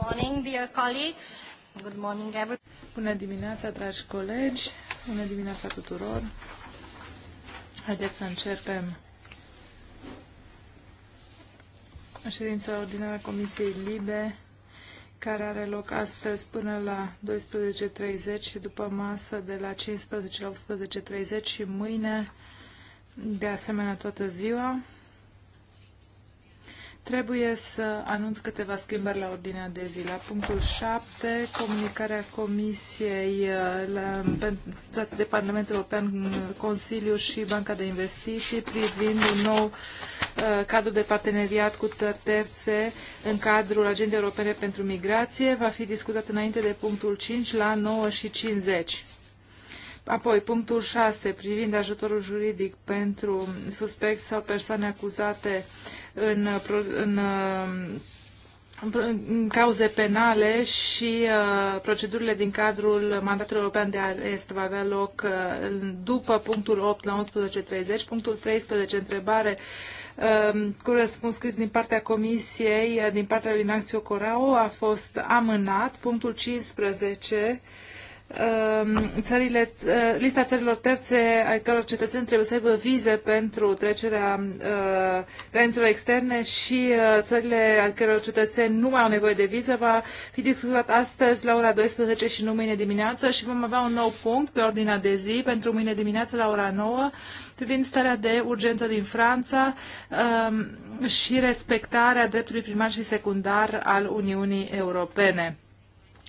morning, dear colleagues. Good morning, everyone. Bună dimineața, dragi colegi. Bună dimineața tuturor. Haideți să începem ședința ordinară a Comisiei Libe, care are loc astăzi până la 12.30 și după masă de la 15 la 18.30 și mâine, de asemenea, toată ziua. Trebuie să anunț câteva schimbări la ordinea de zi. La punctul 7, comunicarea Comisiei uh, la, de Parlamentul European, Consiliu și Banca de Investiții privind un nou uh, cadru de parteneriat cu țări terțe în cadrul Agendei Europene pentru Migrație va fi discutat înainte de punctul 5 la 9 și 50. Apoi, punctul 6, privind ajutorul juridic pentru suspecți sau persoane acuzate în, în, în cauze penale și uh, procedurile din cadrul mandatului european de arest va avea loc uh, după punctul 8 la 11.30, punctul 13, întrebare um, cu răspuns scris din partea comisiei, uh, din partea lui Ignacio Corao, a fost amânat. Punctul 15, Um, țările, uh, lista țărilor terțe ai căror cetățeni trebuie să aibă vize pentru trecerea uh, granițelor externe și uh, țările al căror cetățeni nu mai au nevoie de viză va fi discutat astăzi la ora 12 și nu mâine dimineață și vom avea un nou punct pe ordinea de zi pentru mâine dimineață la ora 9 privind starea de urgență din Franța um, și respectarea dreptului primar și secundar al Uniunii Europene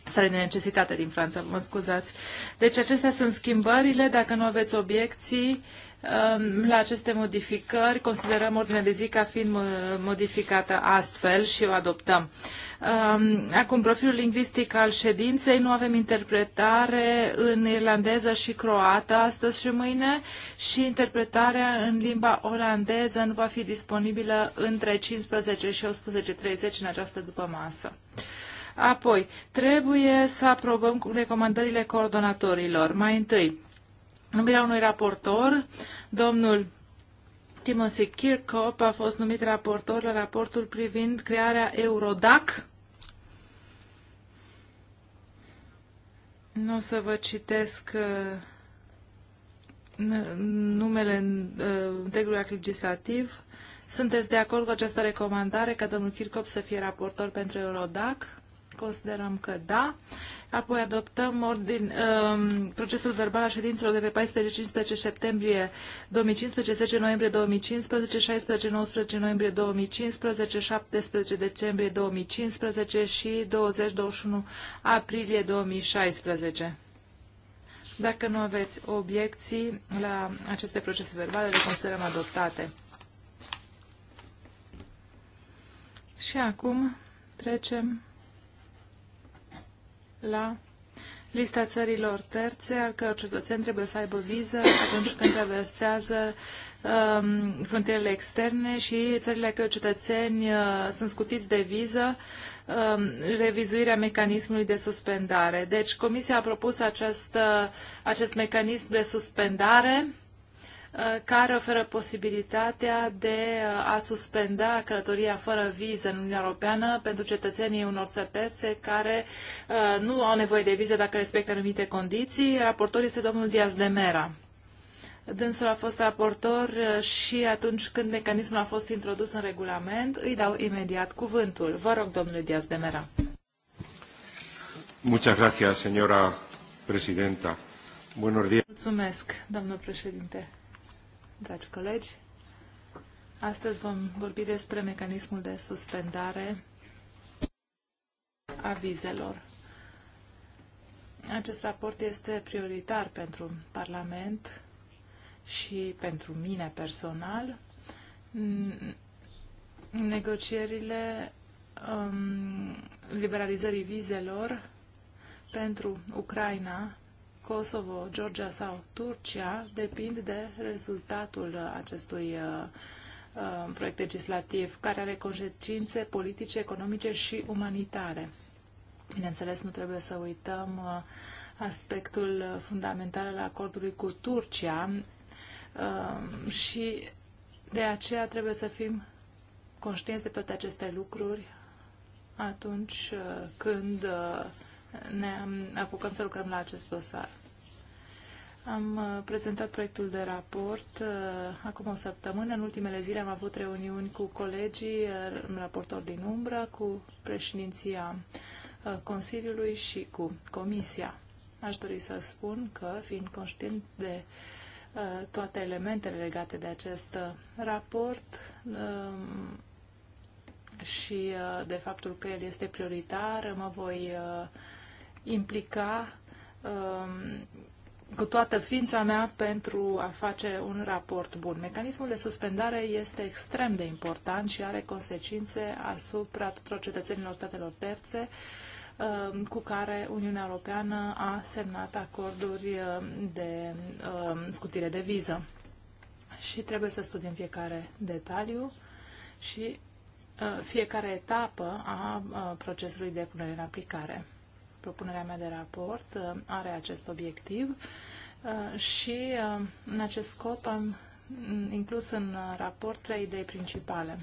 stare de necesitate din Franța, mă scuzați. Deci acestea sunt schimbările. Dacă nu aveți obiecții um, la aceste modificări, considerăm ordinea de zi ca fiind uh, modificată astfel și o adoptăm. Um, acum, profilul lingvistic al ședinței, nu avem interpretare în irlandeză și croată astăzi și mâine și interpretarea în limba olandeză nu va fi disponibilă între 15 și 18.30 în această după masă. Apoi, trebuie să aprobăm recomandările coordonatorilor. Mai întâi, numirea unui raportor, domnul Timothy Kirkhope a fost numit raportor la raportul privind crearea Eurodac. Nu o să vă citesc uh, numele uh, întregului act legislativ. Sunteți de acord cu această recomandare ca domnul Kirkhope să fie raportor pentru Eurodac? Considerăm că da. Apoi adoptăm ordin, um, procesul verbal a ședințelor de pe 14-15 septembrie 2015, 10 noiembrie 2015, 16 19 noiembrie 2015, 17 decembrie 2015 și 20-21 aprilie 2016. Dacă nu aveți obiecții la aceste procese verbale, le considerăm adoptate. Și acum trecem la lista țărilor terțe al căror cetățeni trebuie să aibă viză atunci când traversează um, frontierele externe și țările căror cetățeni uh, sunt scutiți de viză um, revizuirea mecanismului de suspendare. Deci Comisia a propus acest, acest mecanism de suspendare Uh, care oferă posibilitatea de uh, a suspenda călătoria fără viză în Uniunea Europeană pentru cetățenii unor țări terțe care uh, nu au nevoie de viză dacă respectă anumite condiții. Raportorul este domnul Diaz de Mera. Dânsul a fost raportor și atunci când mecanismul a fost introdus în regulament, îi dau imediat cuvântul. Vă rog, domnule Diaz de Mera. Muchas gracias, señora presidenta. Buenos días. Mulțumesc, domnul președinte dragi colegi, astăzi vom vorbi despre mecanismul de suspendare a vizelor. Acest raport este prioritar pentru Parlament și pentru mine personal. Negocierile um, liberalizării vizelor pentru Ucraina Kosovo, Georgia sau Turcia depind de rezultatul acestui uh, uh, proiect legislativ, care are consecințe politice, economice și umanitare. Bineînțeles, nu trebuie să uităm uh, aspectul fundamental al acordului cu Turcia și de aceea trebuie să fim conștienți de toate aceste lucruri atunci când ne apucăm să lucrăm la acest dosar. Am uh, prezentat proiectul de raport uh, acum o săptămână. În ultimele zile am avut reuniuni cu colegii, uh, raportori din umbră, cu președinția Consiliului și cu Comisia. Aș dori să spun că, fiind conștient de toate elementele legate de acest raport um, și de faptul că el este prioritar, mă voi implica um, cu toată ființa mea pentru a face un raport bun. Mecanismul de suspendare este extrem de important și are consecințe asupra tuturor cetățenilor statelor terțe um, cu care Uniunea Europeană a semnat acorduri um, de um, scutire de viză. Și trebuie să studiem fiecare detaliu și uh, fiecare etapă a uh, procesului de punere în aplicare propunerea mea de raport uh, are acest obiectiv uh, și uh, în acest scop am mm, inclus în raport trei idei principale.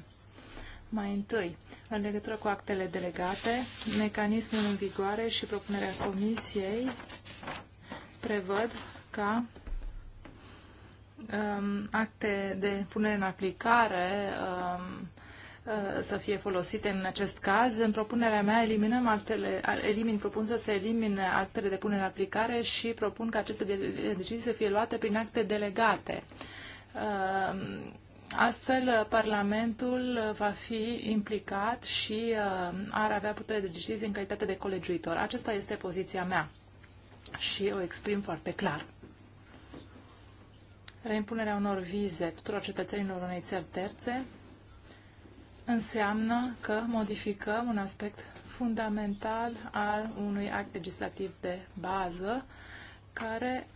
Mai întâi, în legătură cu actele delegate, mecanismul în vigoare și propunerea Comisiei prevăd ca um, acte de punere în aplicare um, Uh, să fie folosite în acest caz. În propunerea mea eliminăm actele, elimin, propun să se elimine actele de punere în aplicare și propun ca aceste decizii să fie luate prin acte delegate. Uh, astfel, Parlamentul va fi implicat și uh, ar avea putere de decizie în calitate de colegiuitor. Aceasta este poziția mea și o exprim foarte clar. Reimpunerea unor vize tuturor cetățenilor unei țări terțe înseamnă că modificăm un aspect fundamental al unui act legislativ de bază care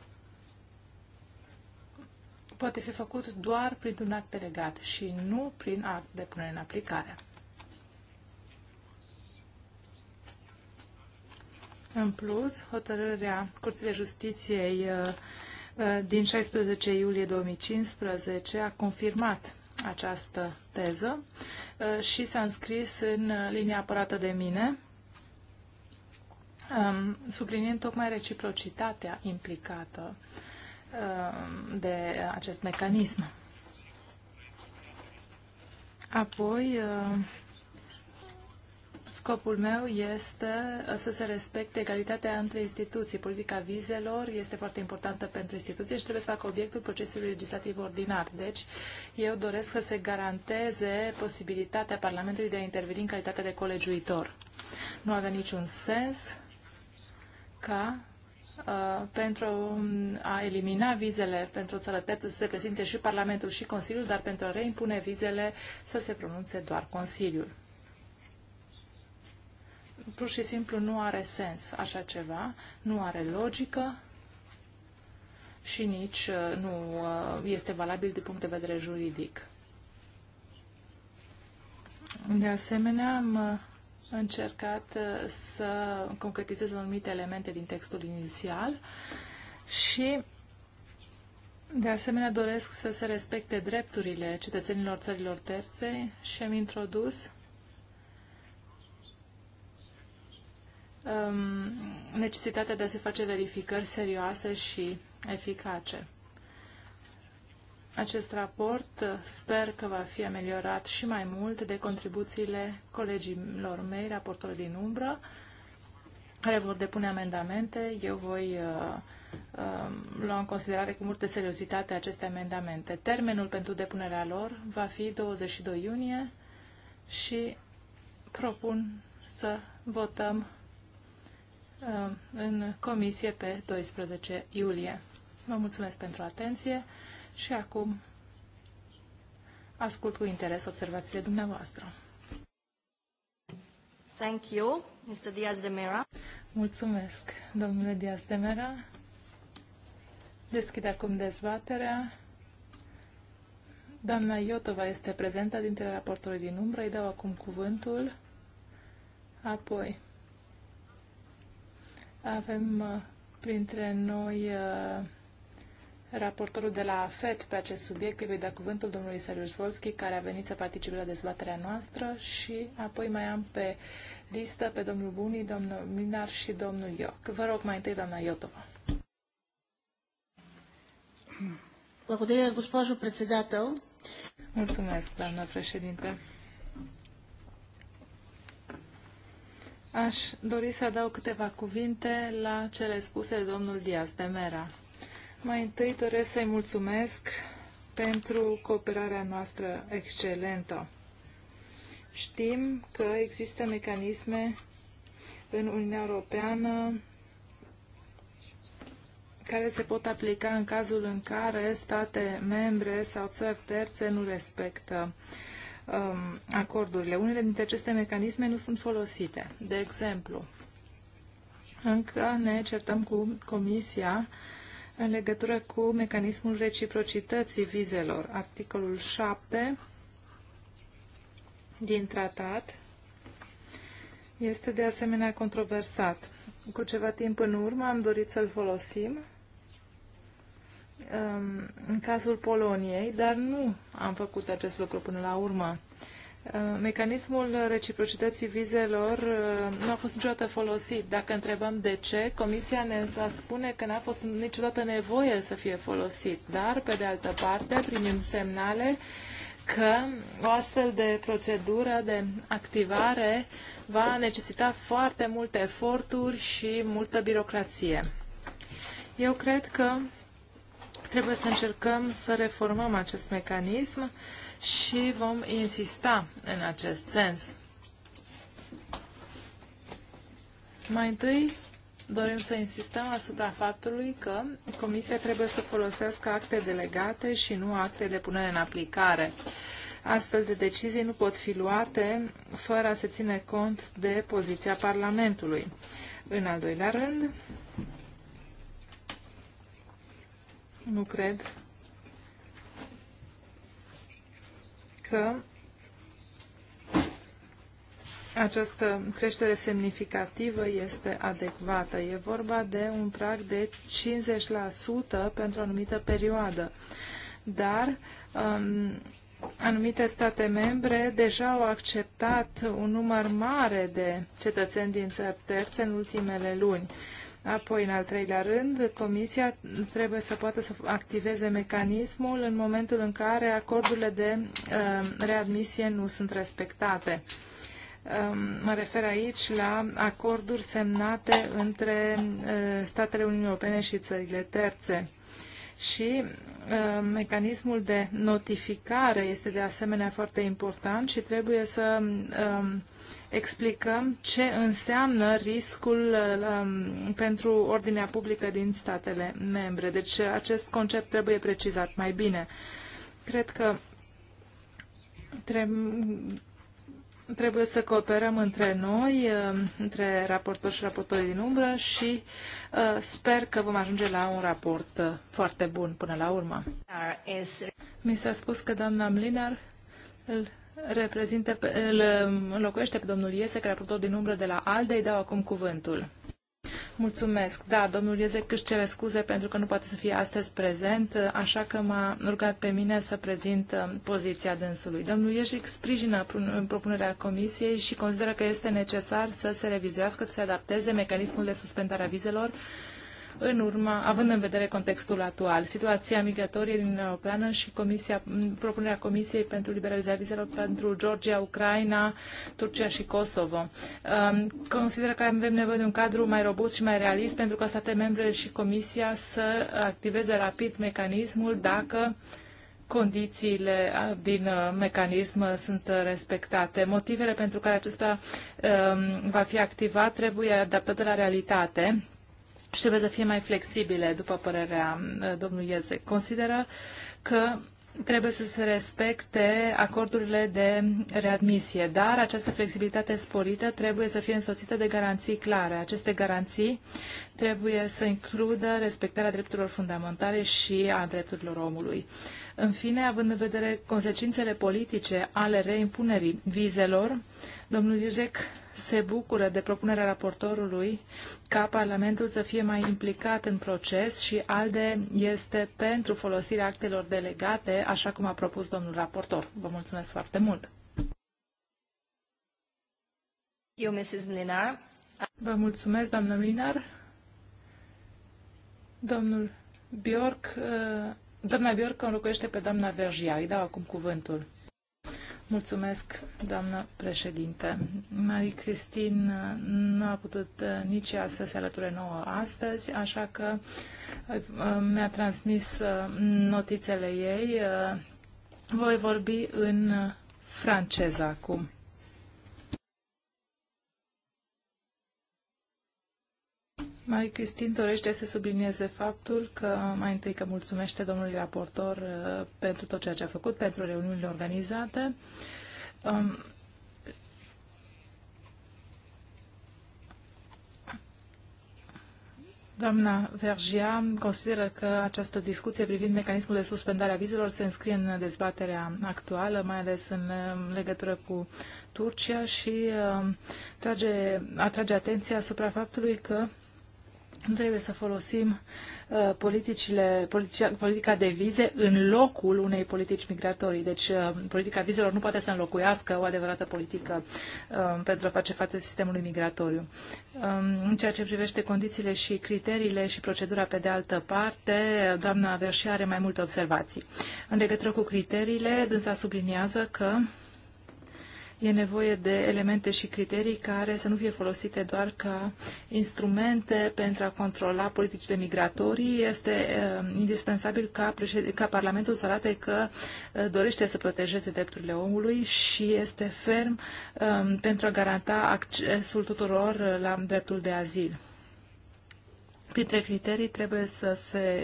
poate fi făcut doar printr-un act delegat și nu prin act de punere în aplicare. În plus, hotărârea Curții de Justiției uh, uh, din 16 iulie 2015 a confirmat această teză Uh, și s-a înscris în uh, linia apărată de mine, um, subliniind tocmai reciprocitatea implicată uh, de acest mecanism. Apoi, Scopul meu este uh, să se respecte egalitatea între instituții. Politica vizelor este foarte importantă pentru instituții și trebuie să facă obiectul procesului legislativ ordinar. Deci, eu doresc să se garanteze posibilitatea Parlamentului de a interveni în calitate de colegiuitor. Nu avea niciun sens ca uh, pentru a elimina vizele pentru o țară terță să se prezinte și Parlamentul și Consiliul, dar pentru a reimpune vizele să se pronunțe doar Consiliul pur și simplu nu are sens așa ceva, nu are logică și nici uh, nu uh, este valabil din punct de vedere juridic. De asemenea, am uh, încercat să concretizez anumite elemente din textul inițial și de asemenea doresc să se respecte drepturile cetățenilor țărilor terțe și am introdus um, necesitatea de a se face verificări serioase și eficace. Acest raport uh, sper că va fi ameliorat și mai mult de contribuțiile colegilor mei, raportori din umbră, care vor depune amendamente. Eu voi uh, uh, lua în considerare cu multă seriozitate aceste amendamente. Termenul pentru depunerea lor va fi 22 iunie și propun să votăm Uh, în comisie pe 12 iulie. Vă mulțumesc pentru atenție și acum ascult cu interes observațiile dumneavoastră. Thank you, Mr. Diaz de Mera. Mulțumesc, domnule Diaz de Mera. Deschid acum dezbaterea. Doamna Iotova este prezentă dintre raportorii din umbră. Îi dau acum cuvântul. Apoi, avem uh, printre noi uh, raportorul de la FED pe acest subiect. Îi voi da cuvântul domnului Sarius Volski, care a venit să participe la dezbaterea noastră și apoi mai am pe listă pe domnul Buni, domnul Minar și domnul Ioc. Vă rog mai întâi, doamna Iotova. Благодаря, госпожо председател. Mulțumesc, doamna președinte. Aș dori să adaug câteva cuvinte la cele spuse de domnul Diaz de Mera. Mai întâi doresc să-i mulțumesc pentru cooperarea noastră excelentă. Știm că există mecanisme în Uniunea Europeană care se pot aplica în cazul în care state membre sau țări terțe nu respectă uh, um, acordurile. Unele dintre aceste mecanisme nu sunt folosite. De exemplu, încă ne certăm cu Comisia în legătură cu mecanismul reciprocității vizelor. Articolul 7 din tratat este de asemenea controversat. Cu ceva timp în urmă am dorit să-l folosim Um, în cazul Poloniei, dar nu am făcut acest lucru până la urmă. Uh, mecanismul reciprocității vizelor uh, nu a fost niciodată folosit. Dacă întrebăm de ce, Comisia ne spune că n-a fost niciodată nevoie să fie folosit, dar, pe de altă parte, primim semnale că o astfel de procedură de activare va necesita foarte multe eforturi și multă birocrație. Eu cred că Trebuie să încercăm să reformăm acest mecanism și vom insista în acest sens. Mai întâi, dorim să insistăm asupra faptului că Comisia trebuie să folosească acte delegate și nu acte de punere în aplicare. Astfel de decizii nu pot fi luate fără a se ține cont de poziția Parlamentului. În al doilea rând, nu cred că această creștere semnificativă este adecvată. E vorba de un prag de 50% pentru o anumită perioadă. Dar um, anumite state membre deja au acceptat un număr mare de cetățeni din țări terțe în ultimele luni. Apoi, în al treilea rând, Comisia trebuie să poată să activeze mecanismul în momentul în care acordurile de uh, readmisie nu sunt respectate. Um, mă refer aici la acorduri semnate între uh, statele Uniunii Europene și țările terțe și uh, mecanismul de notificare este de asemenea foarte important și trebuie să uh, explicăm ce înseamnă riscul uh, pentru ordinea publică din statele membre. Deci acest concept trebuie precizat mai bine. Cred că trebuie trebuie să cooperăm între noi, uh, între raportor și raportorii din umbră și uh, sper că vom ajunge la un raport uh, foarte bun până la urmă. Mi s-a spus că doamna Mlinar îl reprezintă, îl înlocuiește pe domnul Iese, raportor din umbră de la ALDE, îi dau acum cuvântul. Mulțumesc. Da, domnul Iezec își cere scuze pentru că nu poate să fie astăzi prezent, așa că m-a rugat pe mine să prezint uh, poziția dânsului. Domnul Iezec sprijină propunerea comisiei și consideră că este necesar să se revizuiască, să se adapteze mecanismul de suspendare a vizelor în urma, având în vedere contextul actual, situația migratorie din Europeană și comisia, propunerea Comisiei pentru liberalizarea vizelor pentru Georgia, Ucraina, Turcia și Kosovo. Um, Consider că avem nevoie de un cadru mai robust și mai realist pentru ca state membre și Comisia să activeze rapid mecanismul dacă condițiile uh, din uh, mecanism uh, sunt respectate. Motivele pentru care acesta um, va fi activat trebuie adaptate la realitate și trebuie să fie mai flexibile, după părerea domnului Iețe. Consideră că trebuie să se respecte acordurile de readmisie, dar această flexibilitate sporită trebuie să fie însoțită de garanții clare. Aceste garanții trebuie să includă respectarea drepturilor fundamentale și a drepturilor omului. În fine, având în vedere consecințele politice ale reimpunerii vizelor, domnul Ijec se bucură de propunerea raportorului ca Parlamentul să fie mai implicat în proces și ALDE este pentru folosirea actelor delegate, așa cum a propus domnul raportor. Vă mulțumesc foarte mult! Eu, Mrs. Mlinar. Vă mulțumesc, doamnă Mlinar. Domnul Bjork, eh, doamna Bjork înlocuiește pe doamna Vergia. Îi dau acum cuvântul. Mulțumesc, doamnă președinte. Marie Cristin uh, nu a putut uh, nici ea să se alăture nouă astăzi, așa că uh, mi-a transmis notițele ei. Voi vorbi în franceză acum. Mai Cristin dorește să sublinieze faptul că, mai întâi că mulțumește domnului raportor uh, pentru tot ceea ce a făcut, pentru reuniunile organizate. Um, Doamna Vergia consideră că această discuție privind mecanismul de suspendare a vizelor se înscrie în dezbaterea actuală, mai ales în um, legătură cu Turcia și uh, trage, atrage atenția asupra faptului că nu trebuie să folosim uh, politicile, politica, politica de vize în locul unei politici migratorii. Deci uh, politica vizelor nu poate să înlocuiască o adevărată politică uh, pentru a face față sistemului migratoriu. Um, în ceea ce privește condițiile și criteriile și procedura pe de altă parte, doamna Verșia are mai multe observații. În legătură cu criteriile, dânsa subliniază că E nevoie de elemente și criterii care să nu fie folosite doar ca instrumente pentru a controla politicile migratorii. Este uh, indispensabil ca, ca Parlamentul să arate că uh, dorește să protejeze drepturile omului și este ferm uh, pentru a garanta accesul tuturor la dreptul de azil. Printre criterii trebuie să se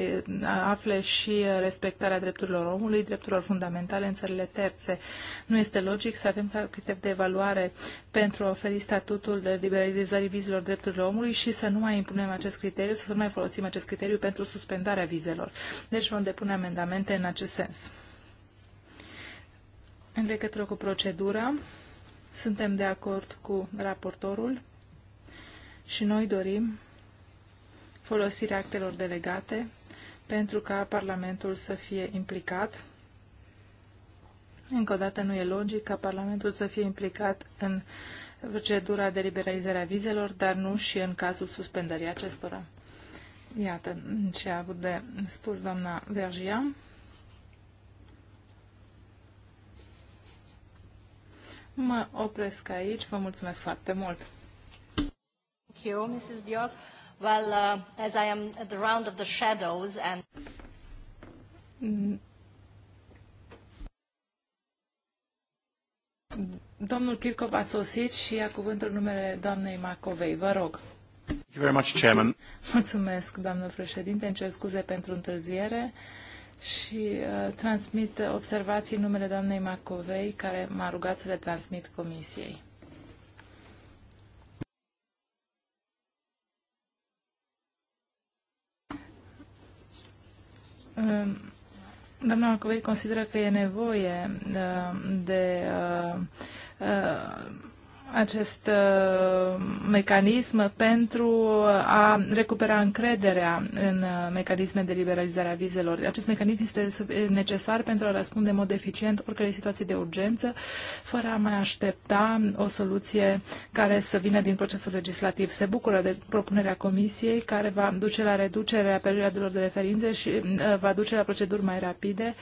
afle și respectarea drepturilor omului, drepturilor fundamentale în țările terțe. Nu este logic să avem criterii de evaluare pentru a oferi statutul de liberalizare vizelor drepturilor omului și să nu mai impunem acest criteriu, să nu mai folosim acest criteriu pentru suspendarea vizelor. Deci vom depune amendamente în acest sens. În legătură cu procedura, suntem de acord cu raportorul și noi dorim folosirea actelor delegate pentru ca Parlamentul să fie implicat. Încă o dată nu e logic ca Parlamentul să fie implicat în procedura de liberalizare a vizelor, dar nu și în cazul suspendării acestora. Iată ce a avut de spus doamna Vergia. Mă opresc aici. Vă mulțumesc foarte mult. Thank you, Mrs. Bjork. Well, uh, as I am at the round of the shadows and... Domnul Kirkov a sosit și ia cuvântul numele doamnei Macovei. Vă rog. Thank you very much, Chairman. Mulțumesc, doamnă președinte. Îmi cer scuze pentru întârziere și uh, transmit observații numele doamnei Macovei, care m-a rugat să le transmit comisiei. Doamna Alcovei consideră că e nevoie uh, de, de uh, uh, acest uh, mecanism pentru a recupera încrederea în uh, mecanisme de liberalizare a vizelor. Acest mecanism este necesar pentru a răspunde în mod eficient oricărei situații de urgență, fără a mai aștepta o soluție care să vină din procesul legislativ. Se bucură de propunerea Comisiei, care va duce la reducerea perioadelor de referințe și uh, va duce la proceduri mai rapide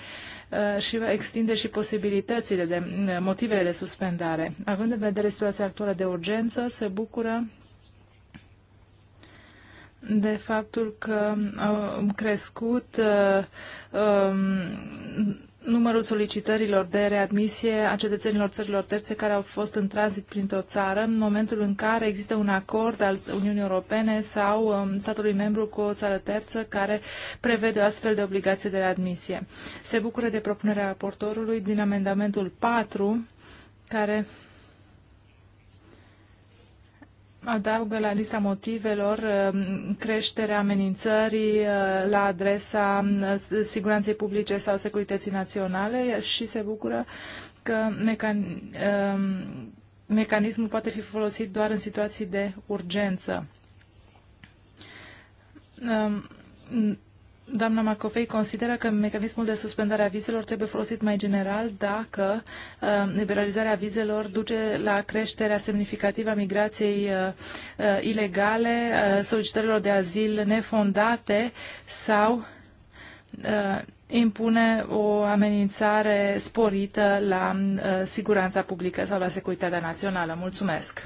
Uh, și va extinde și posibilitățile de uh, motivele de suspendare. Având în vedere situația actuală de urgență, se bucură de faptul că au crescut uh, um, numărul solicitărilor de readmisie a cetățenilor țărilor terțe care au fost în tranzit printr-o țară în momentul în care există un acord al Uniunii Europene sau um, statului membru cu o țară terță care prevede o astfel de obligație de readmisie. Se bucură de propunerea raportorului din amendamentul 4 care adaugă la lista motivelor um, creșterea amenințării uh, la adresa uh, siguranței publice sau securității naționale și se bucură că um, mecanismul poate fi folosit doar în situații de urgență um, Doamna Macovei consideră că mecanismul de suspendare a vizelor trebuie folosit mai general dacă uh, liberalizarea vizelor duce la creșterea semnificativă a migrației uh, uh ilegale, uh, solicitărilor de azil nefondate sau uh, impune o amenințare sporită la uh, siguranța publică sau la securitatea națională. Mulțumesc!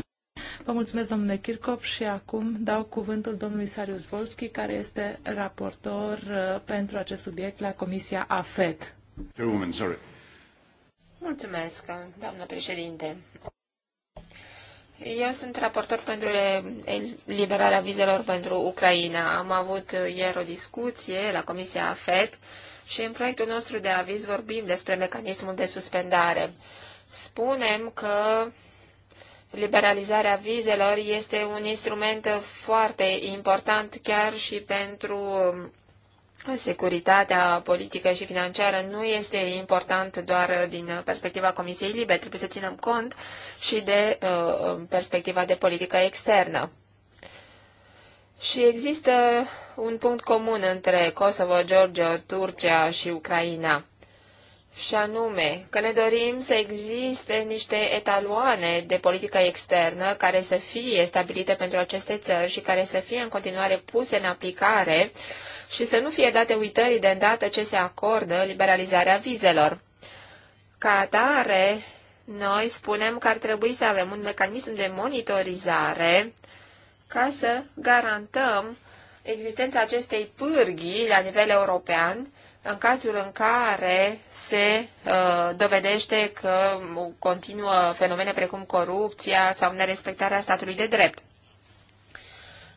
Vă mulțumesc, domnule Kirkop, și acum dau cuvântul domnului Sarius Volski, care este raportor uh, pentru acest subiect la Comisia AFET. Mulțumesc, doamnă președinte. Eu sunt raportor pentru eliberarea vizelor pentru Ucraina. Am avut ieri o discuție la Comisia AFET și în proiectul nostru de aviz vorbim despre mecanismul de suspendare. Spunem că liberalizarea vizelor este un instrument foarte important chiar și pentru um, securitatea politică și financiară. Nu este important doar din perspectiva Comisiei Libe, trebuie să ținem cont și de uh, um, perspectiva de politică externă. Și există un punct comun între Kosovo, Georgia, Turcia și Ucraina și anume că ne dorim să existe niște etaloane de politică externă care să fie stabilite pentru aceste țări și care să fie în continuare puse în aplicare și să nu fie date uitării de îndată ce se acordă liberalizarea vizelor. Ca atare, noi spunem că ar trebui să avem un mecanism de monitorizare ca să garantăm existența acestei pârghii la nivel european în cazul în care se uh, dovedește că continuă fenomene precum corupția sau nerespectarea statului de drept.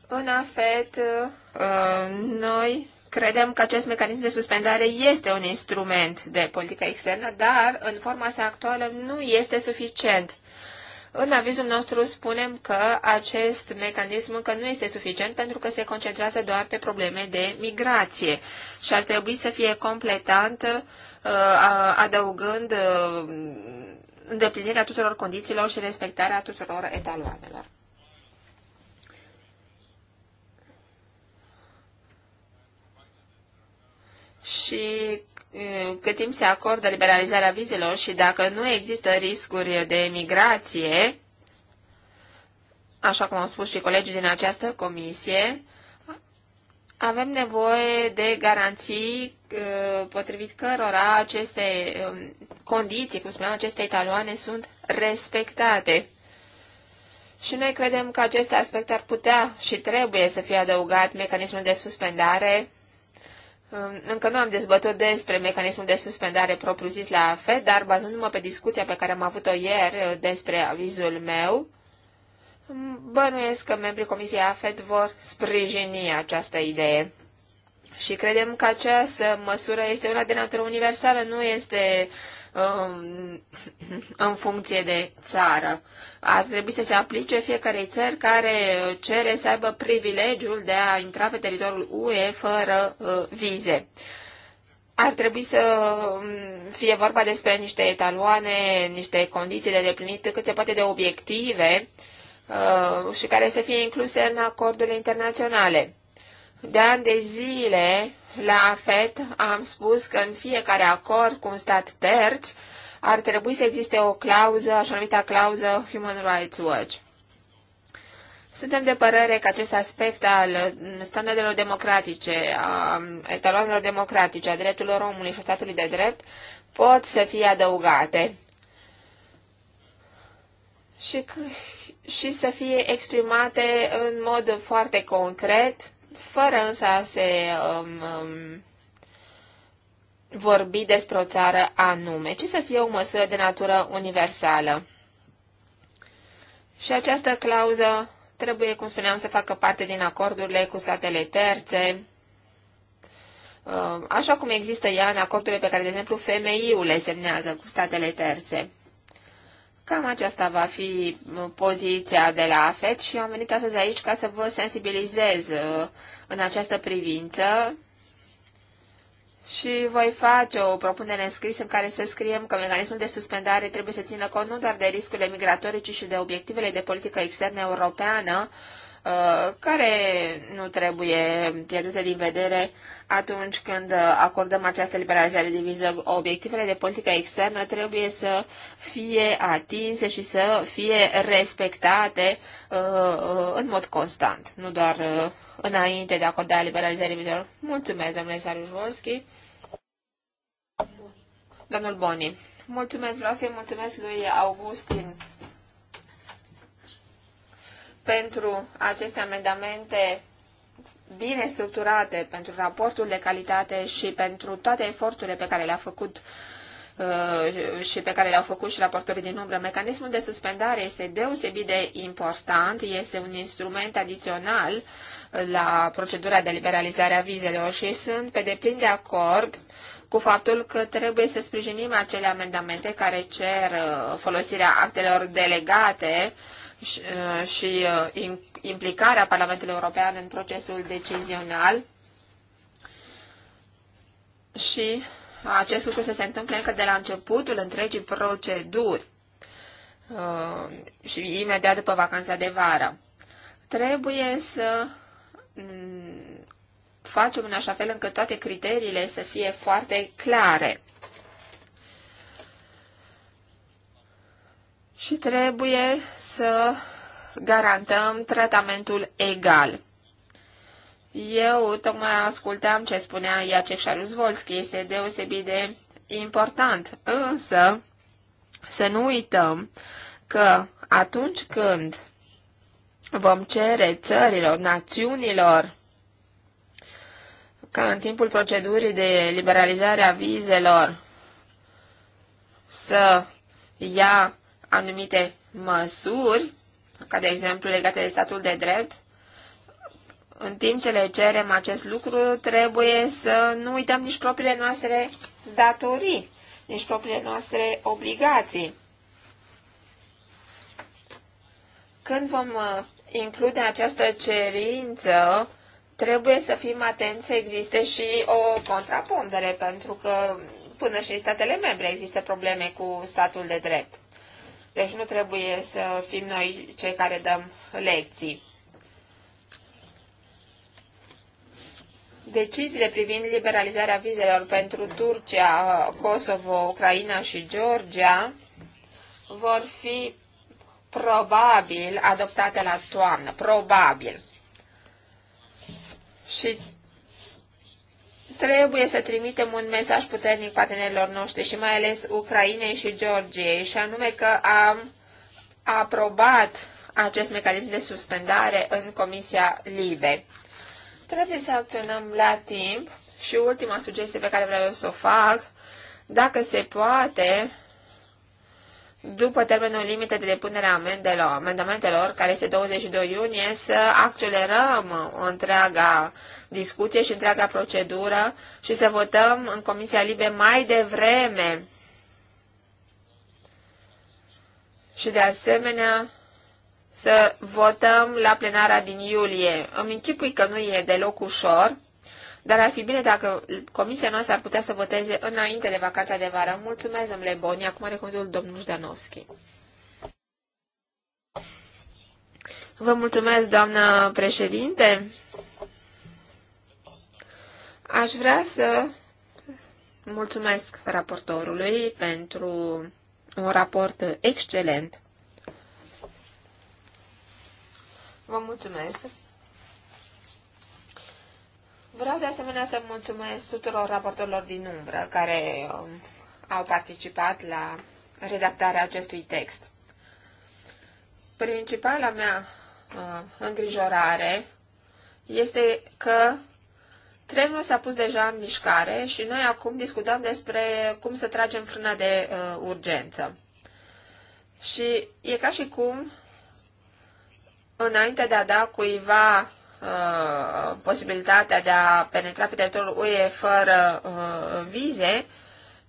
În afet, uh, noi credem că acest mecanism de suspendare este un instrument de politică externă, dar în forma sa actuală nu este suficient. În avizul nostru spunem că acest mecanism încă nu este suficient pentru că se concentrează doar pe probleme de migrație și ar trebui să fie completant uh, adăugând uh, îndeplinirea tuturor condițiilor și respectarea tuturor etaloanelor. Și Mm, cât timp se acordă liberalizarea vizelor și dacă nu există riscuri de emigrație, așa cum au spus și colegii din această comisie, avem nevoie de garanții uh, potrivit cărora aceste um, condiții, cum spuneam, aceste italoane sunt respectate. Și noi credem că acest aspect ar putea și trebuie să fie adăugat mecanismul de suspendare încă nu am dezbătut despre mecanismul de suspendare propriu-zis la FED, dar bazându-mă pe discuția pe care am avut-o ieri uh, despre avizul meu, bănuiesc că membrii Comisiei AFET vor sprijini această idee. Și credem că această măsură este una de natură universală, nu este Um, în funcție de țară. Ar trebui să se aplice fiecare țări care cere să aibă privilegiul de a intra pe teritoriul UE fără uh, vize. Ar trebui să um, fie vorba despre niște etaloane, niște condiții de deplinit cât se poate de obiective uh, și care să fie incluse în acordurile internaționale. De ani de zile, la AFET, am spus că în fiecare acord cu un stat terț ar trebui să existe o clauză, așa numită clauză Human Rights Watch. Suntem de părere că acest aspect al standardelor democratice, a etaloanelor democratice, a drepturilor omului și a statului de drept pot să fie adăugate și, și să fie exprimate în mod foarte concret fără însă a se um, um, vorbi despre o țară anume, ci să fie o măsură de natură universală. Și această clauză trebuie, cum spuneam, să facă parte din acordurile cu statele terțe, uh, așa cum există ea în acordurile pe care, de exemplu, femeiul le semnează cu statele terțe. Cam aceasta va fi uh, poziția de la AFET și eu am venit astăzi aici ca să vă sensibilizez uh, în această privință și voi face o propunere în scris în care să scriem că mecanismul de suspendare trebuie să țină cont nu doar de riscurile migratorii, ci și de obiectivele de politică externă europeană Uh, care nu trebuie pierdute din vedere atunci când acordăm această liberalizare de viză. Obiectivele de politică externă trebuie să fie atinse și să fie respectate uh, în mod constant, nu doar uh, înainte de a acorda liberalizarea vizelor. Mulțumesc, domnule Sarujvolski. Domnul Boni. Mulțumesc, vreau să-i mulțumesc lui Augustin pentru aceste amendamente bine structurate, pentru raportul de calitate și pentru toate eforturile pe care le-a făcut uh, și pe care le-au făcut și raportorii din umbră. Mecanismul de suspendare este deosebit de important, este un instrument adițional la procedura de liberalizare a vizelor și sunt pe deplin de acord cu faptul că trebuie să sprijinim acele amendamente care cer uh, folosirea actelor delegate uh, și, uh, uh, implicarea Parlamentului European în procesul decizional și acest lucru să se întâmple încă de la începutul întregii proceduri uh, și imediat după vacanța de vară. Trebuie să mm, facem în așa fel încât toate criteriile să fie foarte clare. și trebuie să garantăm tratamentul egal. Eu tocmai ascultam ce spunea Iacek Șaruzvolski, este deosebit de important, însă să nu uităm că atunci când vom cere țărilor, națiunilor, ca în timpul procedurii de liberalizare a vizelor să ia anumite măsuri, ca de exemplu legate de statul de drept, în timp ce le cerem acest lucru, trebuie să nu uităm nici propriile noastre datorii, nici propriile noastre obligații. Când vom uh, include această cerință, trebuie să fim atenți să existe și o contrapondere, pentru că până și în statele membre există probleme cu statul de drept. Deci nu trebuie să fim noi cei care dăm lecții. Deciziile privind liberalizarea vizelor pentru Turcia, Kosovo, Ucraina și Georgia vor fi probabil adoptate la toamnă. Probabil. Și Trebuie să trimitem un mesaj puternic partenerilor noștri și mai ales Ucrainei și Georgiei, și anume că am aprobat acest mecanism de suspendare în Comisia Libe. Trebuie să acționăm la timp și ultima sugestie pe care vreau eu să o fac, dacă se poate, după termenul limită de depunere a amendelor, amendamentelor, care este 22 iunie, să accelerăm întreaga discuție și întreaga procedură și să votăm în Comisia Libe mai devreme. Și de asemenea să votăm la plenara din iulie. Îmi închipui că nu e deloc ușor, dar ar fi bine dacă comisia noastră ar putea să voteze înainte de vacanța de vară. Mulțumesc, domnule Boni. Acum are cuvântul domnul Jdanovski. Vă mulțumesc, doamnă președinte. Aș vrea să mulțumesc raportorului pentru un raport excelent. Vă mulțumesc! Vreau de asemenea să mulțumesc tuturor raportorilor din umbră care um, au participat la redactarea acestui text. Principala mea uh, îngrijorare este că Trenul s-a pus deja în mișcare și noi acum discutăm despre cum să tragem frâna de uh, urgență. Și e ca și cum, înainte de a da cuiva uh, posibilitatea de a penetra pe teritoriul UE fără uh, vize,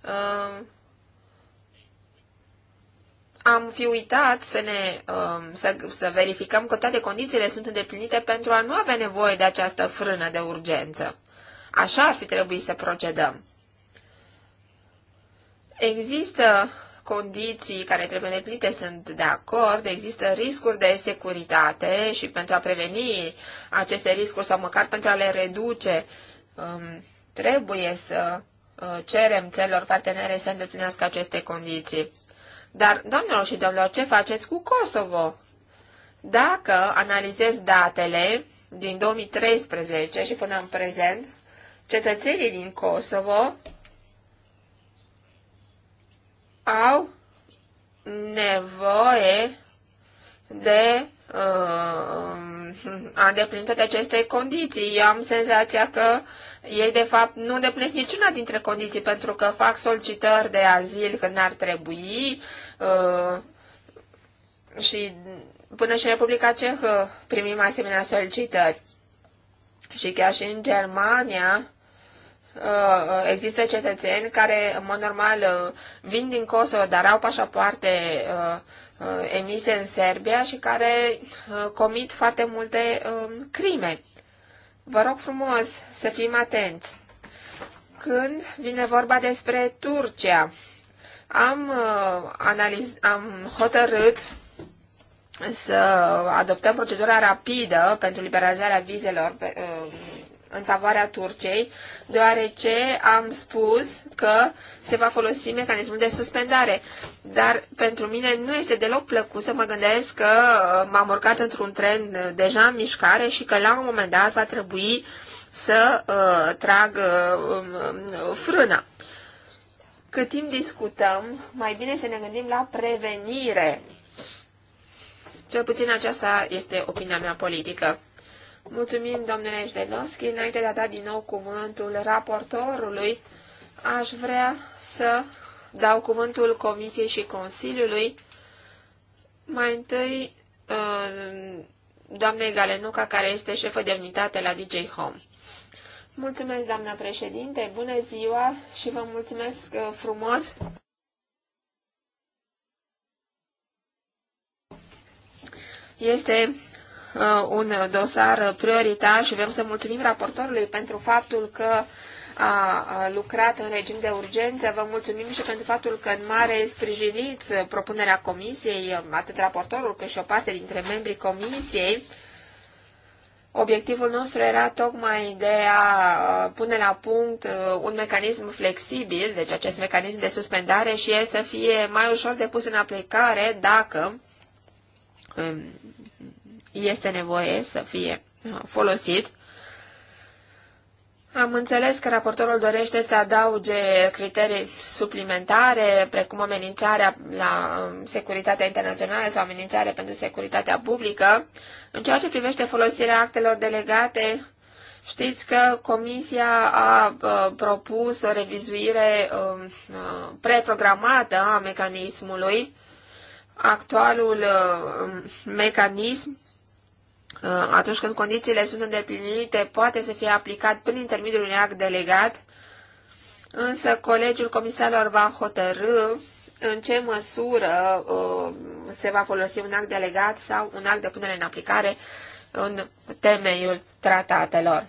uh, am fi uitat să, ne, um, să, să verificăm că toate condițiile sunt îndeplinite pentru a nu avea nevoie de această frână de urgență. Așa ar fi trebuit să procedăm. Există condiții care trebuie îndeplinite, sunt de acord, există riscuri de securitate și pentru a preveni aceste riscuri sau măcar pentru a le reduce, um, trebuie să uh, cerem țelor partenere să îndeplinească aceste condiții. Dar, doamnelor și domnilor, ce faceți cu Kosovo? Dacă analizez datele din 2013 și până în prezent, cetățenii din Kosovo au nevoie de uh, a îndeplini toate aceste condiții. Eu am senzația că ei, de fapt, nu îndeplinesc niciuna dintre condiții pentru că fac solicitări de azil când ar trebui uh, și până și în Republica Cehă primim asemenea solicitări. Și chiar și în Germania Uh, există cetățeni care, în mod normal, uh, vin din Kosovo, dar au pașapoarte uh, emise în Serbia și care comit foarte multe um, crime. Vă rog frumos să fim atenți. Când vine vorba despre Turcia, am, analiz, am hotărât să adoptăm procedura rapidă pentru liberalizarea vizelor în favoarea Turciei, deoarece am spus că se va folosi mecanismul de suspendare. Dar pentru mine nu este deloc plăcut să mă gândesc că uh, m-am urcat într-un tren deja în mișcare și că la un moment dat va trebui să uh, trag uh, um, um, frâna. Cât timp discutăm, mai bine să ne gândim la prevenire. Cel puțin aceasta este opinia mea politică. Mulțumim, domnule Jdenovski, Înainte de a da din nou cuvântul raportorului, aș vrea să dau cuvântul Comisiei și Consiliului. Mai întâi, uh, doamnei Galenuca, care este șefă de unitate la DJ Home. Mulțumesc, doamna președinte, bună ziua și vă mulțumesc uh, frumos Este Uh, un dosar prioritar și vrem să mulțumim raportorului pentru faptul că a lucrat în regim de urgență. Vă mulțumim și pentru faptul că în mare sprijiniți propunerea comisiei, atât raportorul cât și o parte dintre membrii comisiei. Obiectivul nostru era tocmai de a pune la punct uh, un mecanism flexibil, deci acest mecanism de suspendare și e să fie mai ușor de pus în aplicare dacă um, este nevoie să fie uh, folosit. Am înțeles că raportorul dorește să adauge criterii suplimentare, precum amenințarea la um, securitatea internațională sau amenințare pentru securitatea publică. În ceea ce privește folosirea actelor delegate, știți că Comisia a uh, propus o revizuire um, uh, preprogramată a mecanismului. Actualul mecanism Uh, atunci când condițiile sunt îndeplinite, poate să fie aplicat prin intermediul unui act delegat, însă Colegiul Comisarilor va hotărâ în ce măsură uh, se va folosi un act delegat sau un act de punere în aplicare în temeiul tratatelor.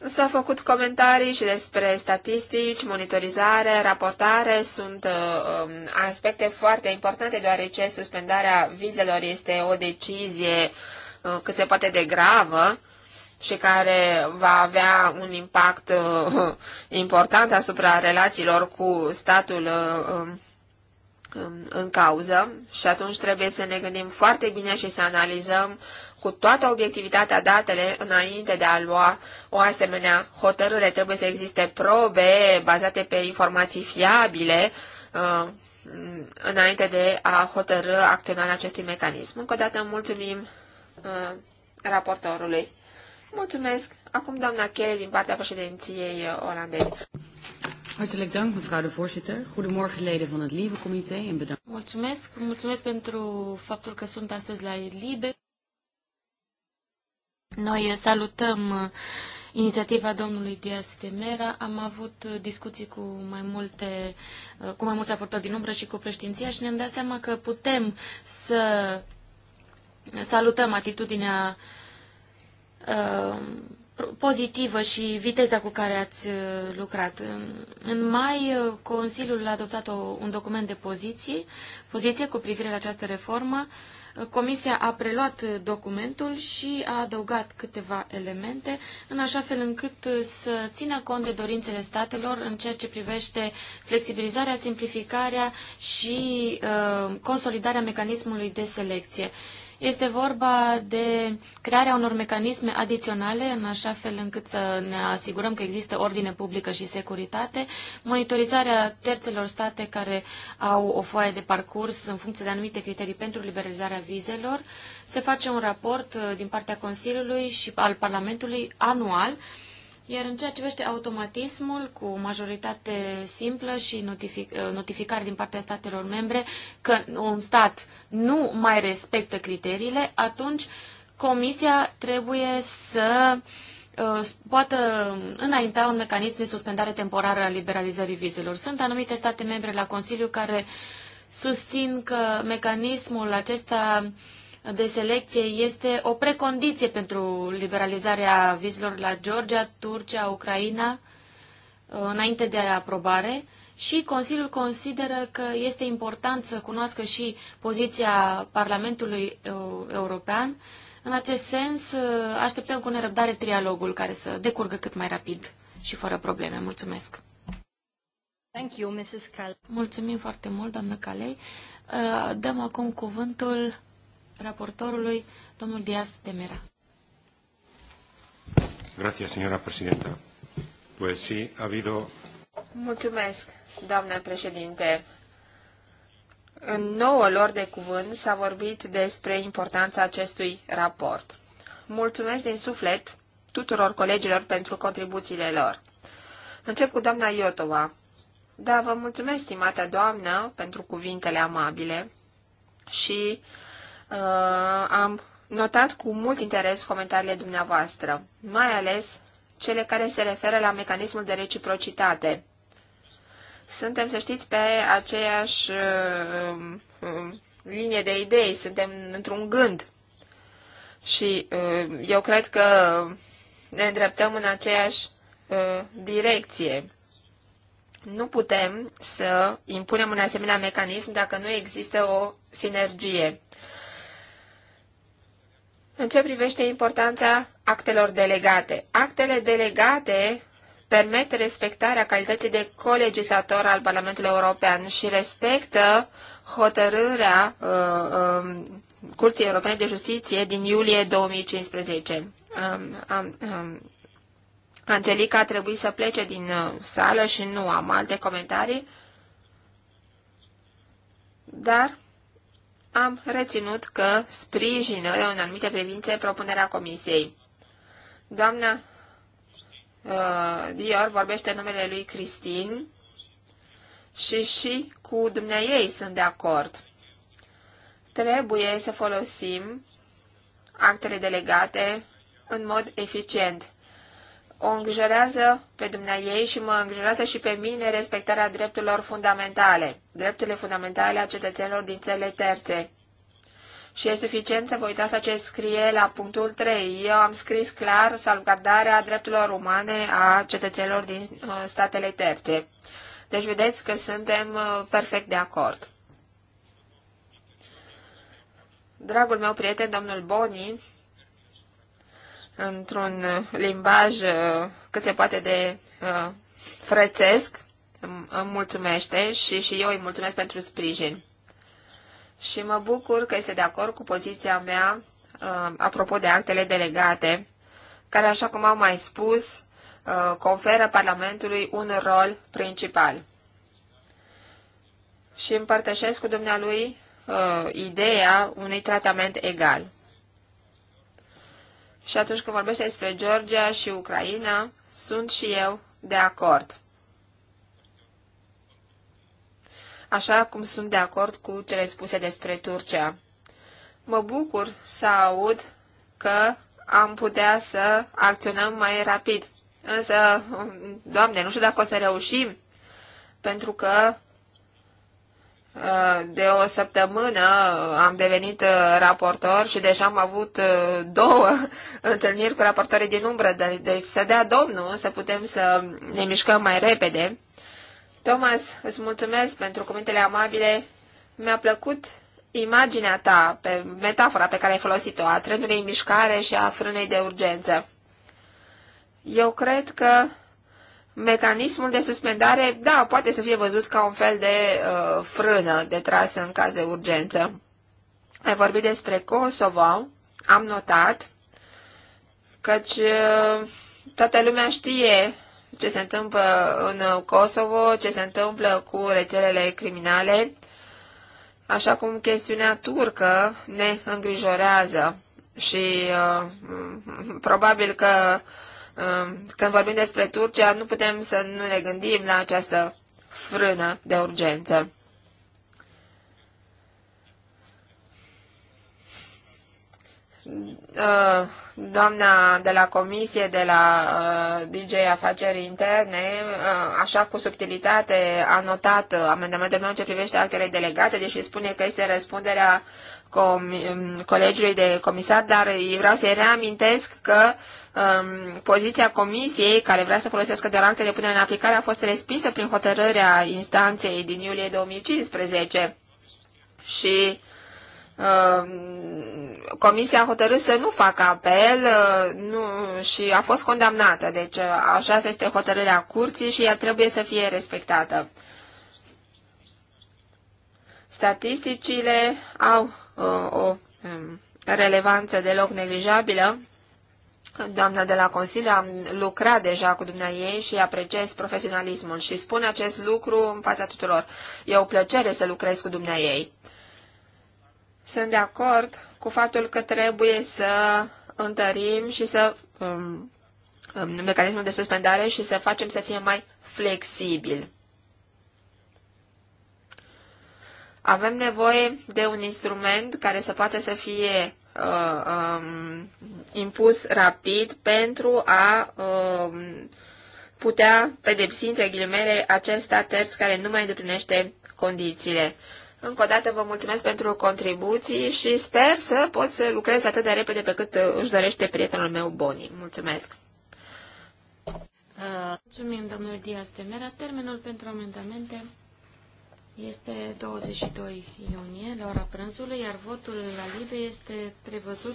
S-a făcut comentarii și despre statistici, monitorizare, raportare. Sunt uh, um, aspecte foarte importante, deoarece suspendarea vizelor este o decizie uh, cât se poate de gravă și care va avea un impact uh, important asupra relațiilor cu statul uh, um, în cauză și atunci trebuie să ne gândim foarte bine și să analizăm cu toată obiectivitatea datele înainte de a lua o asemenea hotărâre. Trebuie să existe probe bazate pe informații fiabile uh, înainte de a hotărâ acționarea acestui mecanism. Încă o dată mulțumim uh, raportorului. Mulțumesc. Acum doamna Kelly din partea președinției olandeze. Hartelijk dank, mevrouw de voorzitter. Goedemorgen, leden van het LIBE-comité en bedankt. Mulțumesc, mulțumesc pentru faptul că sunt astăzi la LIBE. Noi salutăm uh, inițiativa domnului Dias de Mera. Am avut uh, discuții cu mai multe, uh, cu mai mulți raportori din umbră și cu preștiinția și ne-am dat seama că putem să salutăm atitudinea uh, pozitivă și viteza cu care ați uh, lucrat. În mai, uh, Consiliul a adoptat o, un document de poziție, poziție cu privire la această reformă. Uh, Comisia a preluat documentul și a adăugat câteva elemente, în așa fel încât să țină cont de dorințele statelor în ceea ce privește flexibilizarea, simplificarea și uh, consolidarea mecanismului de selecție. Uh, este vorba de crearea unor mecanisme adiționale, în așa fel încât să ne asigurăm că există ordine publică și securitate, monitorizarea terțelor state care au o foaie de parcurs în funcție de anumite criterii pentru liberalizarea vizelor. Se face un raport uh, din partea Consiliului și al Parlamentului anual iar în ceea ce vește automatismul cu majoritate simplă și notific, uh, notificare din partea statelor membre că un stat nu mai respectă criteriile, atunci Comisia trebuie să uh, poată înainta un mecanism de suspendare temporară a liberalizării vizelor. Sunt anumite state membre la Consiliu care susțin că mecanismul acesta uh, de selecție este o precondiție pentru liberalizarea vizelor la Georgia, Turcia, Ucraina, uh, înainte de aprobare și Consiliul consideră că este important să cunoască și poziția Parlamentului European. În acest sens, uh, așteptăm cu nerăbdare trialogul care să decurgă cât mai rapid și fără probleme. Mulțumesc! Thank you, Mrs. Mulțumim foarte mult, doamnă Calei. Uh, dăm acum cuvântul raportorului, domnul Diaz de Mera. Gracias, señora presidenta. Pues sí, ha habido... Mulțumesc, doamnă președinte. În nouă lor de cuvânt s-a vorbit despre importanța acestui raport. Mulțumesc din suflet tuturor colegilor pentru contribuțiile lor. Încep cu doamna Iotova. Da, vă mulțumesc, stimată doamnă, pentru cuvintele amabile și Uh, am notat cu mult interes comentariile dumneavoastră, mai ales cele care se referă la mecanismul de reciprocitate. Suntem, să știți, pe aceeași uh, uh, linie de idei, suntem într-un gând. Și uh, eu cred că ne îndreptăm în aceeași uh, direcție. Nu putem să impunem un asemenea mecanism dacă nu există o sinergie. În ce privește importanța actelor delegate? Actele delegate permit respectarea calității de colegislator al Parlamentului European și respectă hotărârea uh, uh, Curții Europene de Justiție din iulie 2015. Um, um, um, Angelica a trebuit să plece din uh, sală și nu am alte comentarii, dar am reținut că sprijină în anumite privințe propunerea comisiei. Doamna uh, Dior vorbește numele lui Cristin și și cu ei sunt de acord. Trebuie să folosim actele delegate în mod eficient o îngrijorează pe dumnea ei și mă îngrijorează și pe mine respectarea drepturilor fundamentale, drepturile fundamentale a cetățenilor din țele terțe. Și e suficient să vă uitați ce scrie la punctul 3. Eu am scris clar salvgardarea drepturilor umane a cetățenilor din uh, statele terțe. Deci vedeți că suntem uh, perfect de acord. Dragul meu prieten, domnul Boni, într-un uh, limbaj uh, cât se poate de uh, frățesc, îmi mulțumește și, și eu îi mulțumesc pentru sprijin. Și mă bucur că este de acord cu poziția mea apropo de actele delegate, care, așa cum am mai spus, conferă Parlamentului un rol principal. Și împărtășesc cu dumnealui ideea unui tratament egal și atunci când vorbește despre Georgia și Ucraina, sunt și eu de acord. Așa cum sunt de acord cu cele spuse despre Turcia. Mă bucur să aud că am putea să acționăm mai rapid. Însă, Doamne, nu știu dacă o să reușim, pentru că de o săptămână am devenit uh, raportor și deja am avut uh, două întâlniri cu raportorii din umbră, deci să dea Domnul să putem să ne mișcăm mai repede. Thomas, îți mulțumesc pentru cuvintele amabile. Mi-a plăcut imaginea ta, pe metafora pe care ai folosit-o, a trenului în mișcare și a frânei de urgență. Eu cred că mecanismul de suspendare, da, poate să fie văzut ca un fel de uh, frână de tras în caz de urgență. Ai vorbit despre Kosovo, am notat, căci uh, toată lumea știe ce se întâmplă în Kosovo, ce se întâmplă cu rețelele criminale, așa cum chestiunea turcă ne îngrijorează și uh, probabil că uh, Um, când vorbim despre Turcia, nu putem să nu ne gândim la această frână de urgență. Uh, doamna de la comisie, de la uh, DJ Afaceri Interne, uh, așa cu subtilitate a notat amendamentul meu ce privește actele delegate, deși spune că este răspunderea um, colegiului de comisar, dar vreau să-i reamintesc că uh, um, poziția comisiei care vrea să folosească doar acte de punere în aplicare a fost respinsă prin hotărârea instanței din iulie 2015 și um, Comisia a hotărât să nu facă apel uh, nu, și a fost condamnată. Deci uh, așa este hotărârea curții și ea trebuie să fie respectată. Statisticile au uh, o um, relevanță deloc neglijabilă Doamna de la Consiliu a lucrat deja cu dumneai și apreciez profesionalismul și spun acest lucru în fața tuturor. E o plăcere să lucrez cu dumneai. Sunt de acord cu faptul că trebuie să întărim și să um, um, mecanismul de suspendare și să facem să fie mai flexibil. Avem nevoie de un instrument care să poată să fie uh, um, impus rapid pentru a um, putea pedepsi, între ghilimele, acest stat terț care nu mai îndeplinește condițiile. Încă o dată vă mulțumesc pentru contribuții și sper să pot să lucrez atât de repede pe cât uh, își dorește prietenul meu Boni. Mulțumesc! Uh, mulțumim, domnul Dias de Termenul pentru amendamente este 22 iunie, la ora prânzului, iar votul la Libe este prevăzut.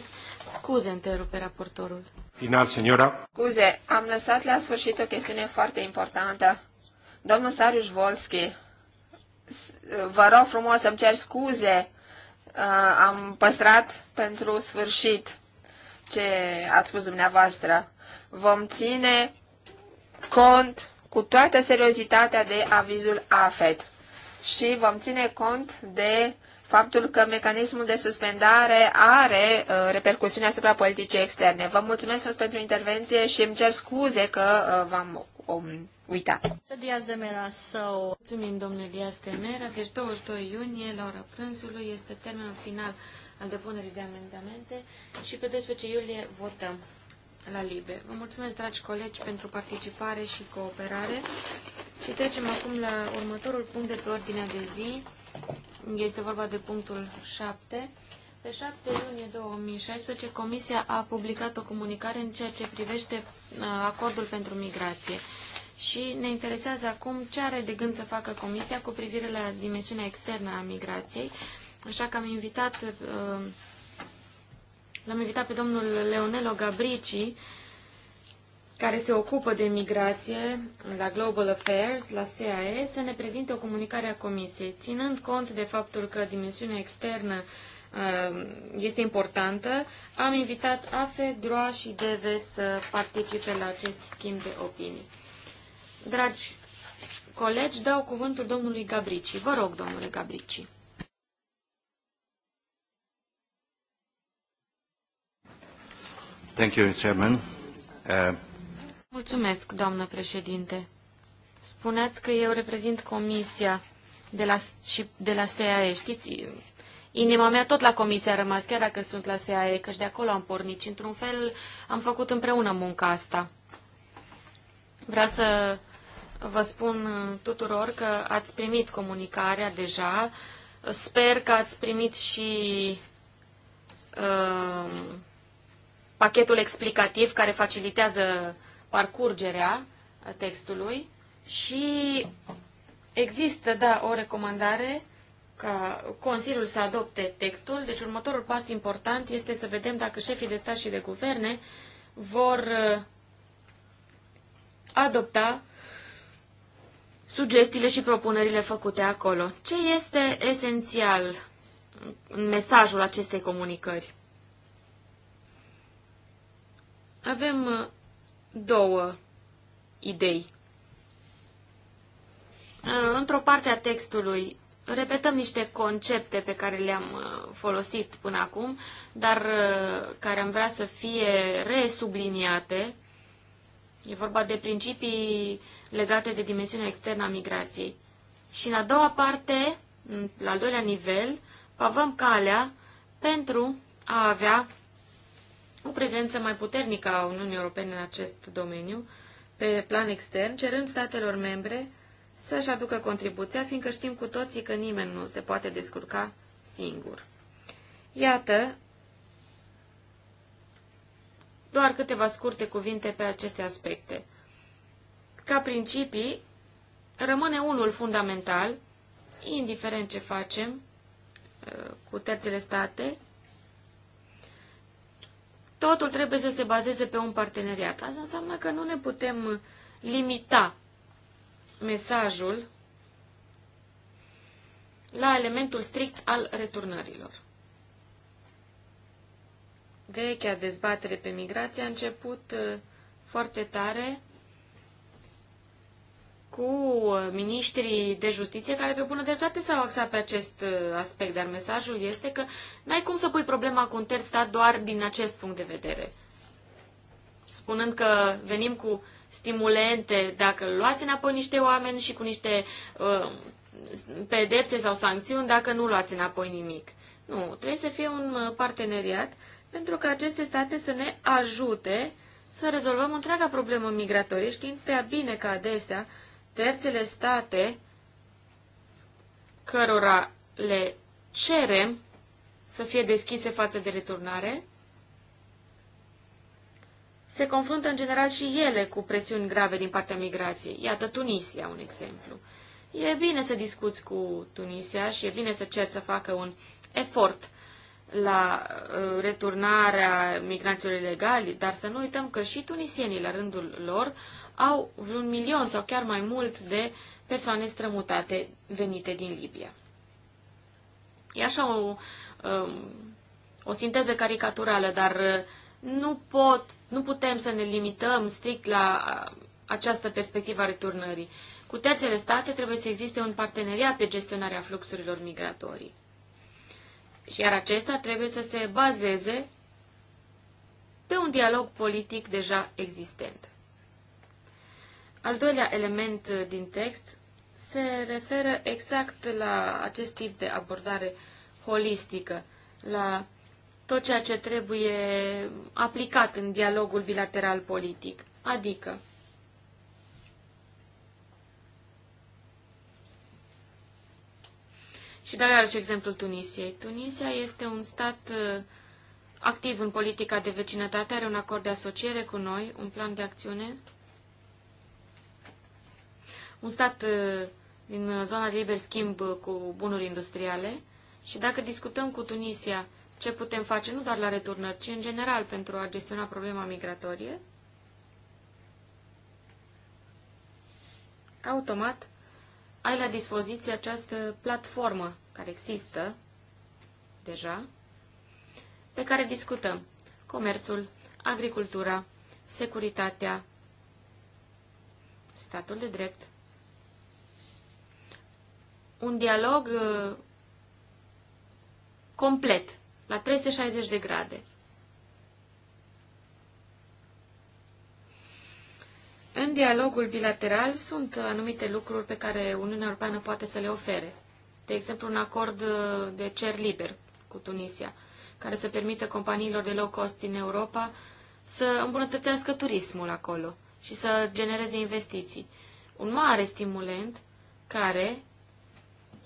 Scuze, întrerupe raportorul. Final, senora. Scuze, am lăsat la sfârșit o chestiune foarte importantă. Domnul Sariuș Volski, vă rog frumos să-mi cer scuze. Uh, am păstrat pentru sfârșit ce ați spus dumneavoastră. Vom ține cont cu toată seriozitatea de avizul AFET și vom ține cont de faptul că mecanismul de suspendare are uh, repercusiuni asupra politicii externe. Vă mulțumesc mult pentru intervenție și îmi cer scuze că uh, v-am um, uitat. Să Diaz de Mera, sau... Mulțumim, domnule Diaz de Mera. Deci 22 iunie, la ora prânzului, este termenul final al depunerii de amendamente și pe 12 iulie votăm la LIBE. Vă mulțumesc, dragi colegi, pentru participare și cooperare. Și trecem acum la următorul punct de pe ordinea de zi. Este vorba de punctul 7. Pe 7 iunie 2016, Comisia a publicat o comunicare în ceea ce privește uh, acordul pentru migrație. Și ne interesează acum ce are de gând să facă Comisia cu privire la dimensiunea externă a migrației. Așa că am invitat uh, L-am invitat pe domnul Leonelo Gabrici, care se ocupă de migrație la Global Affairs, la CAE, să ne prezinte o comunicare a Comisiei, ținând cont de faptul că dimensiunea externă uh, este importantă. Am invitat AFE, DROA și DV să participe la acest schimb de opinii. Dragi colegi, dau cuvântul domnului Gabrici. Vă rog, domnule Gabrici. Uh, Mulțumesc, doamnă președinte. Spuneați că eu reprezint comisia de la, și de la SAE. Știți, inima mea tot la comisia a rămas, chiar dacă sunt la SAE, căci de acolo am pornit și într-un fel am făcut împreună munca asta. Vreau să vă spun tuturor că ați primit comunicarea deja. Sper că ați primit și uh, pachetul explicativ care facilitează parcurgerea textului și există, da, o recomandare ca Consiliul să adopte textul. Deci următorul pas important este să vedem dacă șefii de stat și de guverne vor uh, adopta sugestiile și propunerile făcute acolo. Ce este esențial în mesajul acestei comunicări? avem uh, două idei. Uh, într-o parte a textului repetăm niște concepte pe care le-am uh, folosit până acum, dar care am vrea să fie resubliniate. E vorba de principii legate de dimensiunea externă a migrației. Și în a doua parte, la al doilea nivel, pavăm calea pentru a avea o prezență mai puternică a Uniunii Europene în acest domeniu, pe plan extern, cerând statelor membre să-și aducă contribuția, fiindcă știm cu toții că nimeni nu se poate descurca singur. Iată doar câteva scurte cuvinte pe aceste aspecte. Ca principii, rămâne unul fundamental, indiferent ce facem uh, cu terțele state, totul trebuie să se bazeze pe un parteneriat. Asta înseamnă că nu ne putem limita mesajul la elementul strict al returnărilor. Vechea dezbatere pe migrație a început uh, foarte tare cu miniștrii de justiție care pe bună dreptate s-au axat pe acest uh, aspect, dar mesajul este că n-ai cum să pui problema cu un terț stat doar din acest punct de vedere. Spunând că venim cu stimulente dacă luați înapoi niște oameni și cu niște uh, pedepse sau sancțiuni dacă nu luați înapoi nimic. Nu, trebuie să fie un uh, parteneriat pentru că aceste state să ne ajute să rezolvăm întreaga problemă migratorie, știind prea bine că adesea terțele state cărora le cerem să fie deschise față de returnare, se confruntă în general și ele cu presiuni grave din partea migrației. Iată Tunisia, un exemplu. E bine să discuți cu Tunisia și e bine să cer să facă un efort la uh, returnarea migranților ilegali, dar să nu uităm că și tunisienii, la rândul lor, au vreun milion sau chiar mai mult de persoane strămutate venite din Libia. E așa o, um, o sinteză caricaturală, dar uh, nu, pot, nu putem să ne limităm strict la uh, această perspectivă a returnării. Cu terțele state trebuie să existe un parteneriat de gestionare a fluxurilor migratorii. Și iar acesta trebuie să se bazeze pe un dialog politic deja existent. Al doilea element din text se referă exact la acest tip de abordare holistică, la tot ceea ce trebuie aplicat în dialogul bilateral politic. Adică, și dau iarăși exemplul Tunisiei. Tunisia este un stat uh, activ în politica de vecinătate, are un acord de asociere cu noi, un plan de acțiune un stat uh, din zona de liber schimb uh, cu bunuri industriale și dacă discutăm cu Tunisia ce putem face nu doar la returnări, ci în general pentru a gestiona problema migratorie, automat ai la dispoziție această platformă care există deja, pe care discutăm comerțul, agricultura, securitatea, statul de drept, un dialog uh, complet, la 360 de grade. În dialogul bilateral sunt anumite lucruri pe care Uniunea Europeană poate să le ofere. De exemplu, un acord uh, de cer liber cu Tunisia, care să permită companiilor de low cost din Europa să îmbunătățească turismul acolo și să genereze investiții. Un mare stimulent care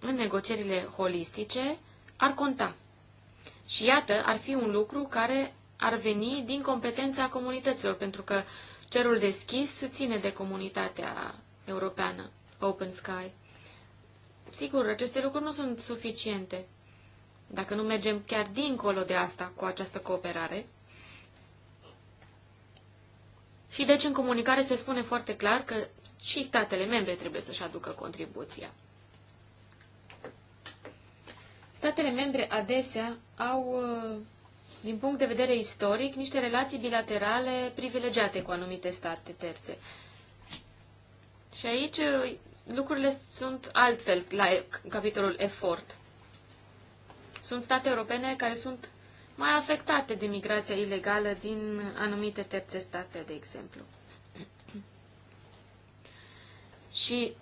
în negocierile holistice ar conta. Și iată, ar fi un lucru care ar veni din competența comunităților, pentru că cerul deschis se ține de comunitatea europeană, Open Sky. Sigur, aceste lucruri nu sunt suficiente. Dacă nu mergem chiar dincolo de asta cu această cooperare, și deci în comunicare se spune foarte clar că și statele membre trebuie să-și aducă contribuția. Statele membre adesea au, uh, din punct de vedere istoric, niște relații bilaterale privilegiate cu anumite state terțe. Și aici uh, lucrurile sunt altfel la capitolul efort. Sunt state europene care sunt mai afectate de migrația ilegală din anumite terțe state, de exemplu. Și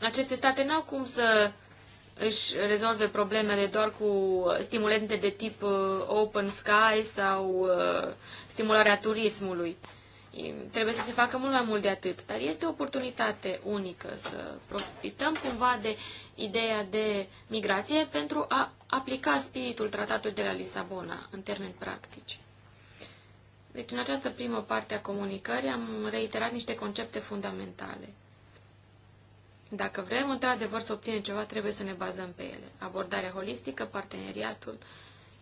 aceste state n-au cum să își rezolve problemele doar cu stimulente de tip uh, open sky sau uh, stimularea turismului. Trebuie să se facă mult mai mult de atât, dar este o oportunitate unică să profităm cumva de ideea de migrație pentru a aplica spiritul tratatului de la Lisabona în termeni practici. Deci, în această primă parte a comunicării am reiterat niște concepte fundamentale – dacă vrem, într-adevăr, să obținem ceva, trebuie să ne bazăm pe ele. Abordarea holistică, parteneriatul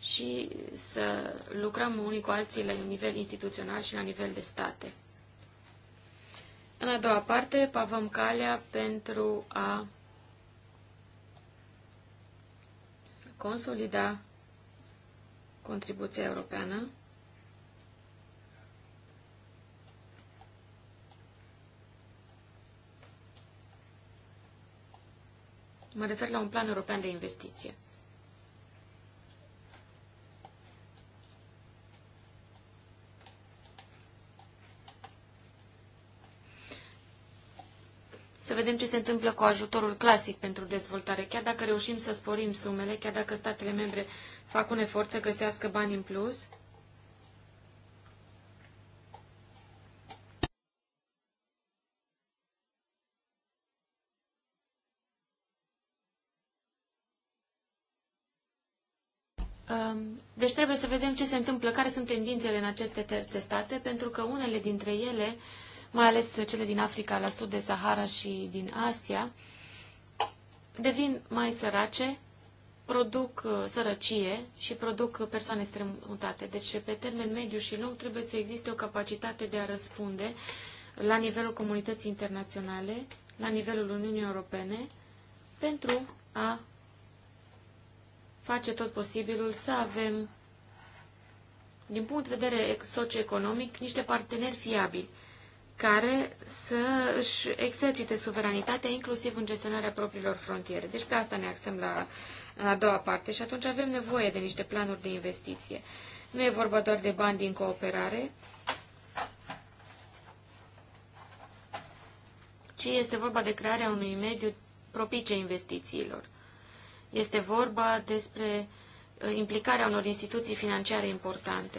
și să lucrăm unii cu alții la nivel instituțional și la nivel de state. În a doua parte, pavăm calea pentru a consolida contribuția europeană Mă refer la un plan european de investiție. Să vedem ce se întâmplă cu ajutorul clasic pentru dezvoltare. Chiar dacă reușim să sporim sumele, chiar dacă statele membre fac un efort să găsească bani în plus, Um, deci trebuie să vedem ce se întâmplă, care sunt tendințele în aceste terțe state, pentru că unele dintre ele, mai ales cele din Africa, la sud de Sahara și din Asia, devin mai sărace, produc uh, sărăcie și produc persoane strămutate. Deci, pe termen mediu și lung, trebuie să existe o capacitate de a răspunde la nivelul comunității internaționale, la nivelul Uniunii Europene, pentru a face tot posibilul să avem, din punct de vedere socioeconomic, niște parteneri fiabili care să își exercite suveranitatea inclusiv în gestionarea propriilor frontiere. Deci pe asta ne axăm la a doua parte și atunci avem nevoie de niște planuri de investiție. Nu e vorba doar de bani din cooperare, ci este vorba de crearea unui mediu propice investițiilor. Este vorba despre uh, implicarea unor instituții financiare importante.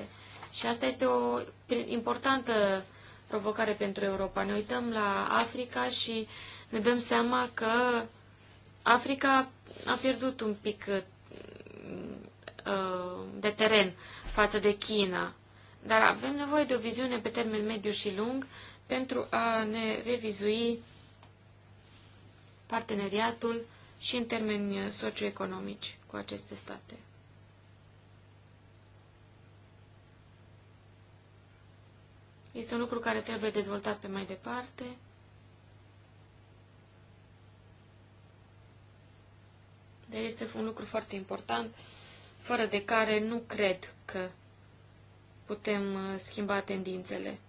Și asta este o importantă provocare pentru Europa. Ne uităm la Africa și ne dăm seama că Africa a pierdut un pic uh, de teren față de China. Dar avem nevoie de o viziune pe termen mediu și lung pentru a ne revizui parteneriatul și în termeni uh, socioeconomici cu aceste state. Este un lucru care trebuie dezvoltat pe mai departe. Dar este un lucru foarte important, fără de care nu cred că putem uh, schimba tendințele.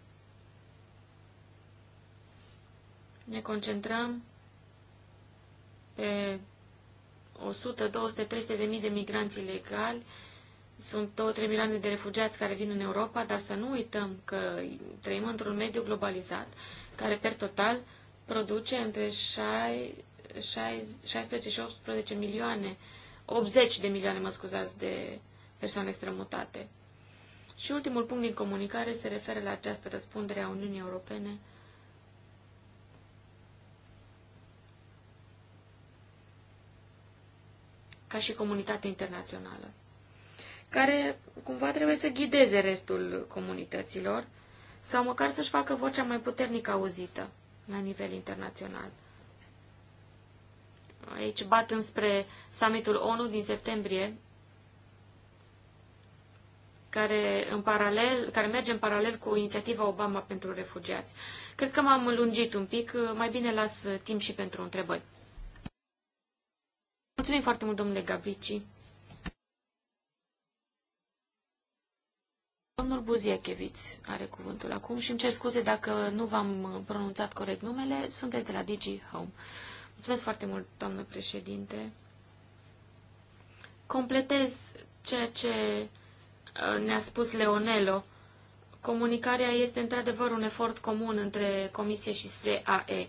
Ne concentrăm pe 100, 200, 300 de mii de migranți ilegali, sunt 2-3 milioane de refugiați care vin în Europa, dar să nu uităm că trăim într-un mediu globalizat care, per total, produce între 16 și 18 milioane, 80 de milioane, mă scuzați, de persoane strămutate. Și ultimul punct din comunicare se referă la această răspundere a Uniunii Europene ca și comunitate internațională, care cumva trebuie să ghideze restul comunităților sau măcar să-și facă vocea mai puternic auzită la nivel internațional. Aici bat înspre summitul ONU din septembrie, care, în paralel, care merge în paralel cu inițiativa Obama pentru refugiați. Cred că m-am lungit un pic, mai bine las timp și pentru întrebări. Mulțumim foarte mult, domnule Gabrici. Domnul Buziecheviț are cuvântul acum și îmi cer scuze dacă nu v-am pronunțat corect numele. Sunteți de la Digi Home. Mulțumesc foarte mult, doamnă președinte. Completez ceea ce uh, ne-a spus Leonelo. Comunicarea este într-adevăr un efort comun între Comisie și SAE.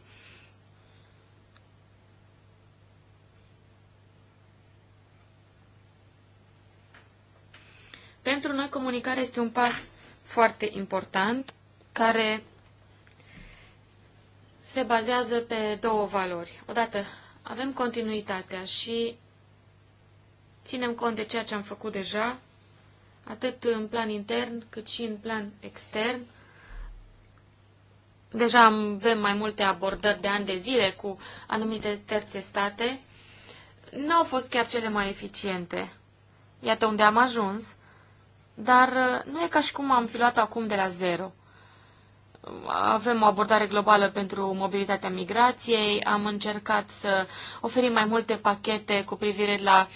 Pentru noi comunicarea este un pas foarte important care se bazează pe două valori. Odată, avem continuitatea și ținem cont de ceea ce am făcut deja, atât în plan intern cât și în plan extern. Deja avem mai multe abordări de ani de zile cu anumite terțe state. Nu au fost chiar cele mai eficiente. Iată unde am ajuns. Dar uh, nu e ca și cum am fi luat acum de la zero. Avem o abordare globală pentru mobilitatea migrației, am încercat să oferim mai multe pachete cu privire la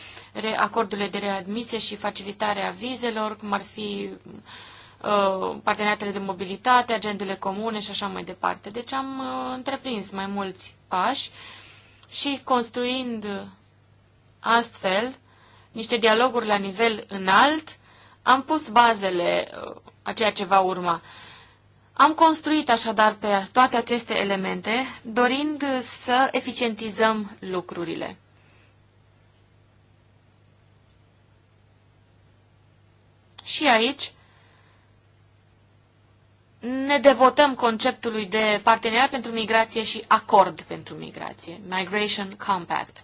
acordurile de readmisie și facilitarea vizelor, cum ar fi uh, parteneriatele de mobilitate, agendele comune și așa mai departe. Deci am uh, întreprins mai mulți pași și construind astfel niște dialoguri la nivel înalt, am pus bazele uh, a ceea ce va urma. Am construit așadar pe toate aceste elemente, dorind să eficientizăm lucrurile. Și aici ne devotăm conceptului de parteneriat pentru migrație și acord pentru migrație, Migration Compact.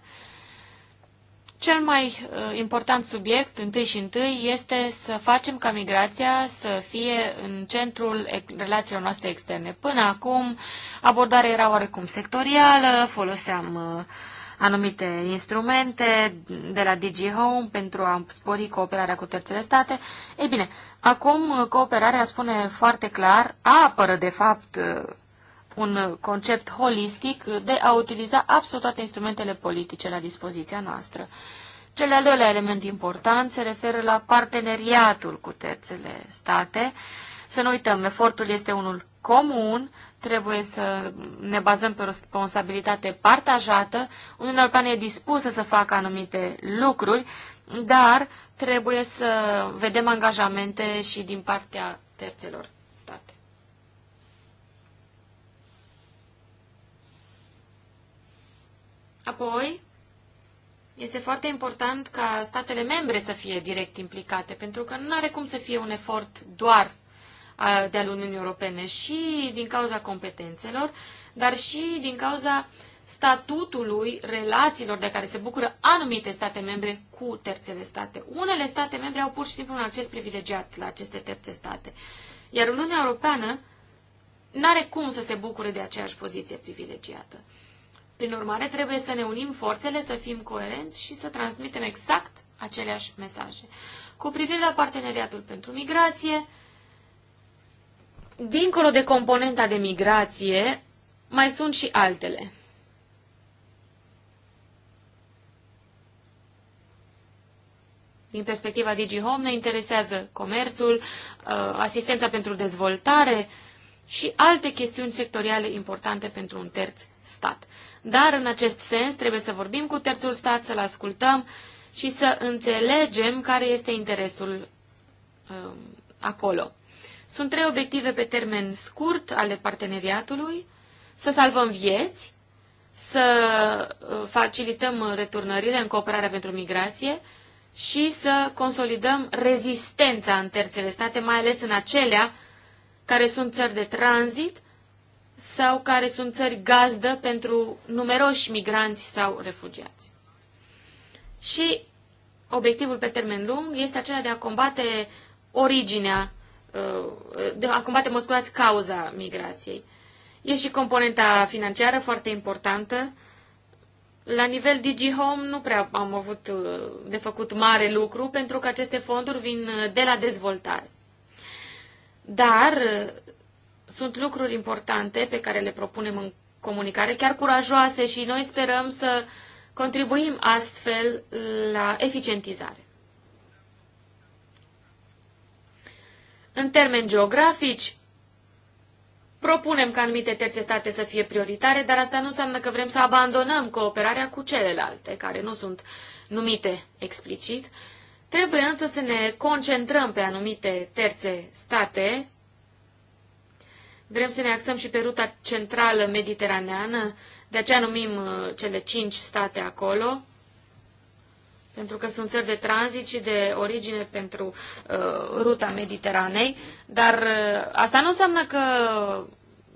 Cel mai uh, important subiect, întâi și întâi, este să facem ca migrația să fie în centrul relațiilor noastre externe. Până acum, abordarea era oarecum sectorială, foloseam uh, anumite instrumente de la DG Home pentru a spori cooperarea cu terțele state. Ei bine, acum cooperarea spune foarte clar, apără de fapt uh, un concept holistic de a utiliza absolut toate instrumentele politice la dispoziția noastră. Cel al doilea element important se referă la parteneriatul cu terțele state. Să nu uităm, efortul este unul comun, trebuie să ne bazăm pe o responsabilitate partajată. Uniunea Europeană e dispusă să facă anumite lucruri, dar trebuie să vedem angajamente și din partea terțelor Apoi, este foarte important ca statele membre să fie direct implicate, pentru că nu are cum să fie un efort doar de-al Uniunii Europene și din cauza competențelor, dar și din cauza statutului relațiilor de care se bucură anumite state membre cu terțele state. Unele state membre au pur și simplu un acces privilegiat la aceste terțe state, iar Uniunea Europeană nu are cum să se bucure de aceeași poziție privilegiată. Prin urmare, trebuie să ne unim forțele, să fim coerenți și să transmitem exact aceleași mesaje. Cu privire la parteneriatul pentru migrație, dincolo de componenta de migrație, mai sunt și altele. Din perspectiva DigiHome ne interesează comerțul, uh, asistența pentru dezvoltare și alte chestiuni sectoriale importante pentru un terț stat. Dar în acest sens trebuie să vorbim cu terțul stat, să-l ascultăm și să înțelegem care este interesul um, acolo. Sunt trei obiective pe termen scurt ale parteneriatului. Să salvăm vieți, să uh, facilităm returnările în cooperarea pentru migrație și să consolidăm rezistența în terțele state, mai ales în acelea care sunt țări de tranzit sau care sunt țări gazdă pentru numeroși migranți sau refugiați. Și obiectivul pe termen lung este acela de a combate originea, uh, de a combate, mă scuzați, cauza migrației. E și componenta financiară foarte importantă. La nivel DigiHome nu prea am avut uh, de făcut mare lucru pentru că aceste fonduri vin uh, de la dezvoltare. Dar sunt lucruri importante pe care le propunem în comunicare, chiar curajoase și noi sperăm să contribuim astfel la eficientizare. În termeni geografici, propunem ca anumite terțe state să fie prioritare, dar asta nu înseamnă că vrem să abandonăm cooperarea cu celelalte, care nu sunt numite explicit. Trebuie însă să ne concentrăm pe anumite terțe state Vrem să ne axăm și pe ruta centrală mediteraneană, de aceea numim uh, cele cinci state acolo, pentru că sunt țări de tranzit și de origine pentru uh, ruta Mediteranei, dar uh, asta nu înseamnă că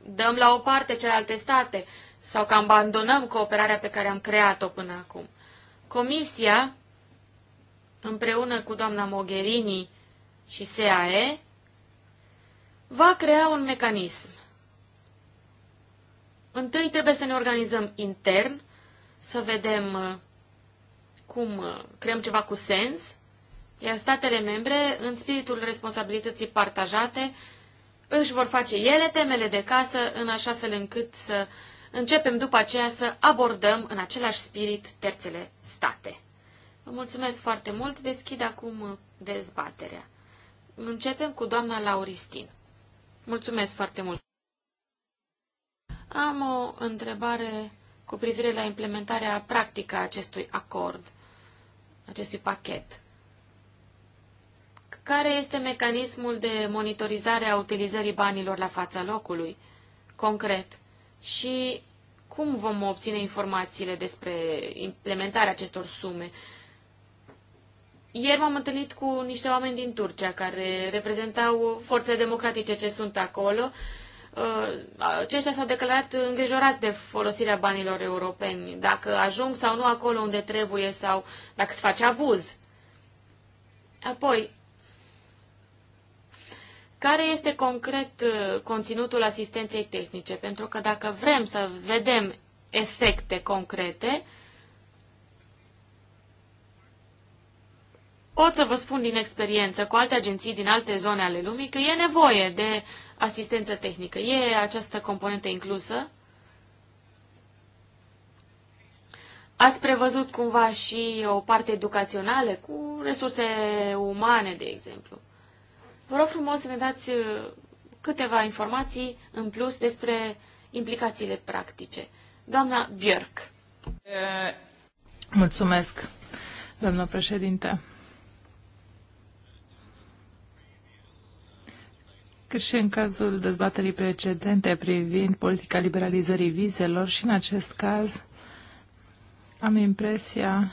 dăm la o parte celelalte state sau că abandonăm cooperarea pe care am creat-o până acum. Comisia, împreună cu doamna Mogherini și SAE, va crea un mecanism. Întâi trebuie să ne organizăm intern, să vedem uh, cum uh, creăm ceva cu sens, iar statele membre, în spiritul responsabilității partajate, își vor face ele temele de casă în așa fel încât să începem după aceea să abordăm în același spirit terțele state. Vă mulțumesc foarte mult, deschid acum dezbaterea. Începem cu doamna Lauristin. Mulțumesc foarte mult. Am o întrebare cu privire la implementarea practică a acestui acord, acestui pachet. Care este mecanismul de monitorizare a utilizării banilor la fața locului, concret? Și cum vom obține informațiile despre implementarea acestor sume? Ieri m-am întâlnit cu niște oameni din Turcia care reprezentau forțe democratice ce sunt acolo. Uh, aceștia s-au declarat îngrijorați de folosirea banilor europeni, dacă ajung sau nu acolo unde trebuie sau dacă se face abuz. Apoi, care este concret uh, conținutul asistenței tehnice? Pentru că dacă vrem să vedem efecte concrete, Pot să vă spun din experiență cu alte agenții din alte zone ale lumii că e nevoie de asistență tehnică. E această componentă inclusă. Ați prevăzut cumva și o parte educațională cu resurse umane, de exemplu. Vă rog frumos să ne dați uh, câteva informații în plus despre implicațiile practice. Doamna Björk. Eh. Mulțumesc, doamnă președinte. Cât și în cazul dezbaterii precedente privind politica liberalizării vizelor și în acest caz am impresia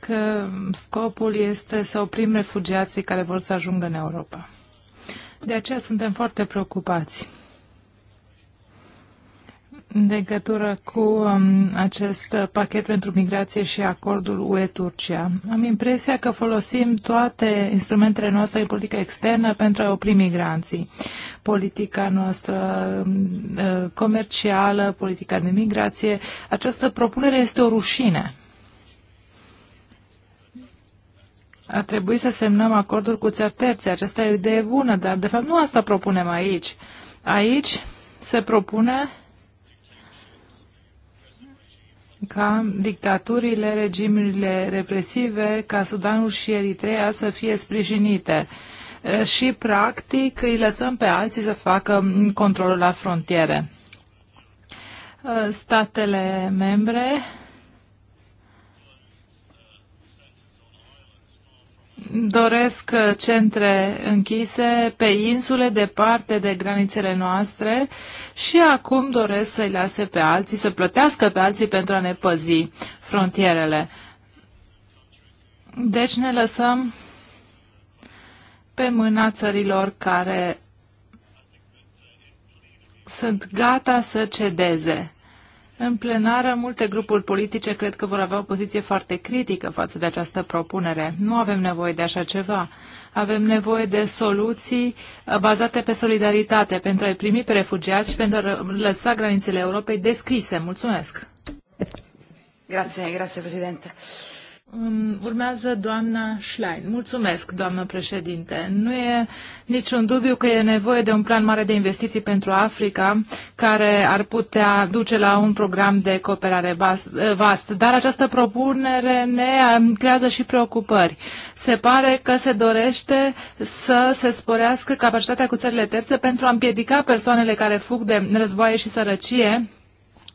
că scopul este să oprim refugiații care vor să ajungă în Europa. De aceea suntem foarte preocupați în legătură cu um, acest pachet pentru migrație și acordul UE-Turcia. Am impresia că folosim toate instrumentele noastre de politică externă pentru a opri migranții. Politica noastră um, uh, comercială, politica de migrație. Această propunere este o rușine. Ar trebui să semnăm acordul cu țări terțe. Aceasta e o idee bună, dar de fapt nu asta propunem aici. Aici se propune ca dictaturile, regimurile represive, ca Sudanul și Eritrea să fie sprijinite și, practic, îi lăsăm pe alții să facă controlul la frontiere. Statele membre doresc uh, centre închise pe insule departe de granițele noastre și acum doresc să-i lase pe alții, să plătească pe alții pentru a ne păzi frontierele. Deci ne lăsăm pe mâna țărilor care sunt gata să cedeze. În plenară, multe grupuri politice cred că vor avea o poziție foarte critică față de această propunere. Nu avem nevoie de așa ceva. Avem nevoie de soluții uh, bazate pe solidaritate pentru a-i primi pe refugiați și pentru a lăsa granițele Europei deschise. Mulțumesc! Grazie, grazie, Presidente. Urmează doamna Schlein. Mulțumesc, doamnă președinte. Nu e niciun dubiu că e nevoie de un plan mare de investiții pentru Africa, care ar putea duce la un program de cooperare vast. Dar această propunere ne creează și preocupări. Se pare că se dorește să se sporească capacitatea cu țările terțe pentru a împiedica persoanele care fug de războaie și sărăcie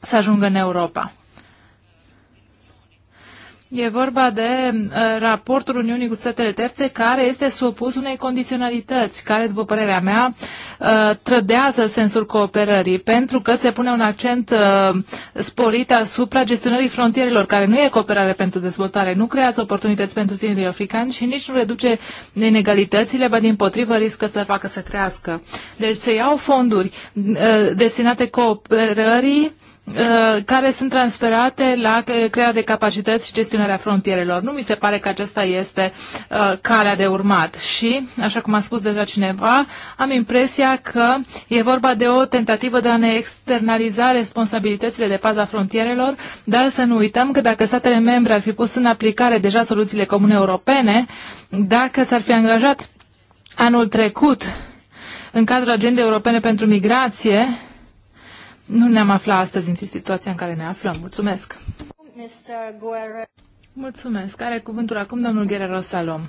să ajungă în Europa. E vorba de uh, raportul Uniunii cu statele terțe care este supus unei condiționalități, care, după părerea mea, uh, trădează sensul cooperării, pentru că se pune un accent uh, sporit asupra gestionării frontierelor, care nu e cooperare pentru dezvoltare, nu creează oportunități pentru tinerii africani și nici nu reduce inegalitățile, ba din potrivă riscă să facă să crească. Deci se iau fonduri uh, destinate cooperării, Uh, care sunt transferate la crearea de capacități și gestionarea frontierelor. Nu mi se pare că aceasta este uh, calea de urmat și, așa cum a spus deja cineva, am impresia că e vorba de o tentativă de a ne externaliza responsabilitățile de paza frontierelor, dar să nu uităm că dacă statele membre ar fi pus în aplicare deja soluțiile comune europene, dacă s-ar fi angajat anul trecut în cadrul agendei europene pentru migrație, nu ne-am aflat astăzi în situația în care ne aflăm. Mulțumesc! Mulțumesc! Are cuvântul acum domnul Guerrero Salom.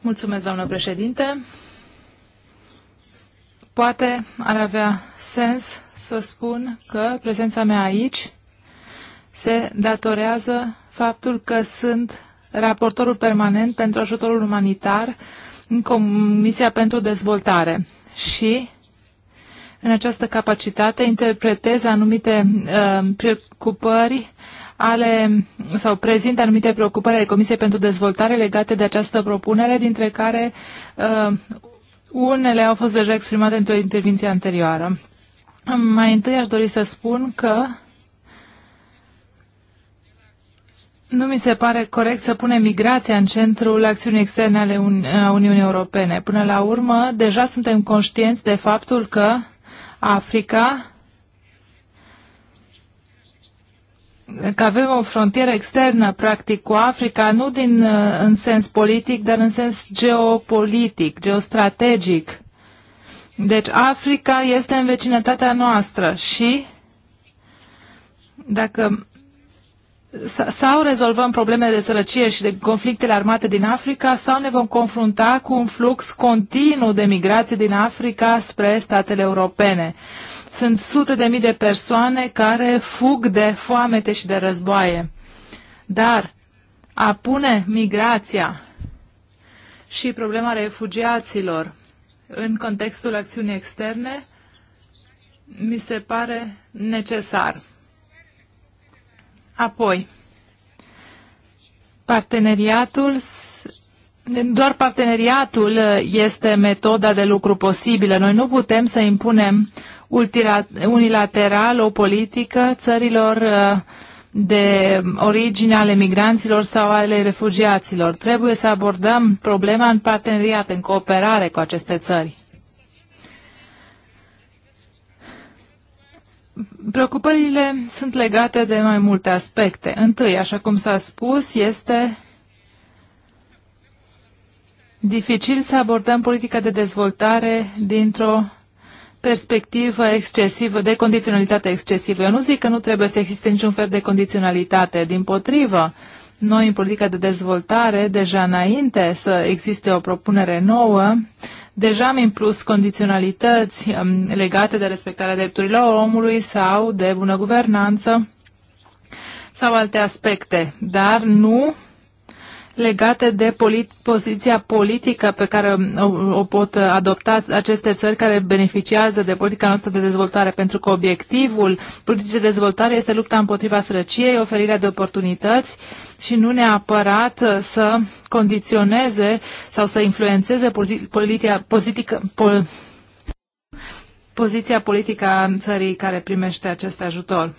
Mulțumesc, doamnă președinte! Poate ar avea sens să spun că prezența mea aici se datorează faptul că sunt raportorul permanent pentru ajutorul umanitar în Comisia pentru Dezvoltare și în această capacitate interpretez anumite uh, preocupări ale, sau prezintă anumite preocupări ale Comisiei pentru Dezvoltare legate de această propunere, dintre care uh, unele au fost deja exprimate într-o intervenție anterioară. Mai întâi aș dori să spun că nu mi se pare corect să punem migrația în centrul acțiunii externe ale Uni- a Uniunii Europene. Până la urmă, deja suntem conștienți de faptul că Africa, că avem o frontieră externă, practic, cu Africa, nu din, uh, în sens politic, dar în sens geopolitic, geostrategic. Deci Africa este în vecinătatea noastră și dacă sau rezolvăm problemele de sărăcie și de conflictele armate din Africa, sau ne vom confrunta cu un flux continuu de migrație din Africa spre statele europene. Sunt sute de mii de persoane care fug de foamete și de războaie. Dar a pune migrația și problema refugiaților în contextul acțiunii externe mi se pare necesar. Apoi, parteneriatul, doar parteneriatul uh, este metoda de lucru posibilă. Noi nu putem să impunem unilateral o politică țărilor uh, de origine ale migranților sau ale refugiaților. Trebuie să abordăm problema în parteneriat, în cooperare cu aceste țări. Preocupările sunt legate de mai multe aspecte. Întâi, așa cum s-a spus, este dificil să abordăm politica de dezvoltare dintr-o perspectivă excesivă, de condiționalitate excesivă. Eu nu zic că nu trebuie să existe niciun fel de condiționalitate, din potrivă. Noi, în politica de dezvoltare, deja înainte să existe o propunere nouă, Deja am inclus condiționalități um, legate de respectarea drepturilor omului sau de bună guvernanță sau alte aspecte, dar nu legate de polit, poziția politică pe care o, o pot adopta aceste țări care beneficiază de politica noastră de dezvoltare, pentru că obiectivul politicii de dezvoltare este lupta împotriva sărăciei, oferirea de oportunități și nu neapărat să condiționeze sau să influențeze politica, politică. pol, poziția politică a țării care primește acest ajutor.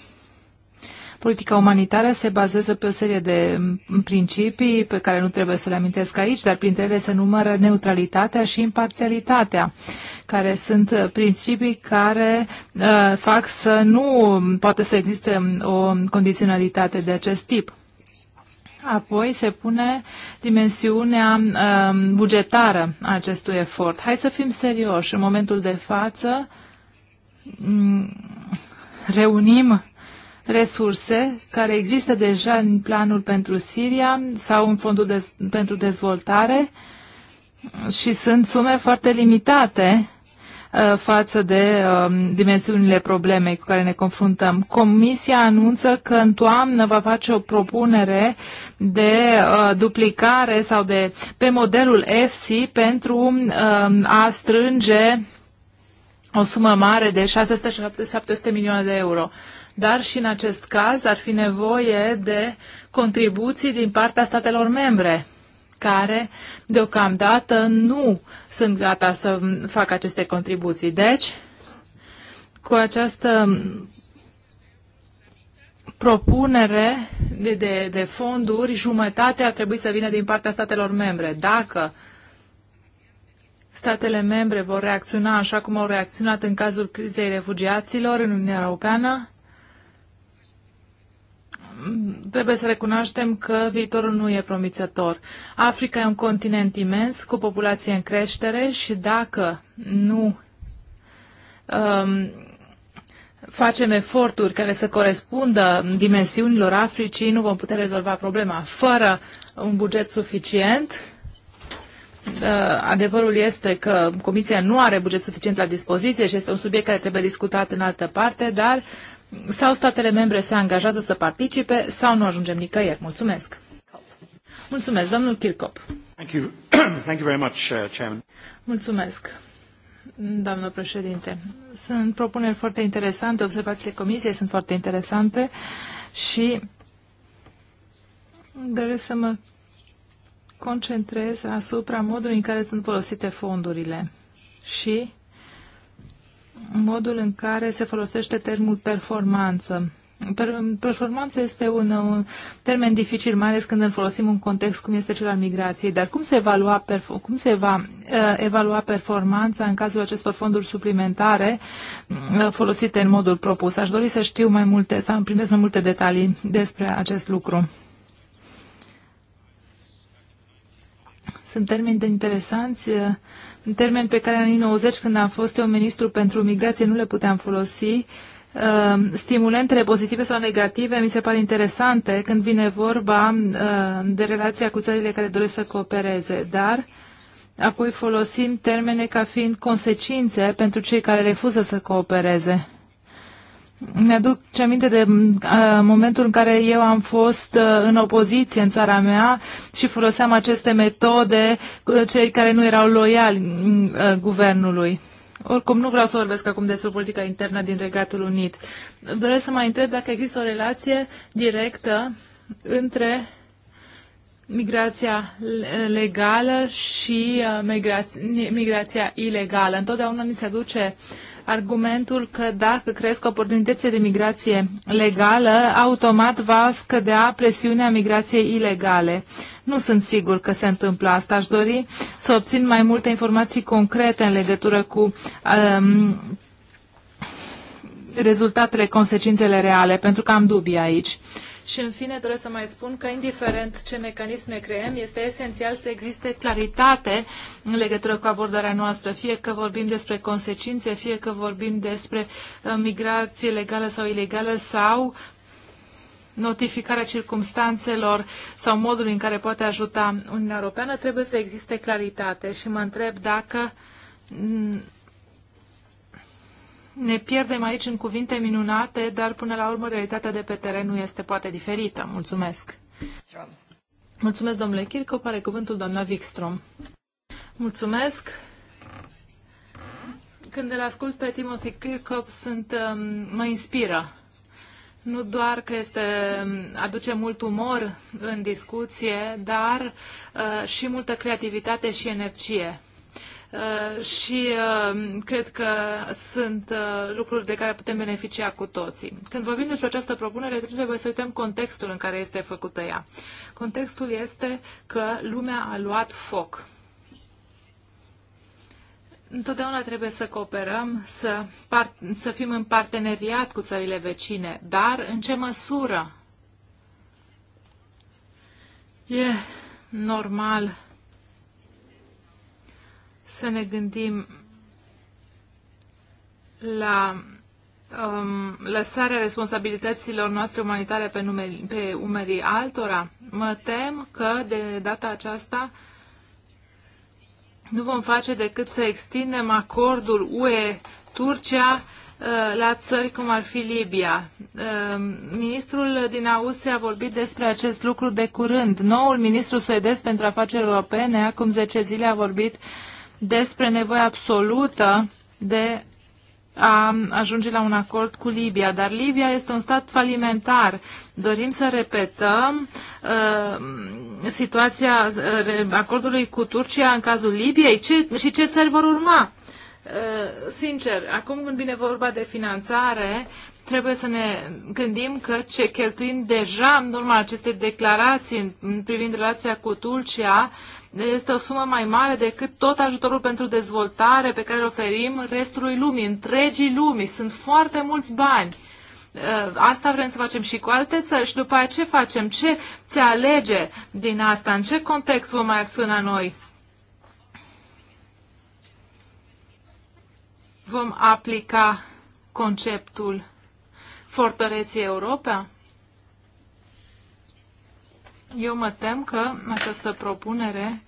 Politica umanitară se bazează pe o serie de principii pe care nu trebuie să le amintesc aici, dar printre ele se numără neutralitatea și imparțialitatea care sunt principii care uh, fac să nu poate să existe o condiționalitate de acest tip. Apoi se pune dimensiunea uh, bugetară a acestui efort. Hai să fim serioși. În momentul de față um, reunim resurse care există deja în planul pentru Siria sau în fondul de, pentru dezvoltare și sunt sume foarte limitate uh, față de um, dimensiunile problemei cu care ne confruntăm. Comisia anunță că în toamnă va face o propunere de uh, duplicare sau de pe modelul EFSI pentru um, a strânge o sumă mare de 600-700 milioane de euro. Uh, dar și în acest caz ar fi nevoie de contribuții din partea statelor membre care deocamdată nu sunt gata să facă aceste contribuții. Deci, cu această propunere de, de, de fonduri, jumătate ar trebui să vină din partea statelor membre. Dacă statele membre vor reacționa așa cum au reacționat în cazul crizei refugiaților în Uniunea Europeană, trebuie să recunoaștem că viitorul nu e promițător. Africa e un continent imens, cu populație în creștere și dacă nu um, facem eforturi care să corespundă dimensiunilor Africii, nu vom putea rezolva problema. Fără un buget suficient, uh, adevărul este că Comisia nu are buget suficient la dispoziție și este un subiect care trebuie discutat în altă parte, dar sau statele membre se angajează să participe sau nu ajungem nicăieri. Mulțumesc! Mulțumesc, domnul Kirkop. Thank you. Thank you very much, uh, Chairman. Mulțumesc, domnul președinte. Sunt propuneri foarte interesante, observațiile comisiei sunt foarte interesante și doresc să mă concentrez asupra modului în care sunt folosite fondurile și modul în care se folosește termenul performanță. Performanța este un, un termen dificil, mai ales când îl folosim în context cum este cel al migrației, dar cum se, evalua, cum se va uh, evalua performanța în cazul acestor fonduri suplimentare uh, folosite în modul propus? Aș dori să știu mai multe, să primesc mai multe detalii despre acest lucru. Sunt termeni de interesanți. Uh, un termen pe care în anii 90, când am fost eu ministru pentru migrație, nu le puteam folosi. Ehm, stimulentele pozitive sau negative mi se par interesante când vine vorba ehm, de relația cu țările care doresc să coopereze, dar apoi folosim termene ca fiind consecințe pentru cei care refuză să coopereze. Mi-aduc ce aminte de uh, momentul în care eu am fost uh, în opoziție în țara mea și foloseam aceste metode cu uh, cei care nu erau loiali mm, uh, guvernului. Oricum, nu vreau să vorbesc acum despre politica internă din Regatul Unit. Doresc să mai întreb dacă există o relație directă între migrația legală și uh, migrația, migrația ilegală. Întotdeauna ni se aduce uh, argumentul că dacă cresc oportunitățile de migrație legală, automat va scădea presiunea migrației ilegale. Nu sunt sigur că se întâmplă asta. Aș dori să obțin mai multe informații concrete în legătură cu um, rezultatele, consecințele reale, pentru că am dubii aici. Uh, și în fine doresc să mai spun că indiferent ce mecanisme creăm, este esențial să existe claritate în legătură cu abordarea noastră, fie că vorbim despre consecințe, fie că vorbim despre uh, migrație legală sau ilegală sau notificarea circumstanțelor sau modul în care poate ajuta Uniunea Europeană, trebuie să existe claritate și mă întreb dacă mm, ne pierdem aici în cuvinte minunate, dar până la urmă realitatea de pe teren nu este poate diferită. Mulțumesc! Mulțumesc, domnule Chirco. Pare cuvântul doamna Wikstrom. Mulțumesc! Când îl ascult pe Timothy Kirkhope, sunt, um, mă inspiră. Nu doar că este, um, aduce mult umor în discuție, dar uh, și multă creativitate și energie Uh, și uh, cred că sunt uh, lucruri de care putem beneficia cu toții. Când vorbim despre această propunere, trebuie să uităm contextul în care este făcută ea. Contextul este că lumea a luat foc. Întotdeauna trebuie să cooperăm, să, să fim în parteneriat cu țările vecine, dar în ce măsură? E normal să ne gândim la um, lăsarea responsabilităților noastre umanitare pe, numeri, pe umerii altora. Mă tem că de data aceasta nu vom face decât să extindem acordul UE-Turcia uh, la țări cum ar fi Libia. Uh, ministrul din Austria a vorbit despre acest lucru de curând. Noul ministru suedez pentru afaceri europene acum 10 zile a vorbit uh, despre nevoia absolută de a ajunge la un acord cu Libia, dar Libia este un stat falimentar. Dorim să repetăm uh, situația uh, acordului cu Turcia în cazul Libiei ce, și ce țări vor urma. Uh, sincer, acum când vine vorba de finanțare, trebuie să ne gândim că ce cheltuim deja în urma acestei declarații privind relația cu Turcia, uh, este o sumă mai mare decât tot ajutorul pentru dezvoltare pe care îl oferim restului lumii, întregii lumii. Sunt foarte mulți bani. Uh, asta vrem să facem și cu alte țări și după aia ce facem? Ce se alege din asta? În ce context vom mai acționa noi? Vom aplica conceptul fortăreții Europa? Eu mă tem că această propunere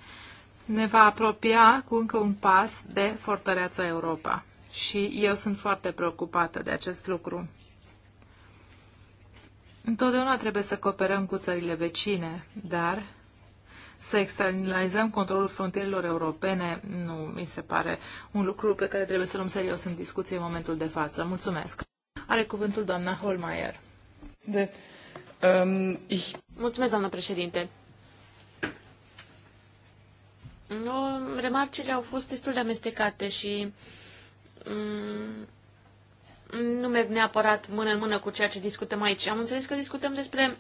ne va apropia cu încă un pas de fortăreața Europa. Și eu sunt foarte preocupată de acest lucru. Întotdeauna trebuie să cooperăm cu țările vecine, dar să externalizăm controlul frontierilor europene nu mi se pare un lucru pe care trebuie să luăm serios în discuție în momentul de față. Mulțumesc. Are cuvântul doamna Holmeier. De Um, ich... Mulțumesc, doamnă președinte. No, remarcile au fost destul de amestecate și um, nu merg neapărat mână în mână cu ceea ce discutăm aici. Am înțeles că discutăm despre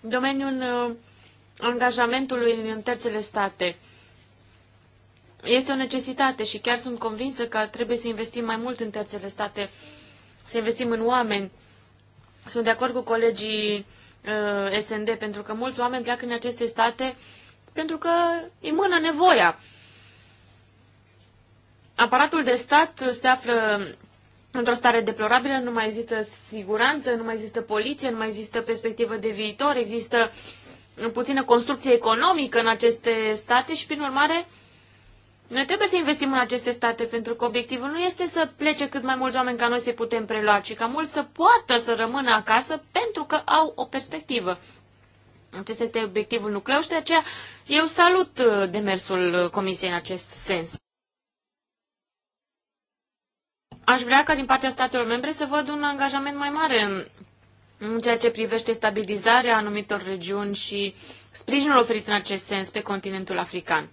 domeniul uh, angajamentului în terțele state. Este o necesitate și chiar sunt convinsă că trebuie să investim mai mult în terțele state, să investim în oameni, sunt de acord cu colegii uh, SND, pentru că mulți oameni pleacă în aceste state pentru că îi mână nevoia. Aparatul de stat se află într-o stare deplorabilă, nu mai există siguranță, nu mai există poliție, nu mai există perspectivă de viitor, există puțină construcție economică în aceste state și, prin urmare, noi trebuie să investim în aceste state pentru că obiectivul nu este să plece cât mai mulți oameni ca noi să putem prelua, ci ca mulți să poată să rămână acasă pentru că au o perspectivă. Acesta este obiectivul nucleu și de aceea eu salut uh, demersul Comisiei în acest sens. Aș vrea ca din partea statelor membre să văd un angajament mai mare în, în ceea ce privește stabilizarea anumitor regiuni și sprijinul oferit în acest sens pe continentul african.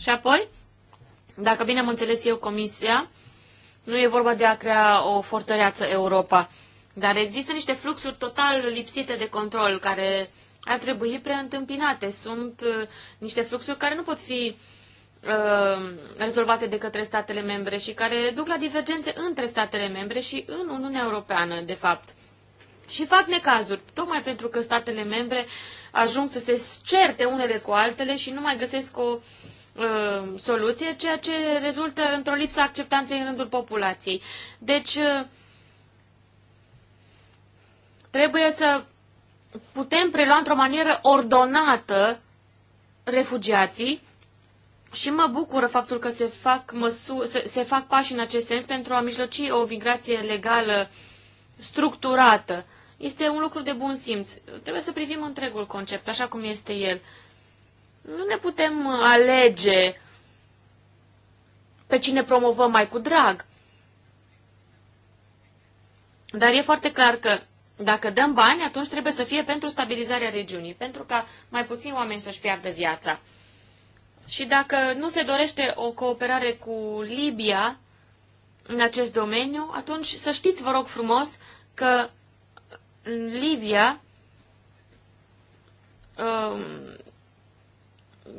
Și apoi, dacă bine am înțeles eu Comisia, nu e vorba de a crea o fortăreață Europa, dar există niște fluxuri total lipsite de control care ar trebui preîntâmpinate. Sunt uh, niște fluxuri care nu pot fi uh, rezolvate de către statele membre și care duc la divergențe între statele membre și în Uniunea Europeană, de fapt. Și fac necazuri, tocmai pentru că statele membre ajung să se certe unele cu altele și nu mai găsesc o uh, Uh, soluție, ceea ce rezultă într-o lipsă acceptanței în rândul populației. Deci, uh, trebuie să putem prelua într-o manieră ordonată refugiații și mă bucură faptul că se fac, măsu- se, se fac pași în acest sens pentru a mijloci o migrație legală structurată. Este un lucru de bun simț. Trebuie să privim întregul concept, așa cum este el. Nu ne putem uh, alege pe cine promovăm mai cu drag. Dar e foarte clar că dacă dăm bani, atunci trebuie să fie pentru stabilizarea regiunii, pentru ca mai puțini oameni să-și piardă viața. Și dacă nu se dorește o cooperare cu Libia în acest domeniu, atunci să știți, vă rog frumos, că Libia um,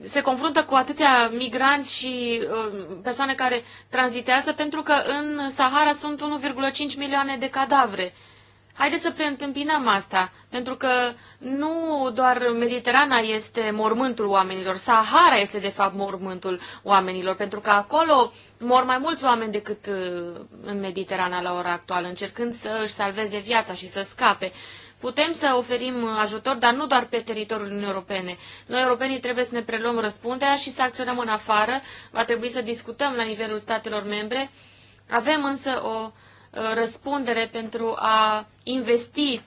se confruntă cu atâția migranți și um, persoane care tranzitează pentru că în Sahara sunt 1,5 milioane de cadavre. Haideți să preîntâmpinăm asta, pentru că nu doar Mediterana este mormântul oamenilor, Sahara este de fapt mormântul oamenilor, pentru că acolo mor mai mulți oameni decât uh, în Mediterana la ora actuală, încercând să își salveze viața și să scape. Putem să oferim ajutor, dar nu doar pe teritoriul Uniunii Europene. Noi, europenii, trebuie să ne preluăm răspunderea și să acționăm în afară. Va trebui să discutăm la nivelul statelor membre. Avem însă o uh, răspundere pentru a investi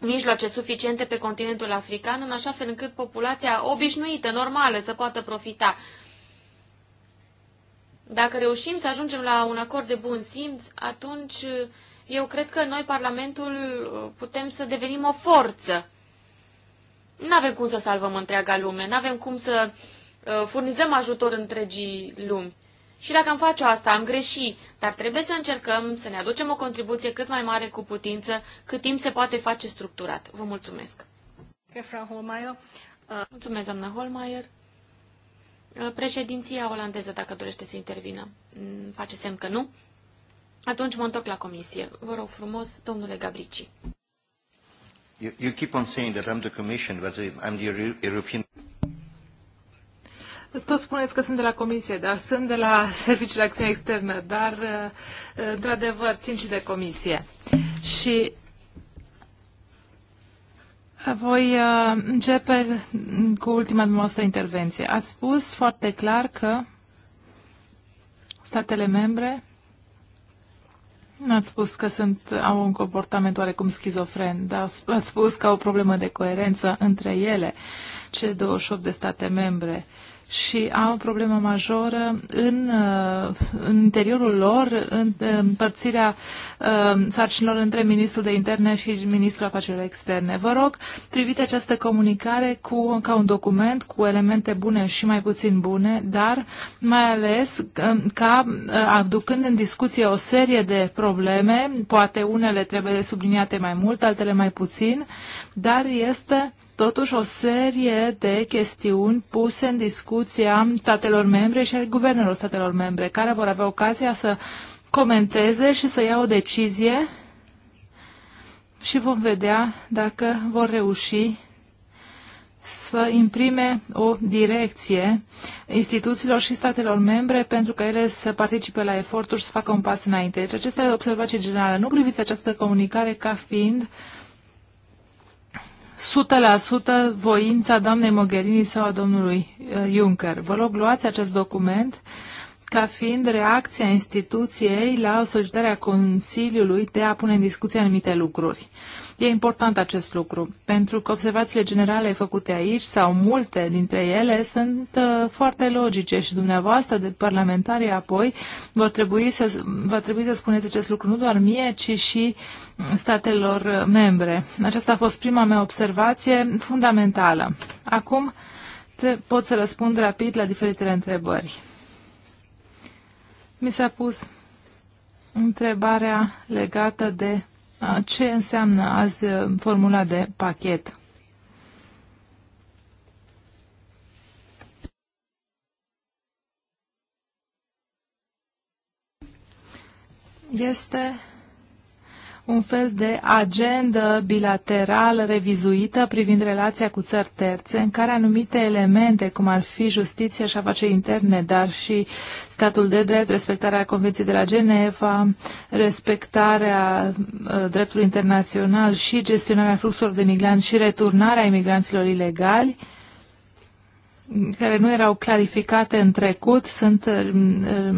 mijloace suficiente pe continentul african, în așa fel încât populația obișnuită, normală, să poată profita. Dacă reușim să ajungem la un acord de bun simț, atunci uh, eu cred că noi, Parlamentul, putem să devenim o forță. Nu avem cum să salvăm întreaga lume, nu avem cum să uh, furnizăm ajutor întregii lumi. Și dacă am face asta, am greșit, dar trebuie să încercăm să ne aducem o contribuție cât mai mare cu putință, cât timp se poate face structurat. Vă mulțumesc! Uh, mulțumesc, doamna Holmeier. Uh, președinția olandeză, dacă dorește să intervină, mm, face semn că nu. Atunci mă întorc la comisie. Vă rog frumos, domnule Gabrici. You, you keep on saying that I'm the commission, but uh, I'm the European... Tot spuneți că sunt de la comisie, dar sunt de la Serviciul de Acțiune Externă, dar, uh, într-adevăr, țin și de comisie. Și voi uh, începe cu ultima dumneavoastră intervenție. Ați spus foarte clar că statele membre ați spus că sunt, au un comportament oarecum schizofren, dar ați spus că au o problemă de coerență între ele, cele 28 de state membre și au o problemă majoră în, uh, în interiorul lor, în împărțirea uh, sarcinilor între ministrul de interne și ministrul afacerilor externe. Vă rog, priviți această comunicare cu, ca un document cu elemente bune și mai puțin bune, dar mai ales um, ca uh, aducând în discuție o serie de probleme, poate unele trebuie subliniate mai mult, altele mai puțin, dar este totuși o serie de chestiuni puse în discuția statelor membre și al guvernelor statelor membre, care vor avea ocazia să comenteze și să ia o decizie și vom vedea dacă vor reuși să imprime o direcție instituțiilor și statelor membre pentru că ele să participe la eforturi și să facă un pas înainte. Deci acesta e o observație generală. Nu priviți această comunicare ca fiind uh, 100% voința doamnei Mogherini sau a domnului uh, Juncker. Vă rog, luați acest document ca fiind reacția instituției la solicitarea Consiliului de a pune în discuție anumite lucruri. E important acest lucru, pentru că observațiile generale făcute aici, sau multe dintre ele, sunt uh, foarte logice și dumneavoastră, de parlamentari, apoi vor trebui să, va trebui să spuneți acest lucru nu doar mie, ci și statelor membre. Aceasta a fost prima mea observație fundamentală. Acum pot să răspund rapid la diferitele întrebări. Mi s-a pus întrebarea legată de ce înseamnă azi formula de pachet. Este un fel de agendă bilaterală revizuită privind relația cu țări terțe, în care anumite elemente, cum ar fi justiția și afaceri interne, dar și statul de drept, respectarea Convenției de la Geneva, respectarea ă, dreptului internațional și gestionarea fluxurilor de migranți și returnarea imigranților ilegali, care nu erau clarificate în trecut, sunt ă, ă,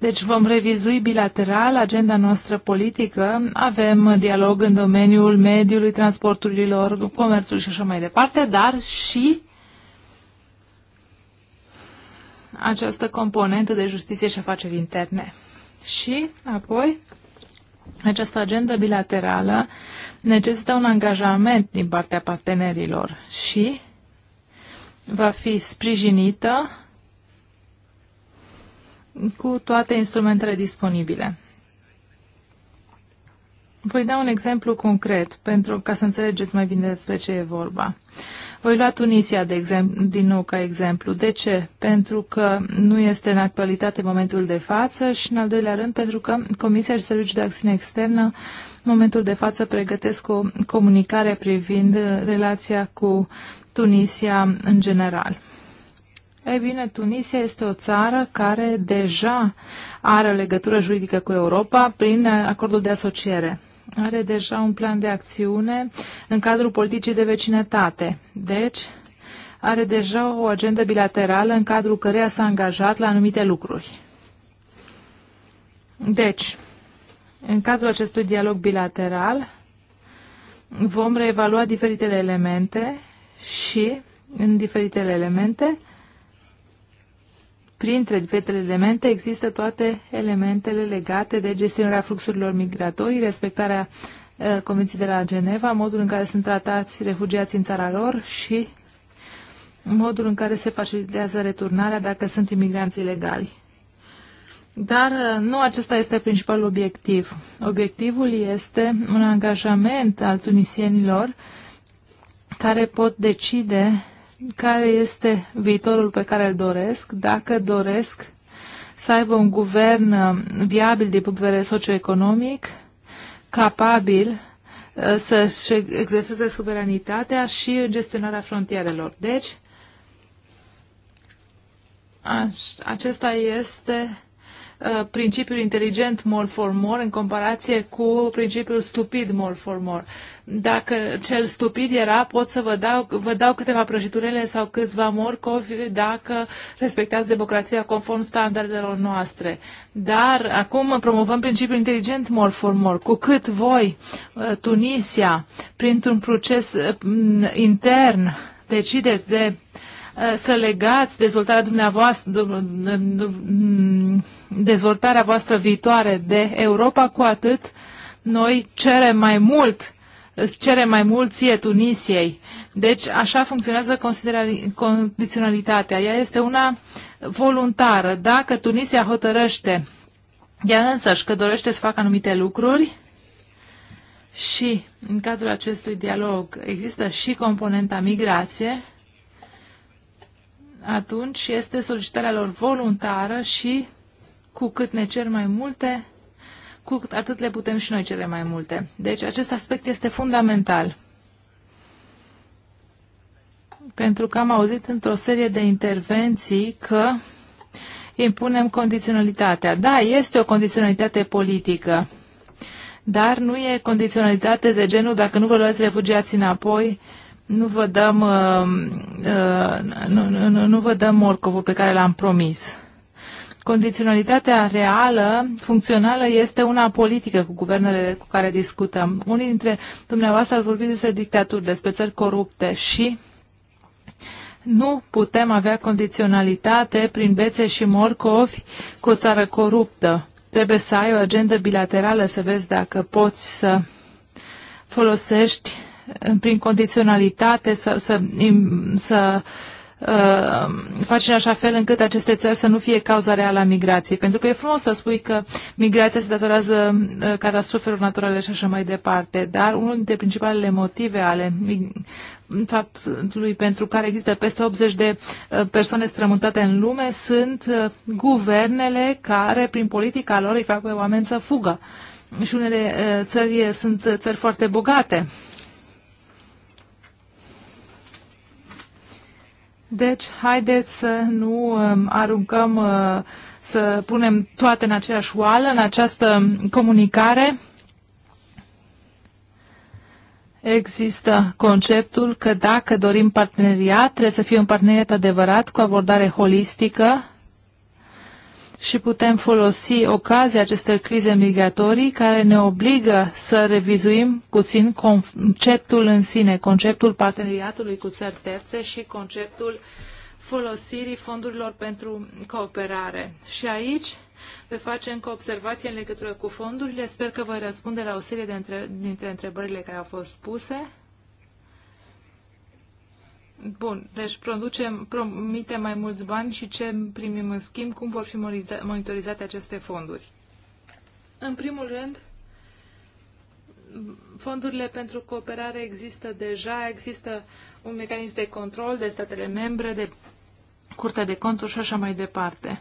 deci vom revizui bilateral agenda noastră politică, avem dialog în domeniul mediului, transporturilor, comerțului și așa mai departe, dar și această componentă de justiție și afaceri interne. Și apoi această agendă bilaterală necesită un angajament din partea partenerilor și va fi sprijinită cu toate instrumentele disponibile. Voi da un exemplu concret pentru ca să înțelegeți mai bine despre ce e vorba. Voi lua Tunisia de exemplu, din nou ca exemplu. De ce? Pentru că nu este în actualitate momentul de față și, în al doilea rând, pentru că Comisia și Serviciul de Acțiune Externă în momentul de față pregătesc o comunicare privind relația cu Tunisia în general. Ei bine, Tunisia este o țară care deja are legătură juridică cu Europa prin acordul de asociere. Are deja un plan de acțiune în cadrul politicii de vecinătate. Deci, are deja o agendă bilaterală în cadrul căreia s-a angajat la anumite lucruri. Deci, în cadrul acestui dialog bilateral, vom reevalua diferitele elemente și, în diferitele elemente, printre fetele elemente există toate elementele legate de gestionarea fluxurilor migratorii, respectarea uh, Convenții de la Geneva, modul în care sunt tratați refugiații în țara lor și modul în care se facilitează returnarea dacă sunt imigranți ilegali. Dar uh, nu acesta este principalul obiectiv. Obiectivul este un angajament al tunisienilor care pot decide care este viitorul pe care îl doresc, dacă doresc să aibă un guvern uh, viabil din punct de vedere socioeconomic, capabil uh, să-și exerseze suveranitatea și gestionarea frontierelor. Deci, acesta este Uh, principiul inteligent more for more în comparație cu principiul stupid more for more. Dacă cel stupid era, pot să vă dau, vă dau câteva prăjiturele sau câțiva morcovi dacă respectați democrația conform standardelor noastre. Dar acum promovăm principiul inteligent more for more. Cu cât voi, uh, Tunisia, printr-un proces uh, intern, decideți de să legați dezvoltarea dumneavoastră dezvoltarea voastră viitoare de Europa, cu atât noi cerem mai mult, îți cerem mai mult ție Tunisiei. Deci așa funcționează condiționalitatea. Ea este una voluntară. Dacă Tunisia hotărăște ea însăși că dorește să facă anumite lucruri, și în cadrul acestui dialog există și componenta migrație, atunci este solicitarea lor voluntară și cu cât ne cer mai multe, cu atât le putem și noi cere mai multe. Deci acest aspect este fundamental. Pentru că am auzit într-o serie de intervenții că impunem condiționalitatea. Da, este o condiționalitate politică, dar nu e condiționalitate de genul dacă nu vă luați refugiați înapoi, nu vă dăm, uh, uh, nu, nu, nu vă dăm morcovul pe care l-am promis. Condiționalitatea reală, funcțională, este una politică cu guvernele cu care discutăm. Unii dintre dumneavoastră ați vorbit despre dictaturi, despre țări corupte și nu putem avea condiționalitate prin bețe și morcovi cu o țară coruptă. Trebuie să ai o agendă bilaterală să vezi dacă poți să folosești prin condiționalitate să, să, să uh, faci în așa fel încât aceste țări să nu fie cauza reală a migrației. Pentru că e frumos să spui că migrația se datorează uh, catastrofelor naturale și așa mai departe, dar unul dintre principalele motive ale faptului pentru care există peste 80 de uh, persoane strămutate în lume sunt uh, guvernele care, prin politica lor, îi fac pe oameni să fugă. Și unele țări sunt țări foarte bogate Deci, haideți să nu um, aruncăm, uh, să punem toate în aceeași oală, în această comunicare. Există conceptul că dacă dorim parteneriat, trebuie să fie un parteneriat adevărat, cu abordare holistică, și putem folosi ocazia acestei crize migratorii care ne obligă să revizuim puțin conceptul în sine, conceptul parteneriatului cu țări terțe și conceptul folosirii fondurilor pentru cooperare. Și aici vă facem încă observație în legătură cu fondurile. Sper că voi răspunde la o serie de între, dintre întrebările care au fost puse. Bun, deci producem, promitem mai mulți bani și ce primim în schimb, cum vor fi monitorizate aceste fonduri? În primul rând, fondurile pentru cooperare există deja, există un mecanism de control de statele membre, de curtea de conturi și așa mai departe.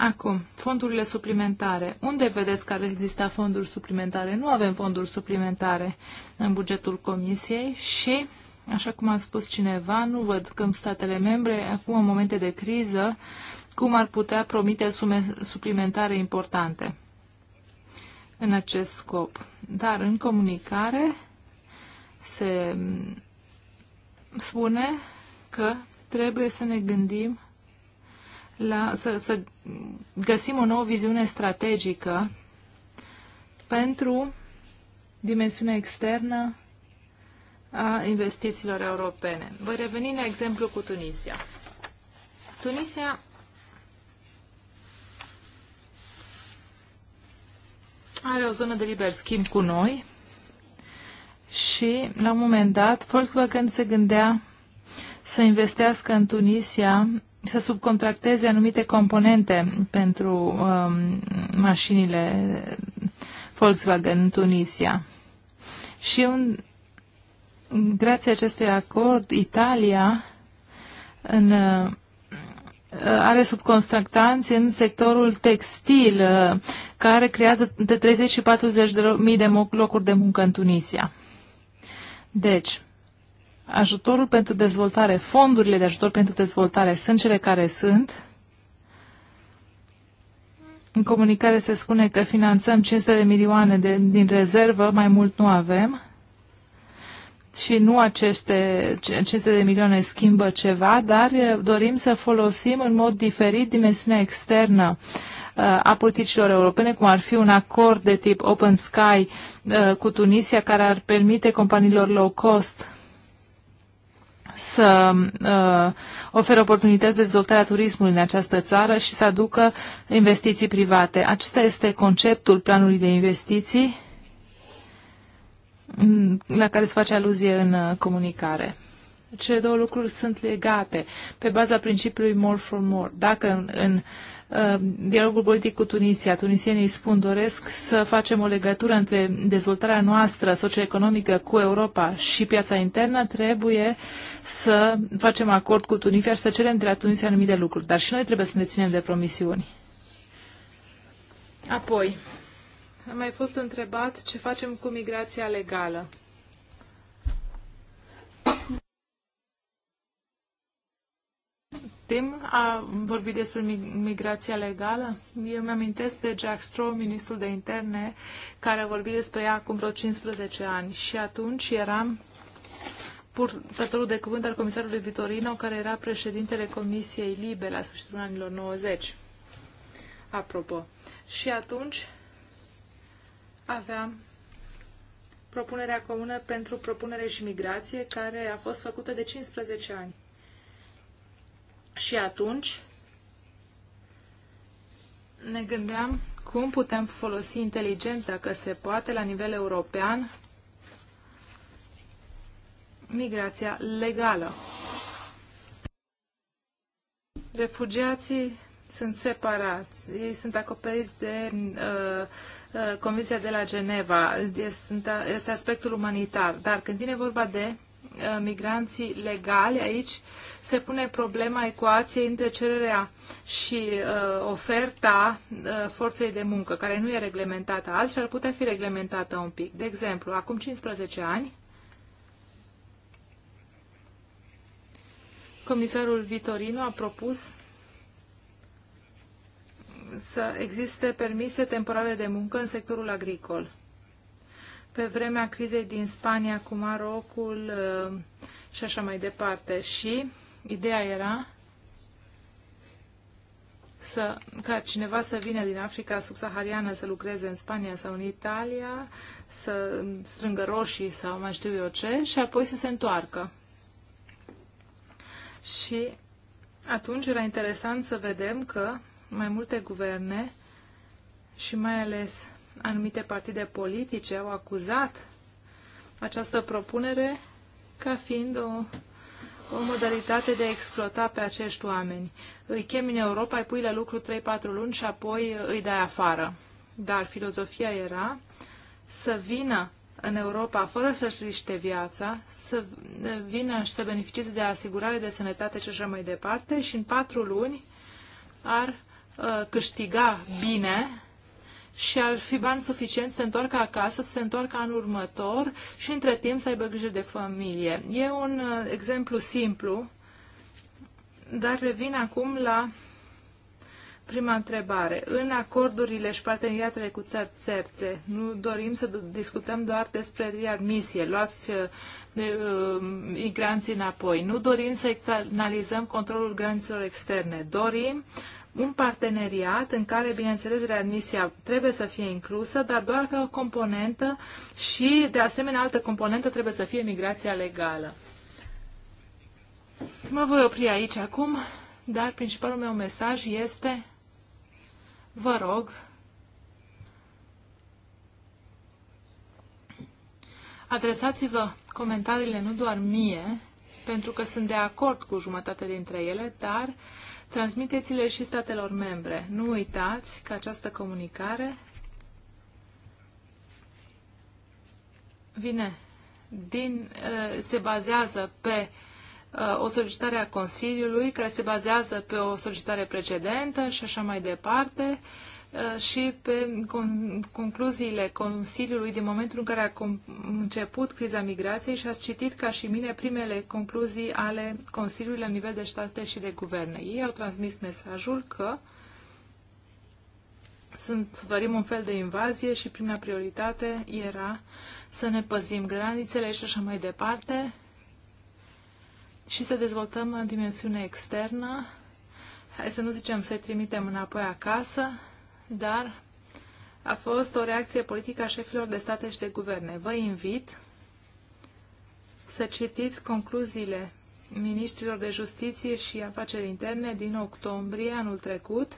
Acum, fondurile suplimentare. Unde vedeți că ar exista fonduri suplimentare? Nu avem fonduri suplimentare în bugetul Comisiei și, așa cum a spus cineva, nu văd că statele membre, acum în momente de criză, cum ar putea promite sume suplimentare importante în acest scop. Dar în comunicare se spune că trebuie să ne gândim la, să, să găsim o nouă viziune strategică pentru dimensiunea externă a investițiilor europene. Voi reveni la exemplu cu Tunisia. Tunisia are o zonă de liber schimb cu noi și, la un moment dat, Volkswagen se gândea să investească în Tunisia să subcontracteze anumite componente pentru um, mașinile Volkswagen în Tunisia. Și un, grație acestui acord, Italia în, uh, are subcontractanți în sectorul textil, uh, care creează de 30 și 40 de de locuri de muncă în Tunisia. Deci, Ajutorul pentru dezvoltare, fondurile de ajutor pentru dezvoltare sunt cele care sunt. În comunicare se spune că finanțăm 500 de milioane de, din rezervă, mai mult nu avem. Și nu aceste 500 de milioane schimbă ceva, dar eh, dorim să folosim în mod diferit dimensiunea externă eh, a politicilor europene, cum ar fi un acord de tip Open Sky eh, cu Tunisia, care ar permite companiilor low cost să uh, ofere oportunități de dezvoltare a turismului în această țară și să aducă investiții private. Acesta este conceptul planului de investiții mm, la care se face aluzie în uh, comunicare. Cele două lucruri sunt legate pe baza principiului more for more. Dacă în, în uh, Uh, dialogul politic cu Tunisia. Tunisienii spun, doresc să facem o legătură între dezvoltarea noastră socioeconomică cu Europa și piața internă, trebuie să facem acord cu Tunisia și să cerem de la Tunisia anumite lucruri. Dar și noi trebuie să ne ținem de promisiuni. Apoi, am mai fost întrebat ce facem cu migrația legală. Tim a vorbit despre migrația legală. Eu mi-amintesc de Jack Straw, ministrul de interne, care a vorbit despre ea acum vreo 15 ani și atunci eram purtătorul de cuvânt al comisarului Vitorino, care era președintele Comisiei Libe la sfârșitul anilor 90. Apropo. Și atunci aveam propunerea comună pentru propunere și migrație, care a fost făcută de 15 ani. Și atunci ne gândeam cum putem folosi inteligent, dacă se poate, la nivel european, migrația legală. Refugiații sunt separați. Ei sunt acoperiți de uh, uh, Convenția de la Geneva. Este, este aspectul umanitar. Dar când vine vorba de Uh, migranții legali. Aici se pune problema ecuației între cererea și uh, oferta uh, forței de muncă, care nu e reglementată azi și ar putea fi reglementată un pic. De exemplu, acum 15 ani, comisarul Vitorino a propus să existe permise temporare de muncă în sectorul agricol pe vremea crizei din Spania cu Marocul uh, și așa mai departe. Și ideea era să, ca cineva să vină din Africa subsahariană să lucreze în Spania sau în Italia, să strângă roșii sau mai știu eu ce, și apoi să se întoarcă. Și atunci era interesant să vedem că mai multe guverne și mai ales anumite partide politice au acuzat această propunere ca fiind o, o modalitate de a exploata pe acești oameni. Îi chemi în Europa, îi pui la lucru 3-4 luni și apoi îi dai afară. Dar filozofia era să vină în Europa fără să-și riște viața, să vină și să beneficieze de asigurare de sănătate și așa mai departe și în patru luni ar uh, câștiga bine și ar fi bani suficient să se întoarcă acasă, să se întoarcă anul următor și între timp să aibă grijă de familie. E un uh, exemplu simplu, dar revin acum la prima întrebare. În acordurile și parteneriatele cu țări țerțe, nu dorim să discutăm doar despre readmisie, luați uh, uh, migranții înapoi. Nu dorim să analizăm controlul granițelor externe. Dorim un parteneriat în care, bineînțeles, readmisia trebuie să fie inclusă, dar doar ca o componentă și, de asemenea, altă componentă trebuie să fie migrația legală. Mă voi opri aici acum, dar principalul meu mesaj este, vă rog, adresați-vă comentariile nu doar mie, pentru că sunt de acord cu jumătate dintre ele, dar uh, Transmiteți-le și statelor membre. Nu uitați că această comunicare vine din, uh, se bazează pe uh, o solicitare a Consiliului, care se bazează pe o solicitare precedentă și așa mai departe. Uh, și pe concluziile Consiliului din momentul în care a început criza migrației și ați citit ca și mine primele concluzii ale Consiliului la nivel de state și de guverne. Ei au transmis mesajul că sunt, suferim un fel de invazie și prima prioritate era să ne păzim granițele și așa mai departe și să dezvoltăm dimensiune externă. Hai să nu zicem să-i trimitem înapoi acasă, dar a fost o reacție politică a șefilor de state și de guverne. Vă invit să citiți concluziile ministrilor de justiție și afaceri interne din octombrie anul trecut,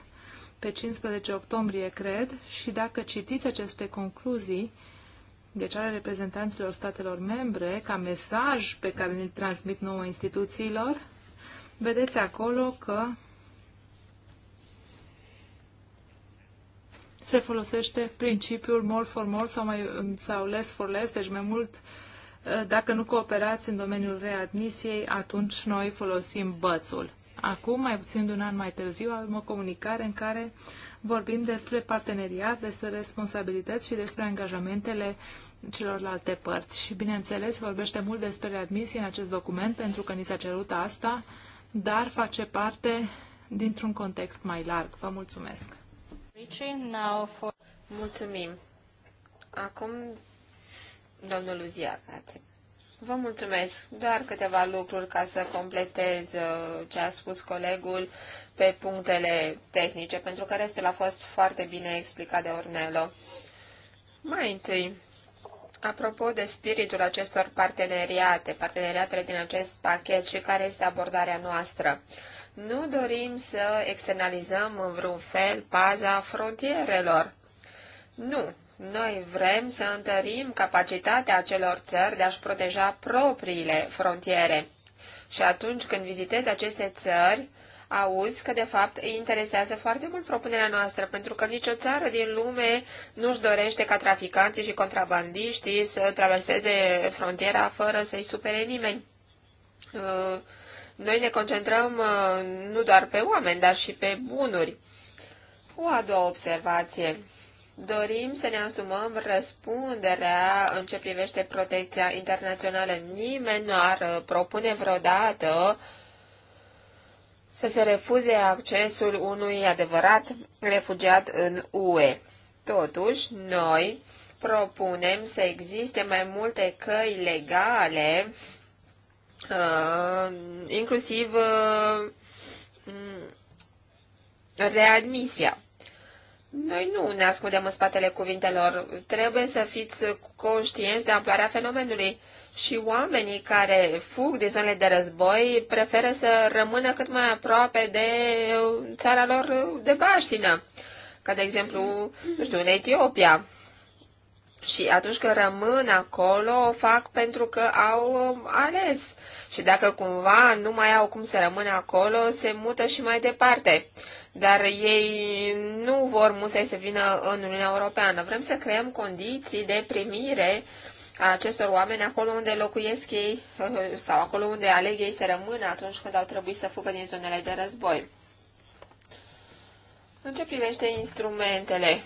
pe 15 octombrie, cred, și dacă citiți aceste concluzii, deci ale reprezentanților statelor membre, ca mesaj pe care îl transmit nouă instituțiilor, vedeți acolo că se folosește principiul more for more sau, mai, sau less for less, deci mai mult eh, dacă nu cooperați în domeniul readmisiei, atunci noi folosim bățul. Acum, mai puțin de un an mai târziu, avem o comunicare în care vorbim despre parteneriat, despre responsabilități și despre angajamentele celorlalte părți. Și, bineînțeles, vorbește mult despre readmisie în acest document, pentru că ni s-a cerut asta, dar face parte dintr-un context mai larg. Vă mulțumesc! Mulțumim. Acum, domnul Uzia, Vă mulțumesc. Doar câteva lucruri ca să completez uh, ce a spus colegul pe punctele tehnice, pentru că restul a fost foarte bine explicat de Ornelo. Mai întâi, apropo de spiritul acestor parteneriate, parteneriatele din acest pachet și care este abordarea noastră. Nu dorim să externalizăm în vreun fel paza frontierelor. Nu, noi vrem să întărim capacitatea acelor țări de a-și proteja propriile frontiere. Și atunci când vizitezi aceste țări, auzi că de fapt îi interesează foarte mult propunerea noastră, pentru că nicio țară din lume nu-și dorește ca traficanții și contrabandiștii să traverseze frontiera fără să-i supere nimeni. Uh, noi ne concentrăm uh, nu doar pe oameni, dar și pe bunuri. O a doua observație. Dorim să ne asumăm răspunderea în ce privește protecția internațională. Nimeni nu ar uh, propune vreodată să se refuze accesul unui adevărat refugiat în UE. Totuși, noi propunem să existe mai multe căi legale uh, inclusiv uh, readmisia. Noi nu ne ascundem în spatele cuvintelor. Trebuie să fiți conștienți de amploarea fenomenului și oamenii care fug din zonele de război preferă să rămână cât mai aproape de uh, țara lor de baștină, ca de exemplu, nu știu, în Etiopia și atunci când rămân acolo, o fac pentru că au um, ales. Și dacă cumva nu mai au cum să rămână acolo, se mută și mai departe. Dar ei nu vor musai să vină în Uniunea Europeană. Vrem să creăm condiții de primire a acestor oameni acolo unde locuiesc ei sau acolo unde aleg ei să rămână atunci când au trebuit să fugă din zonele de război. În ce privește instrumentele?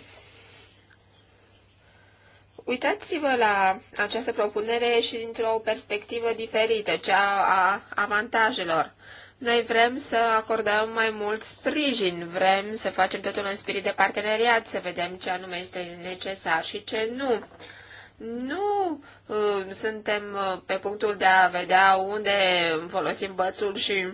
Uitați-vă la această propunere și dintr-o perspectivă diferită, cea a avantajelor. Noi vrem să acordăm mai mult sprijin, vrem să facem totul în spirit de parteneriat, să vedem ce anume este necesar și ce nu. Nu uh, suntem uh, pe punctul de a vedea unde folosim bățul și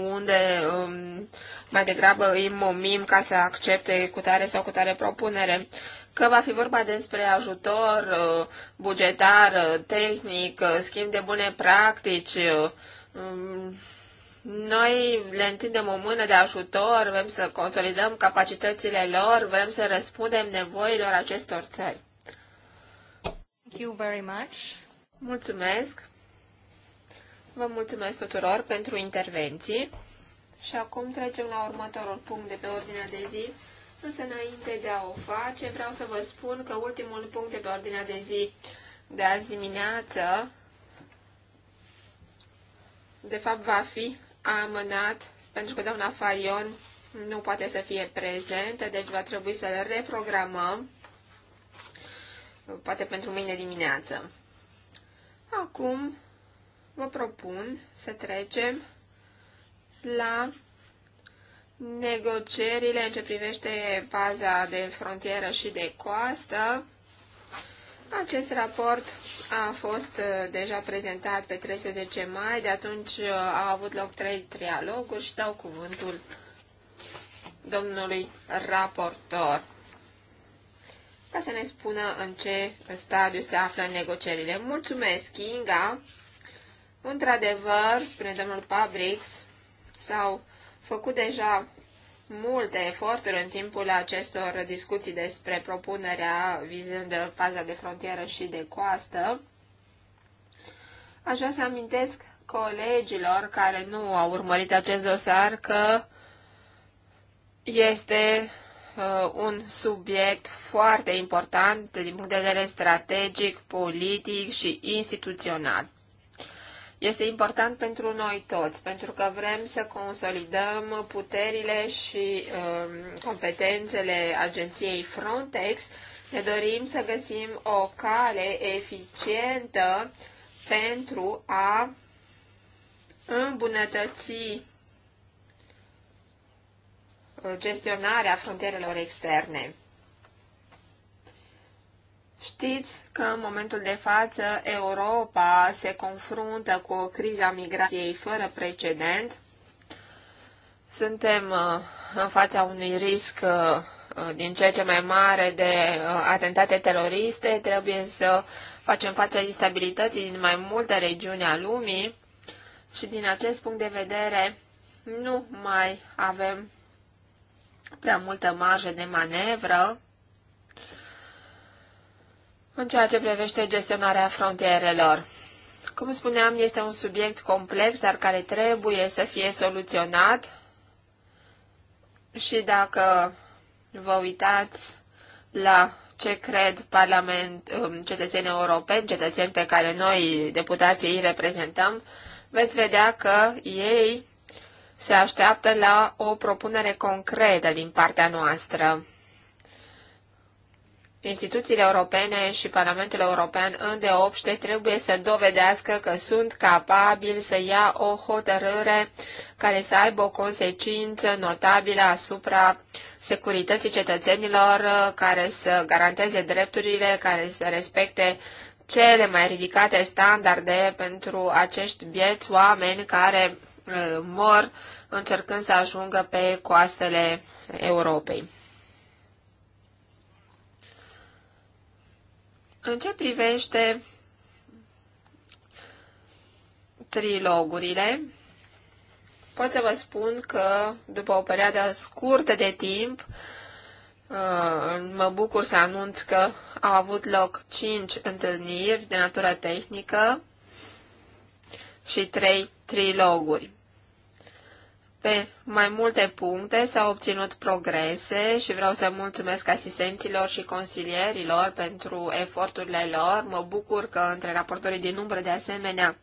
unde um, mai degrabă îi momim ca să accepte cu tare sau cu tare propunere că va fi vorba despre ajutor uh, bugetar, uh, tehnic, uh, schimb de bune practici. Um, noi le întindem o mână de ajutor, vrem să consolidăm capacitățile lor, vrem să răspundem nevoilor acestor țări. Thank you very much. Mulțumesc. Vă mulțumesc tuturor pentru intervenții. Și acum trecem la următorul punct de pe ordinea de zi. Însă, înainte de a o face, vreau să vă spun că ultimul punct de pe ordinea de zi de azi dimineață, de fapt, va fi amânat pentru că doamna Faion nu poate să fie prezentă, deci va trebui să-l reprogramăm, poate pentru mâine dimineață. Acum vă propun să trecem la negocierile în ce privește baza de frontieră și de coastă. Acest raport a fost uh, deja prezentat pe 13 mai, de atunci uh, au avut loc trei trialoguri și dau cuvântul domnului raportor ca să ne spună în ce stadiu se află negocierile. Mulțumesc, Inga! Într-adevăr, spune domnul Pabrix, sau au făcut deja multe eforturi în timpul acestor discuții despre propunerea vizând paza de frontieră și de coastă. Aș vrea să amintesc colegilor care nu au urmărit acest dosar că este uh, un subiect foarte important din punct de vedere strategic, politic și instituțional este important pentru noi toți, pentru că vrem să consolidăm puterile și um, competențele agenției Frontex. Ne dorim să găsim o cale eficientă pentru a îmbunătăți uh, gestionarea frontierelor externe. Știți că în momentul de față Europa se confruntă cu o criza migrației fără precedent. Suntem uh, în fața unui risc uh, uh, din ce ce mai mare de atentate teroriste. Trebuie să facem față instabilității din mai multe regiuni a lumii și din acest punct de vedere nu mai avem prea multă marjă de manevră în ceea ce privește gestionarea frontierelor. Cum spuneam, este un subiect complex, dar care trebuie să fie soluționat și dacă vă uitați la ce cred parlament, um, cetățenii europeni, cetățeni pe care noi, deputații, îi reprezentăm, veți vedea că ei se așteaptă la o propunere concretă din partea noastră instituțiile europene și Parlamentul European îndeopște trebuie să dovedească că sunt capabili să ia o hotărâre care să aibă o consecință notabilă asupra securității cetățenilor, care să garanteze drepturile, care să respecte cele mai ridicate standarde pentru acești bieți oameni care uh, mor încercând să ajungă pe coastele Europei. În ce privește trilogurile, pot să vă spun că după o perioadă scurtă de timp, uh, mă bucur să anunț că au avut loc 5 întâlniri de natură tehnică și 3 triloguri. Pe mai multe puncte s-au obținut progrese și vreau să mulțumesc asistenților și consilierilor pentru eforturile lor. Mă bucur că între raportorii din umbră, de asemenea,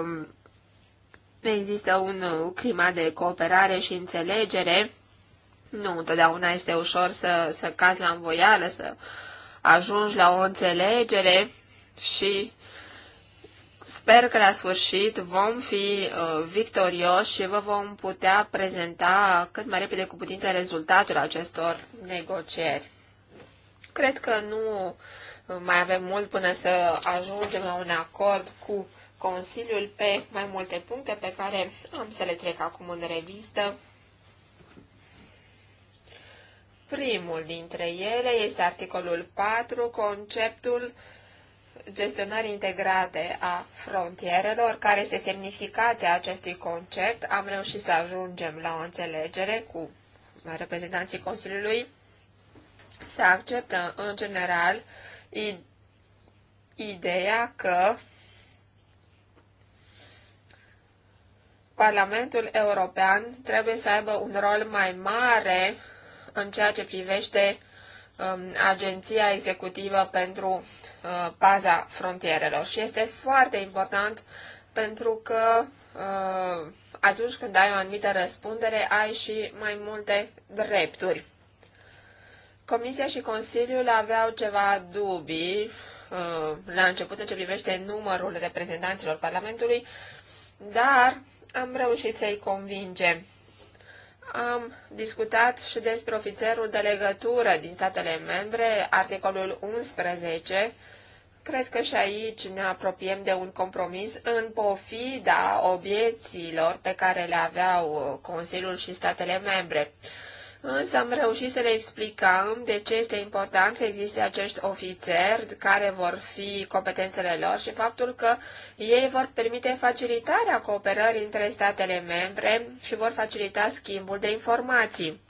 um, există un climat de cooperare și înțelegere. Nu întotdeauna este ușor să, să cazi la învoială, să ajungi la o înțelegere și Sper că la sfârșit vom fi uh, victorioși și vă vom putea prezenta cât mai repede cu putință rezultatul acestor negocieri. Cred că nu uh, mai avem mult până să ajungem la un acord cu Consiliul pe mai multe puncte pe care am să le trec acum în revistă. Primul dintre ele este articolul 4, conceptul uh, gestionării integrate a frontierelor, care este semnificația acestui concept. Am reușit să ajungem la o înțelegere cu reprezentanții Consiliului. Să acceptă în general ideea că Parlamentul European trebuie să aibă un rol mai mare în ceea ce privește Um, Agenția Executivă pentru Paza uh, Frontierelor. Și este foarte important pentru că uh, atunci când ai o anumită răspundere, ai și mai multe drepturi. Comisia și Consiliul aveau ceva dubii uh, la început în ce privește numărul reprezentanților Parlamentului, dar am reușit să-i convingem am discutat și despre ofițerul de legătură din statele membre, articolul 11. Cred că și aici ne apropiem de un compromis în pofida obiecțiilor pe care le aveau uh, Consiliul și statele membre însă am reușit să le explicăm de ce este important să existe acești ofițeri, care vor fi competențele lor și faptul că ei vor permite facilitarea cooperării între statele membre și vor facilita schimbul de informații.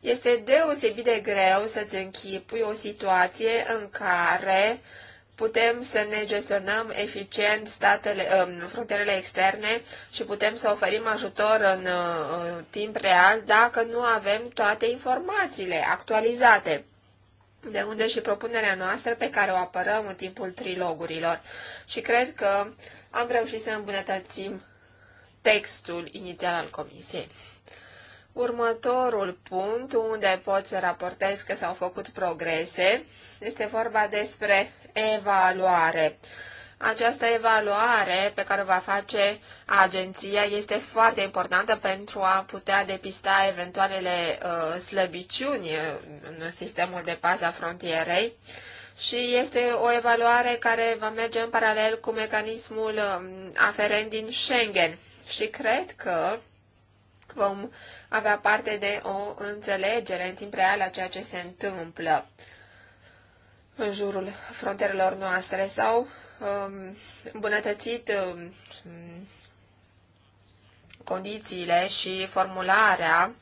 Este deosebit de greu să-ți închipui o situație în care uh, putem să ne gestionăm eficient statele, um, frontierele externe și putem să oferim ajutor uh, în timp real dacă nu avem toate informațiile actualizate. De unde și propunerea noastră pe care o apărăm în timpul trilogurilor. Și cred că am reușit să îmbunătățim textul inițial al comisiei. Următorul punct unde pot să raportez că s-au făcut progrese este vorba despre evaluare. Această evaluare pe care o va face agenția este foarte importantă pentru a putea depista eventualele uh, slăbiciuni în sistemul de pază a frontierei și este o evaluare care va merge în paralel cu mecanismul uh, aferent din Schengen. Și cred că vom avea parte de o înțelegere în timp real a ceea ce se întâmplă în jurul frontierelor noastre. sau um, îmbunătățit um, condițiile și formularea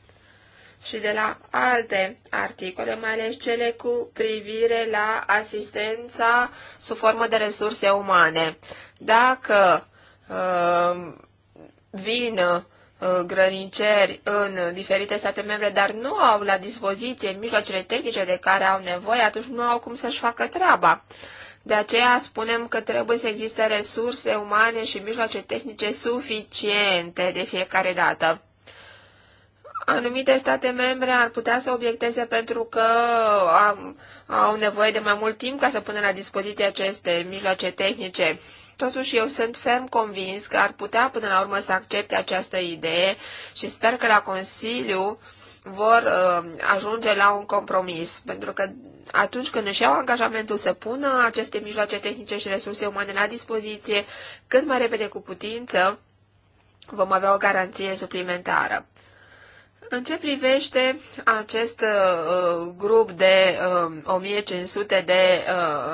și de la alte articole, mai ales cele cu privire la asistența sub formă de resurse umane. Dacă uh, vin Uh, grăniceri în diferite state membre, dar nu au la dispoziție mijloacele tehnice de care au nevoie, atunci nu au cum să-și facă treaba. De aceea spunem că trebuie să existe resurse umane și mijloace tehnice suficiente de fiecare dată. Anumite state membre ar putea să obiecteze pentru că au nevoie de mai mult timp ca să pună la dispoziție aceste mijloace tehnice Totuși, eu sunt ferm convins că ar putea până la urmă să accepte această idee și sper că la Consiliu vor uh, ajunge la un compromis, pentru că atunci când își iau angajamentul să pună aceste mijloace tehnice și resurse umane la dispoziție, cât mai repede cu putință, vom avea o garanție suplimentară. În ce privește acest uh, grup de uh, 1500 de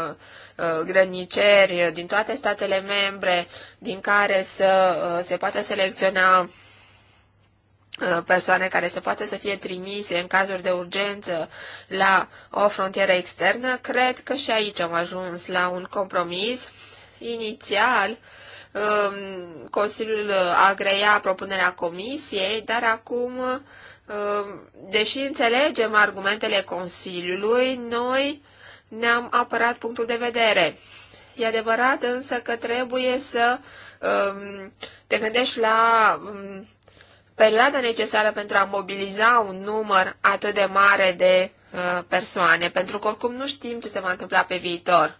uh, Uh, grăniceri din toate statele membre din care să uh, se poată selecționa uh, persoane care se poate să fie trimise în cazuri de urgență la o frontieră externă, cred că și aici am ajuns la un compromis. Inițial, um, Consiliul a greia propunerea Comisiei, dar acum, um, deși înțelegem argumentele Consiliului, noi ne-am apărat punctul de vedere. E adevărat însă că trebuie să um, te gândești la um, perioada necesară pentru a mobiliza un număr atât de mare de uh, persoane, pentru că oricum nu știm ce se va întâmpla pe viitor.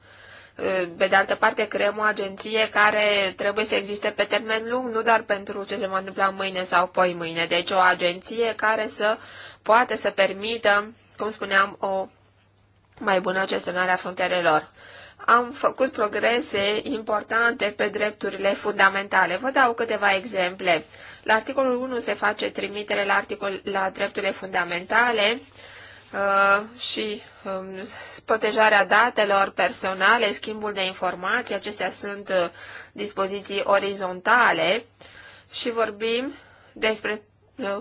Uh, pe de altă parte, creăm o agenție care trebuie să existe pe termen lung, nu doar pentru ce se va întâmpla mâine sau poi mâine. Deci o agenție care să poate să permită, cum spuneam, o mai bună gestionarea a frontierelor. Am făcut progrese importante pe drepturile fundamentale. Vă dau câteva exemple. La articolul 1 se face trimitere la, articol, la drepturile fundamentale uh, și um, protejarea datelor personale, schimbul de informații, acestea sunt uh, dispoziții orizontale și vorbim despre uh,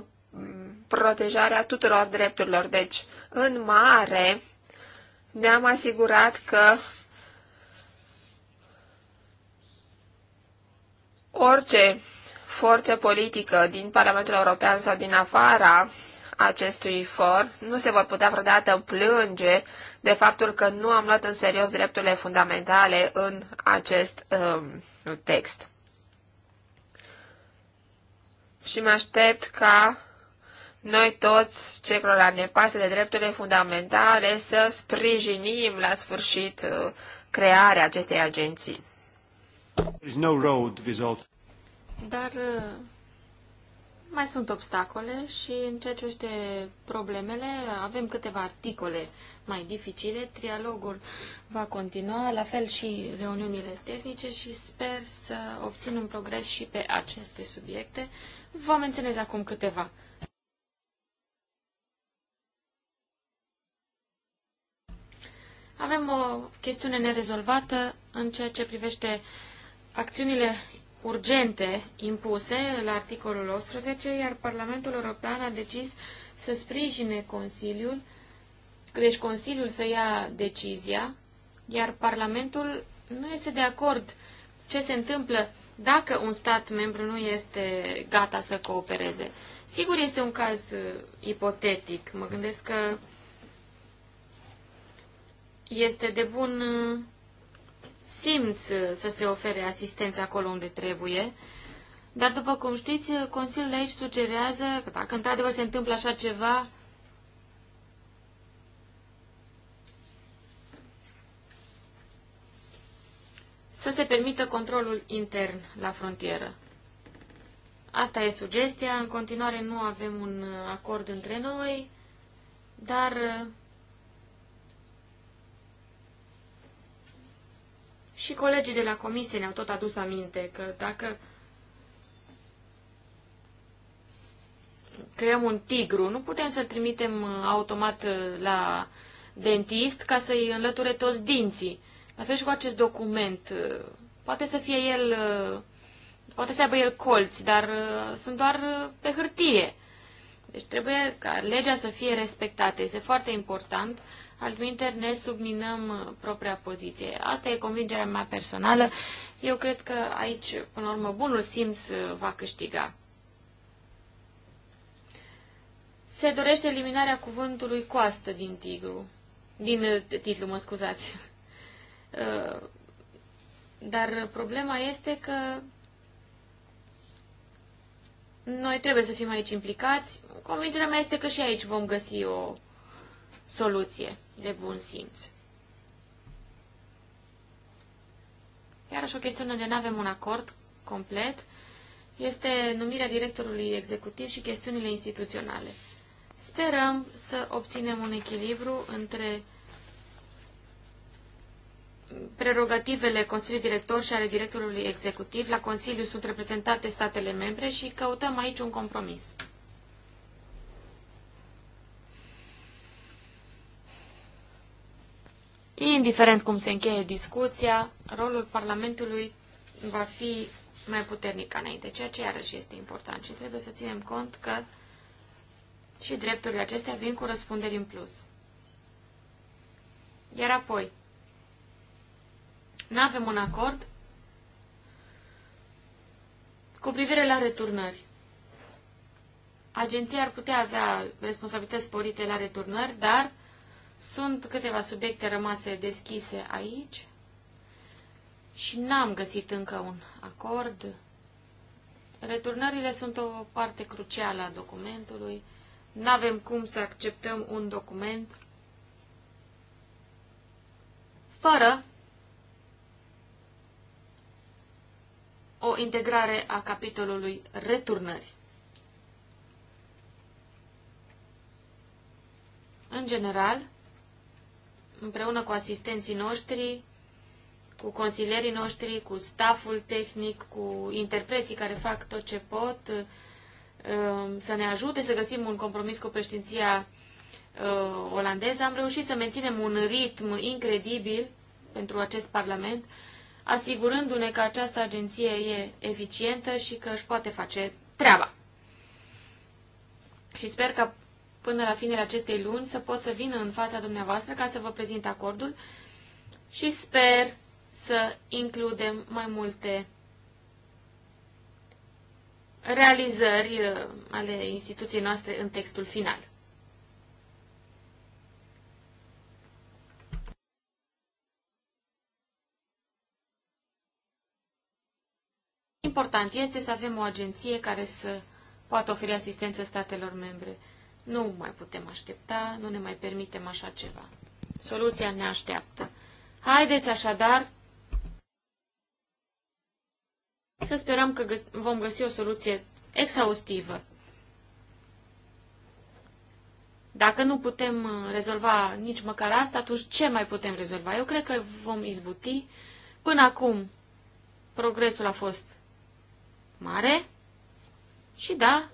protejarea tuturor drepturilor. Deci, în mare, ne-am asigurat că orice forță politică din Parlamentul European sau din afara acestui for nu se vor putea vreodată plânge de faptul că nu am luat în serios drepturile fundamentale în acest um, text. Și mă aștept ca noi toți, ce care ne pasă de drepturile fundamentale, să sprijinim la sfârșit uh, crearea acestei agenții. Dar uh, mai sunt obstacole și în ceea ce este problemele, avem câteva articole mai dificile. Trialogul va continua, la fel și reuniunile tehnice și sper să obțin un progres și pe aceste subiecte. Vă menționez acum câteva. Avem o chestiune nerezolvată în ceea ce privește acțiunile urgente impuse la articolul 11, iar Parlamentul European a decis să sprijine Consiliul, deci Consiliul să ia decizia, iar Parlamentul nu este de acord ce se întâmplă dacă un stat membru nu este gata să coopereze. Sigur, este un caz uh, ipotetic. Mă gândesc că este de bun uh, simț uh, să se ofere asistență acolo unde trebuie, dar după cum știți, uh, Consiliul aici sugerează că dacă într-adevăr se întâmplă așa ceva, să se permită controlul intern la frontieră. Asta e sugestia. În continuare nu avem un acord între noi, dar Și colegii de la comisie ne-au tot adus aminte că dacă creăm un tigru, nu putem să-l trimitem uh, automat uh, la dentist ca să-i înlăture toți dinții. La fel și cu acest document. Uh, poate să fie el, poate să aibă el colți, dar sunt doar pe hârtie. Deci trebuie ca legea să fie respectată. Este foarte important Altminteri ne subminăm uh, propria poziție. Asta e convingerea mea personală. Eu cred că aici, până la urmă, bunul simț uh, va câștiga. Se dorește eliminarea cuvântului coastă din tigru. Din uh, titlu, mă scuzați. Dar problema este că noi trebuie să fim aici implicați. Convingerea mea este că și aici vom găsi o soluție de bun simț. Iarăși o chestiune de nu avem un acord complet este numirea directorului executiv și chestiunile instituționale. Sperăm să obținem un echilibru între prerogativele Consiliului Director și ale directorului executiv. La Consiliu sunt reprezentate statele membre și căutăm aici un compromis. indiferent cum se încheie discuția, rolul Parlamentului va fi mai puternic ca înainte, ceea ce iarăși este important și trebuie să ținem cont că și drepturile acestea vin cu răspunderi în plus. Iar apoi, nu avem un acord cu privire la returnări. Agenția ar putea avea responsabilități sporite la returnări, dar sunt câteva subiecte rămase deschise aici și n-am găsit încă un acord. Returnările sunt o parte crucială a documentului. N-avem cum să acceptăm un document fără o integrare a capitolului returnări. În general, împreună cu asistenții noștri, cu consilierii noștri, cu staful tehnic, cu interpreții care fac tot ce pot, um, să ne ajute să găsim un compromis cu președinția uh, olandeză. Am reușit să menținem un ritm incredibil pentru acest Parlament, asigurându-ne că această agenție e eficientă și că își poate face treaba. Și sper că până la finele acestei luni să pot să vină în fața dumneavoastră ca să vă prezint acordul și sper să includem mai multe realizări uh, ale instituției noastre în textul final. Important este să avem o agenție care să poată oferi asistență statelor membre. Nu mai putem aștepta, nu ne mai permitem așa ceva. Soluția ne așteaptă. Haideți așadar să sperăm că vom găsi o soluție exhaustivă. Dacă nu putem uh, rezolva nici măcar asta, atunci ce mai putem rezolva? Eu cred că vom izbuti. Până acum, progresul a fost mare și da,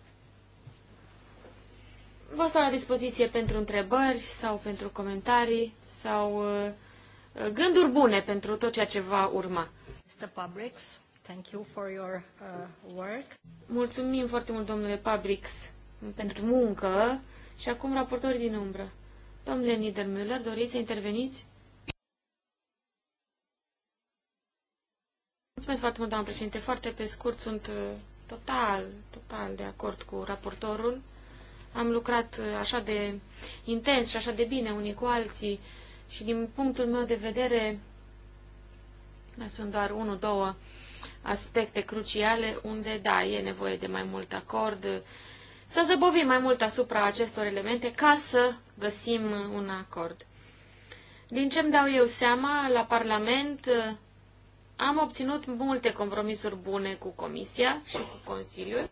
Vă stau la dispoziție pentru întrebări sau pentru comentarii sau uh, uh, gânduri bune pentru tot ceea ce va urma. Mr. thank you for your uh, work. Mulțumim foarte mult, domnule Pabrix, pentru muncă și acum raportorii din umbră. Domnule Niedermüller, doriți să interveniți? Mulțumesc foarte mult, doamnă președinte. Foarte pe scurt, sunt total, total de acord cu raportorul. Am lucrat uh, așa de intens și așa de bine unii cu alții și din punctul meu de vedere sunt doar unul, două aspecte cruciale unde, da, e nevoie de mai mult acord, să zăbovim mai mult asupra acestor elemente ca să găsim un acord. Din ce îmi dau eu seama, la Parlament uh, am obținut multe compromisuri bune cu Comisia și cu Consiliul.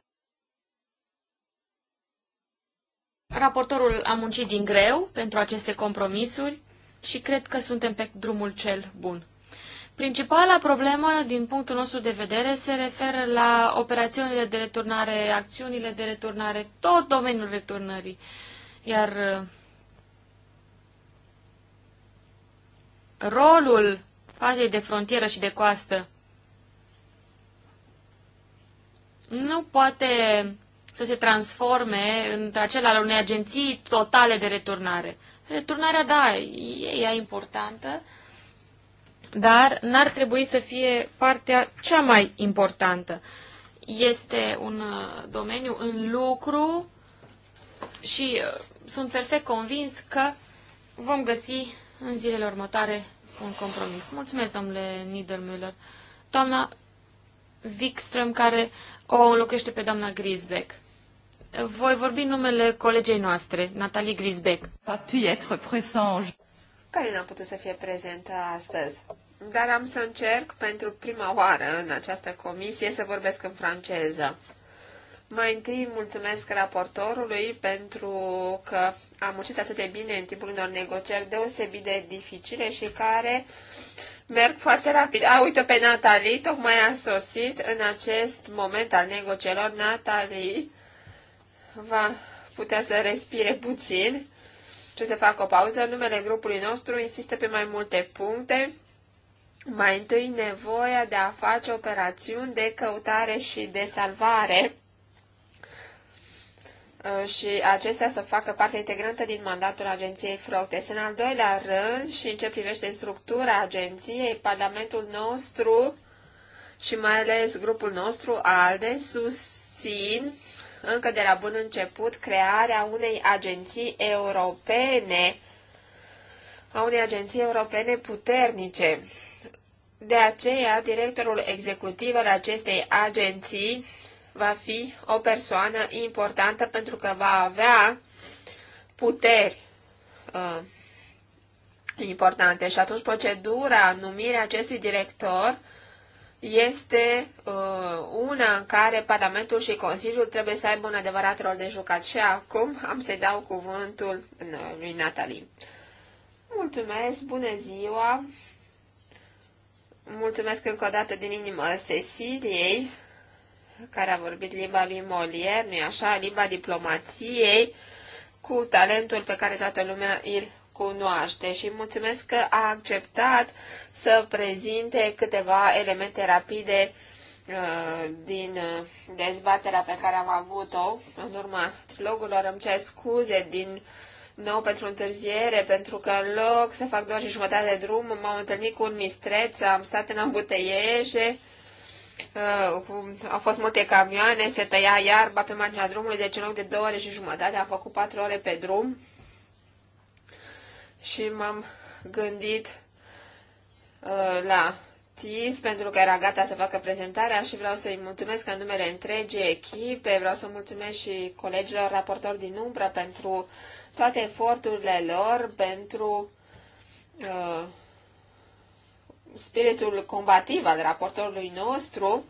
Raportorul a muncit din greu pentru aceste compromisuri și cred că suntem pe drumul cel bun. Principala problemă, din punctul nostru de vedere, se referă la operațiunile de returnare, acțiunile de returnare, tot domeniul returnării. Iar uh, rolul fazei de frontieră și de coastă nu poate să se transforme într-acela al unei agenții totale de returnare. Returnarea, da, e ea importantă, dar n-ar trebui să fie partea cea mai importantă. Este un uh, domeniu în lucru și uh, sunt perfect convins că vom găsi în zilele următoare un compromis. Mulțumesc, domnule Niedermüller. Doamna Wikström, care o înlocuiește pe doamna Grisbeck. Voi vorbi numele colegei noastre, Natalie Grisbeck. A Care n-a putut să fie prezentă astăzi? Dar am să încerc pentru prima oară în această comisie să vorbesc în franceză. Mai întâi mulțumesc raportorului pentru că am muncit atât de bine în timpul unor negocieri deosebit de dificile și care merg foarte rapid. A, uite pe Natalie, tocmai a sosit în acest moment al negocierilor. Natalie, va putea să respire puțin ce să facă o pauză. Numele grupului nostru insistă pe mai multe puncte. Mai întâi, nevoia de a face operațiuni de căutare și de salvare uh, și acestea să facă parte integrantă din mandatul agenției Frotes. În al doilea rând, și în ce privește structura agenției, Parlamentul nostru și mai ales grupul nostru ALDE susțin încă de la bun început crearea unei agenții europene, a unei agenții europene puternice. De aceea, directorul executiv al acestei agenții va fi o persoană importantă pentru că va avea puteri uh, importante. Și atunci procedura numirea acestui director este uh, una în care Parlamentul și Consiliul trebuie să aibă un adevărat rol de jucat. Și acum am să-i dau cuvântul uh, lui Natalie. Mulțumesc, bună ziua! Mulțumesc încă o dată din inimă Ceciliei, care a vorbit limba lui Molière, nu-i așa, limba diplomației, cu talentul pe care toată lumea îl cunoaște și mulțumesc că a acceptat să prezinte câteva elemente rapide uh, din uh, dezbaterea pe care am avut-o în urma trilogurilor. Îmi cer scuze din nou pentru întârziere, pentru că în loc să fac două și jumătate de drum, m-am întâlnit cu un mistreț, am stat în ambuteieje, uh, au fost multe camioane, se tăia iarba pe marginea drumului, deci în loc de două ore și jumătate am făcut patru ore pe drum și m-am gândit uh, la TIS pentru că era gata să facă prezentarea și vreau să-i mulțumesc în numele întregii echipe, vreau să mulțumesc și colegilor raportori din umbră pentru toate eforturile lor, pentru uh, spiritul combativ al raportorului nostru,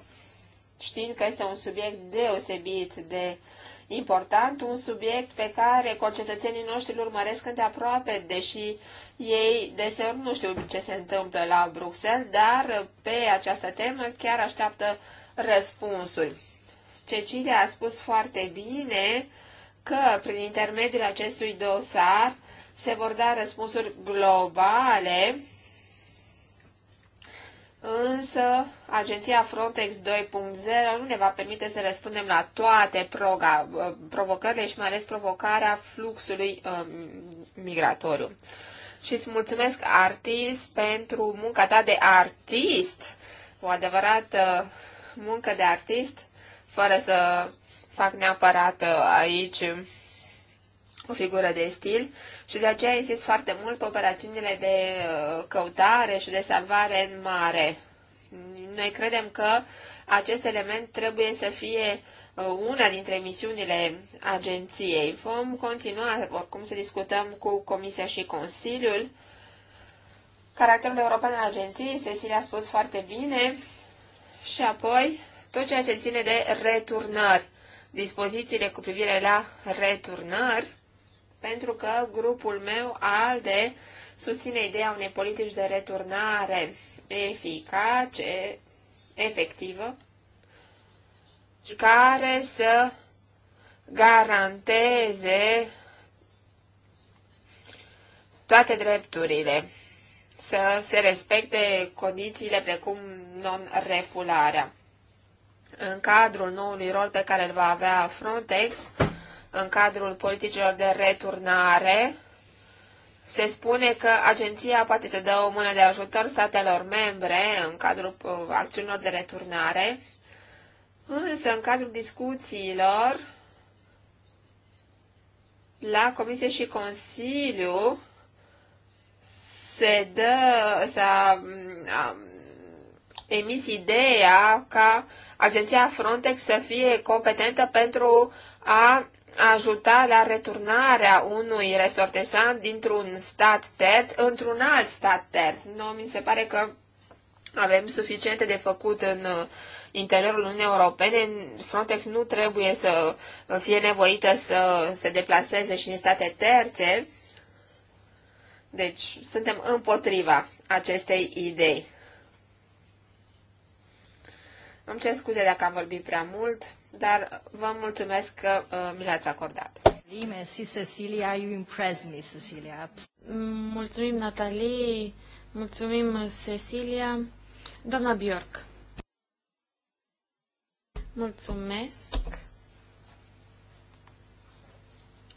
știind că este un subiect deosebit de uh, important, un subiect pe care concetățenii noștri îl urmăresc îndeaproape, deși ei deseori nu știu ce se întâmplă la Bruxelles, dar pe această temă chiar așteaptă răspunsul. Cecilia a spus foarte bine că prin intermediul acestui dosar se vor da răspunsuri globale însă agenția Frontex 2.0 nu ne va permite să răspundem la toate proga, uh, provocările și mai ales provocarea fluxului um, migratoriu. Și îți mulțumesc, artist, pentru munca ta de artist, o adevărată uh, muncă de artist, fără să fac neapărat uh, aici o figură de stil și de aceea insist foarte mult pe operațiunile de uh, căutare și de salvare în mare. Noi credem că acest element trebuie să fie uh, una dintre misiunile agenției. Vom continua oricum să discutăm cu Comisia și Consiliul. Caracterul european al agenției, Cecilia a spus foarte bine, și apoi tot ceea ce ține de returnări dispozițiile cu privire la returnări pentru că grupul meu, al de susține ideea unei politici de returnare eficace, efectivă, care să garanteze toate drepturile, să se respecte condițiile precum non-refularea. În cadrul noului rol pe care îl va avea Frontex, în cadrul politicilor de returnare, se spune că agenția poate să dă o mână de ajutor statelor membre în cadrul uh, acțiunilor de returnare, însă în cadrul discuțiilor la Comisie și Consiliu se dă, s-a emis ideea ca agenția Frontex să fie competentă pentru a ajuta la returnarea unui resortesant dintr-un stat terț într-un alt stat terț. Nu, mi se pare că avem suficiente de făcut în uh, interiorul Uniunii Europene. Frontex nu trebuie să uh, fie nevoită să se deplaseze și în state terțe. Deci, suntem împotriva acestei idei. Îmi cer scuze dacă am vorbit prea mult dar vă mulțumesc că uh, mi l-ați acordat. Cecilia, you impressed me, Cecilia. Mulțumim, Natalie. Mulțumim, Cecilia. Doamna Bjork. Mulțumesc.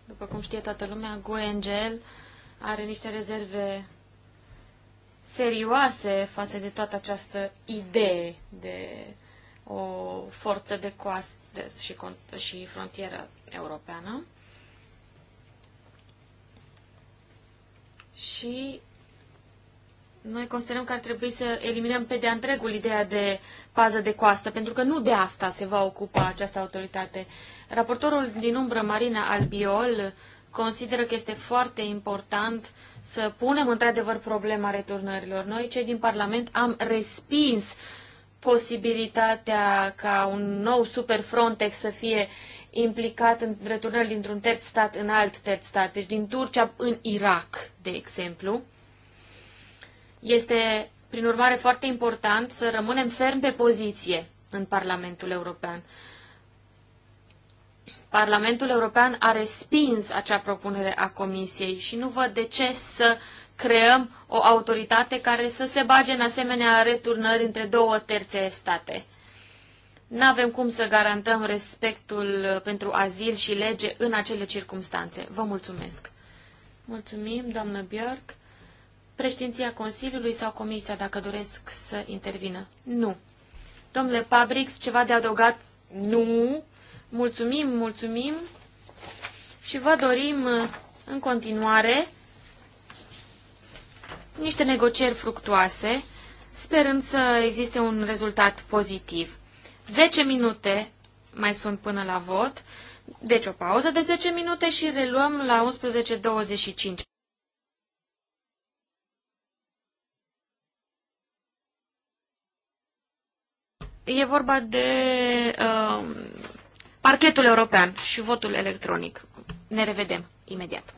După cum știe toată lumea, Goengel are niște rezerve serioase față de toată această idee de o forță de coastă și, și frontieră europeană și noi considerăm că ar trebui să eliminăm pe de-a întregul ideea de pază de coastă, pentru că nu de asta se va ocupa această autoritate. Raportorul din umbră, Marina Albiol, consideră că este foarte important să punem într-adevăr problema returnărilor. Noi, cei din Parlament, am respins posibilitatea ca un nou super Frontex să fie implicat în returnări dintr-un terț stat în alt terț stat, deci din Turcia în Irak, de exemplu. Este, prin urmare, foarte important să rămânem ferm pe poziție în Parlamentul European. Parlamentul European a respins acea propunere a Comisiei și nu văd de ce să uh, creăm o autoritate care să se bage în asemenea returnări între două terțe state. Nu avem cum să garantăm respectul pentru azil și lege în acele circunstanțe. Vă mulțumesc. Mulțumim, doamnă Björk. Preștinția Consiliului sau Comisia, dacă doresc să intervină? Nu. Domnule Pabrix, ceva de adăugat? Nu. Mulțumim, mulțumim și vă dorim în continuare niște negocieri fructuoase, sperând să existe un rezultat pozitiv. 10 minute mai sunt până la vot, deci o pauză de 10 minute și reluăm la 11.25. E vorba de uh, parchetul european și votul electronic. Ne revedem imediat.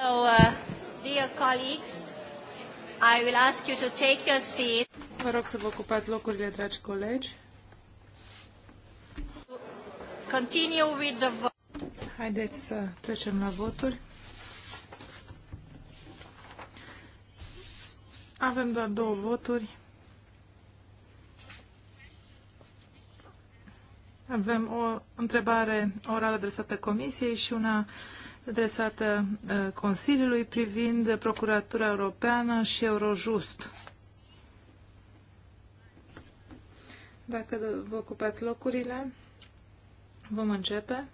So, uh, dear colleagues, I will ask you to take your seat. Vă rog să vă ocupați locurile, dragi colegi. Continue with the vote. Haideți să trecem la voturi. Avem doar două voturi. Avem o întrebare orală adresată Comisiei și una uh, adresată uh, Consiliului privind Procuratura Europeană și Eurojust. Dacă vă ocupați locurile, vom începe.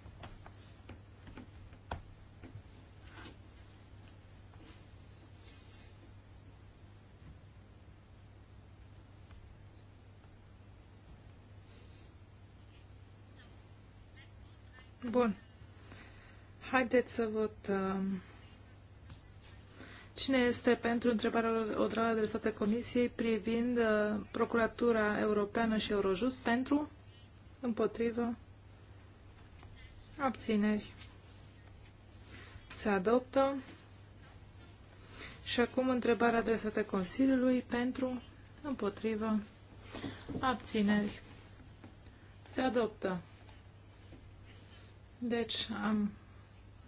Bun. Haideți să votăm. Um, cine este pentru întrebarea orală adresată Comisiei privind uh, Procuratura Europeană și Eurojust? Pentru? Împotrivă? Abțineri. Se adoptă. Și acum întrebarea adresată Consiliului pentru, împotrivă, abțineri. Se adoptă. Deci am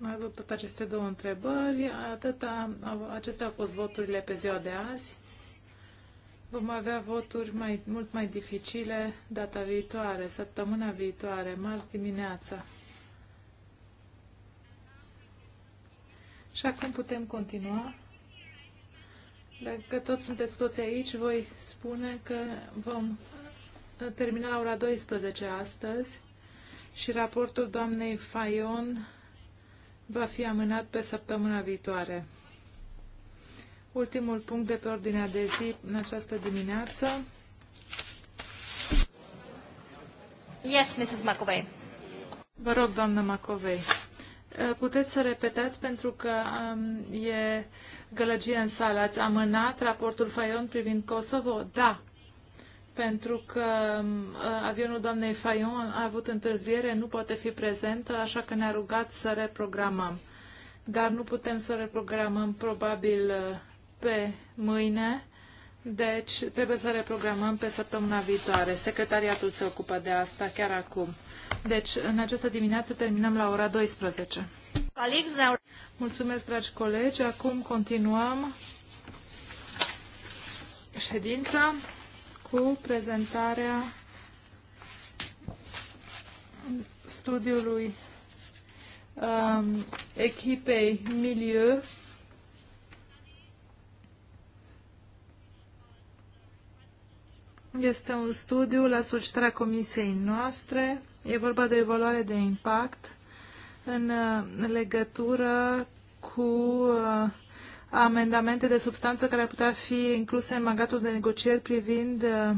mai văd tot aceste două întrebări. Atâta, acestea au fost voturile pe ziua de azi. Vom avea voturi mai, mult mai dificile data viitoare, săptămâna viitoare, marți dimineața. Și acum putem continua. Dacă toți sunteți toți aici, voi spune că vom uh, termina la ora 12 astăzi și raportul doamnei Fayon va fi amânat pe săptămâna viitoare. Ultimul punct de pe ordinea de zi în această dimineață. Yes, Mrs. McAvey. Vă rog, doamnă McAvey. Eh, puteți să repetați pentru că um, e gălăgie în sală. Ați amânat raportul Faion privind Kosovo? Da pentru că avionul doamnei Fayon a avut întârziere, nu poate fi prezentă, așa că ne-a rugat să reprogramăm. Dar nu putem să reprogramăm probabil uh, pe mâine, deci trebuie să reprogramăm pe săptămâna viitoare. Secretariatul se ocupă de asta chiar acum. Deci, în această dimineață terminăm la ora 12. Mulțumesc, dragi colegi. Acum continuăm ședința cu prezentarea studiului um, echipei Milieu Este un studiu la solicitarea comisiei noastre. E vorba de evaluare de impact în uh, legătură cu uh, amendamente de substanță care ar putea fi incluse în mandatul de negocieri privind uh,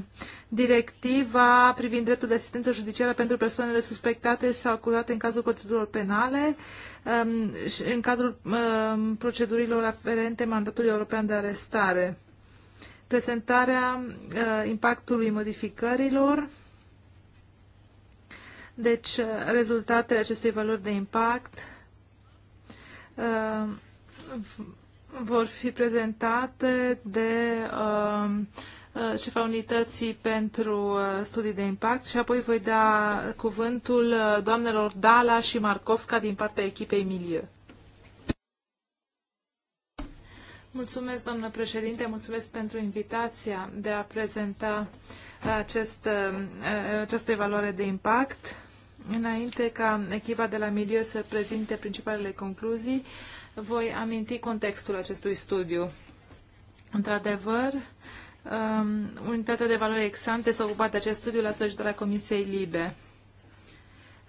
directiva privind dreptul de asistență judiciară pentru persoanele suspectate sau acuzate în cazul procedurilor penale, um, și în cadrul um, procedurilor aferente mandatului european de arestare. Prezentarea uh, impactului modificărilor, deci uh, rezultatele acestei valori de impact, vor fi prezentate de um, uh, șefa unității pentru uh, studii de impact și apoi voi da cuvântul uh, doamnelor Dala și Markovska din partea echipei Milieu. Mulțumesc, doamnă președinte, mulțumesc pentru invitația de a prezenta acest, uh, această evaluare de impact. Înainte ca echipa de la Milieu să prezinte principalele concluzii, voi aminti contextul acestui studiu. Într-adevăr, um, unitatea de valoare exante s-a ocupat de acest studiu la solicitarea Comisiei Libe.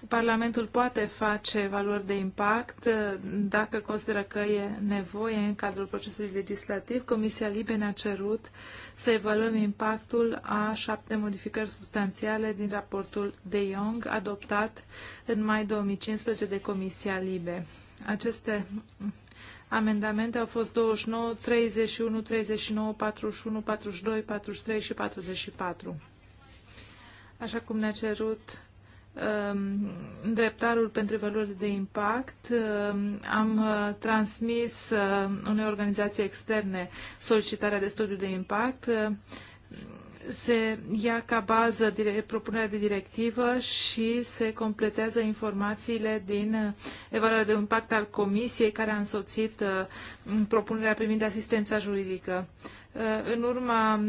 Parlamentul poate face valori de impact uh, dacă consideră că e nevoie în cadrul procesului legislativ. Comisia Libe ne-a cerut să evaluăm impactul a șapte modificări substanțiale din raportul de Young adoptat în mai 2015 de Comisia Libe. Aceste amendamente au fost 29, 31, 39, 41, 42, 43 și 44. Așa cum ne-a cerut um, dreptarul pentru valori de impact. Um, am uh, transmis uh, unei organizații externe solicitarea de studiu de impact uh, se ia ca bază propunerea de directivă și se completează informațiile din uh, evaluarea de impact al Comisiei care a însoțit uh, propunerea privind asistența juridică. Uh, în urma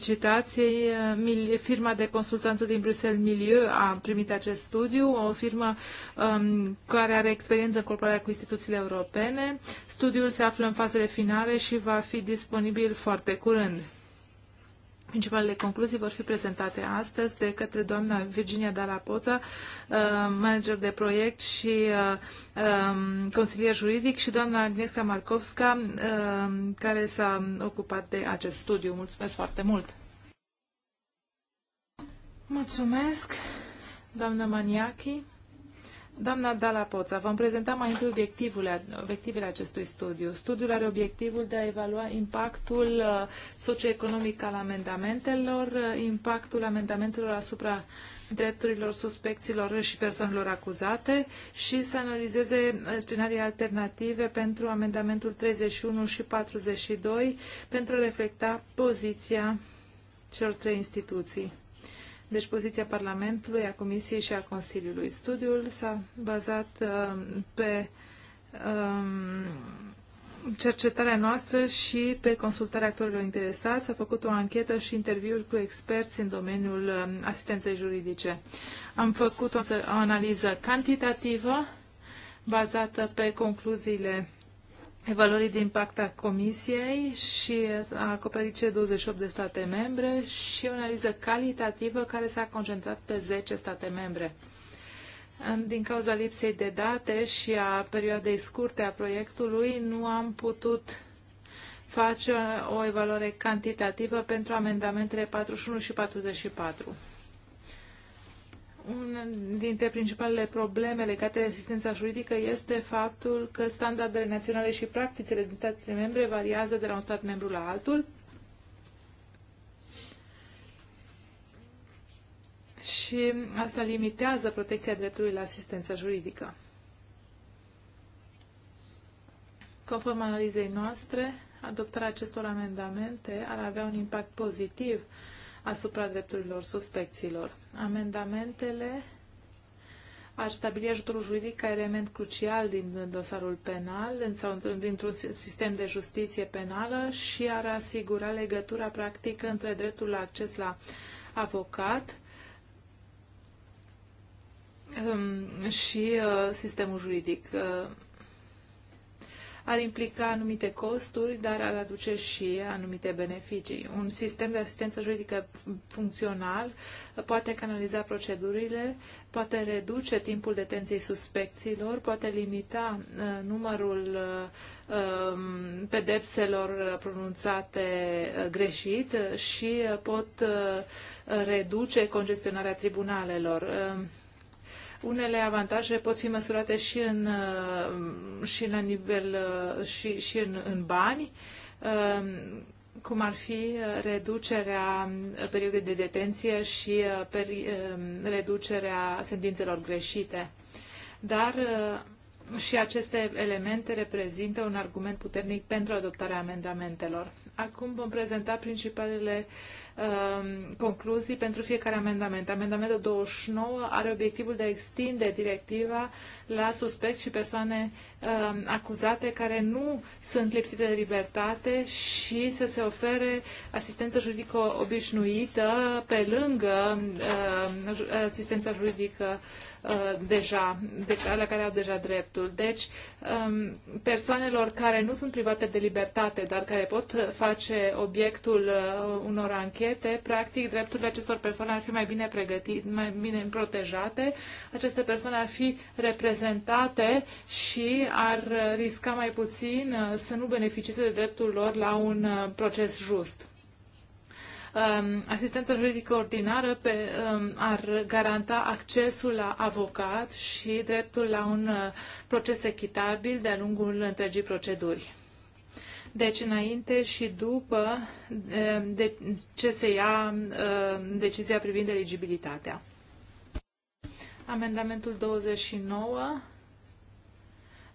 citației, firma de consultanță din Bruxelles Milieu a primit acest studiu, o firmă um, care are experiență în colaborare cu instituțiile europene. Studiul se află în fazele finale și va fi disponibil foarte curând. Principalele concluzii vor fi prezentate astăzi de către doamna Virginia Dalapoța, uh, manager de proiect și uh, um, consilier juridic, și doamna Agnieszka Markovska, uh, care s-a ocupat de acest studiu. Mulțumesc foarte mult! Mulțumesc, doamna Maniachi. Doamna Dala Poța, vom prezenta mai întâi obiectivele, obiectivele acestui studiu. Studiul are obiectivul de a evalua impactul uh, socioeconomic al amendamentelor, uh, impactul amendamentelor asupra drepturilor suspecților și persoanelor acuzate și să analizeze uh, scenarii alternative pentru amendamentul 31 și 42 pentru a reflecta poziția celor trei instituții deci poziția Parlamentului, a Comisiei și a Consiliului. Studiul s-a bazat um, pe um, cercetarea noastră și pe consultarea actorilor interesați. S-a făcut o anchetă și interviuri cu experți în domeniul um, asistenței juridice. Am făcut o analiză cantitativă bazată pe concluziile evaluării de impact a Comisiei și a acoperit cele 28 de state membre și o analiză calitativă care s-a concentrat pe 10 state membre. Din cauza lipsei de date și a perioadei scurte a proiectului, nu am putut face o evaluare cantitativă pentru amendamentele 41 și 44. Una dintre principalele probleme legate de asistența juridică este faptul că standardele naționale și practicile din statele membre variază de la un stat membru la altul. Și asta limitează protecția dreptului la asistență juridică. Conform analizei noastre, adoptarea acestor amendamente ar avea un impact pozitiv asupra drepturilor suspecților. Amendamentele ar stabili ajutorul juridic ca element crucial din dosarul penal sau dintr-un sistem de justiție penală și ar asigura legătura practică între dreptul la acces la avocat um, și uh, sistemul juridic. Uh, ar implica anumite costuri, dar ar aduce și anumite beneficii. Un sistem de asistență juridică funcțional poate canaliza procedurile, poate reduce timpul detenției suspecților, poate limita uh, numărul uh, um, pedepselor pronunțate uh, greșit și pot reduce congestionarea tribunalelor. Unele avantaje pot fi măsurate și, în, uh, și la nivel uh, și, și în, în bani, um, cum ar fi uh, reducerea perioadei de detenție și peri, um, reducerea sentințelor greșite. Dar și aceste elemente reprezintă un argument puternic pentru adoptarea amendamentelor. Acum vom prezenta principalele uh, Um, concluzii pentru fiecare amendament. Amendamentul 29 are obiectivul de a extinde directiva la suspecți și persoane um, acuzate care nu sunt lipsite de libertate și să se ofere asistență juridică obișnuită pe lângă um, asistența juridică uh, Uh, deja, de, la care au deja dreptul. Deci, um, persoanelor care nu sunt private de libertate, dar care pot face obiectul uh, unor anchete, practic drepturile acestor persoane ar fi mai bine pregătite, mai bine protejate, aceste persoane ar fi reprezentate și ar uh, risca mai puțin uh, să nu beneficieze de dreptul lor la un proces just um, asistentă juridică ordinară pe, um, ar garanta accesul la avocat și dreptul la un uh, proces echitabil de-a lungul întregii proceduri. Deci înainte și după um, de, ce se ia um, decizia privind eligibilitatea. Amendamentul 29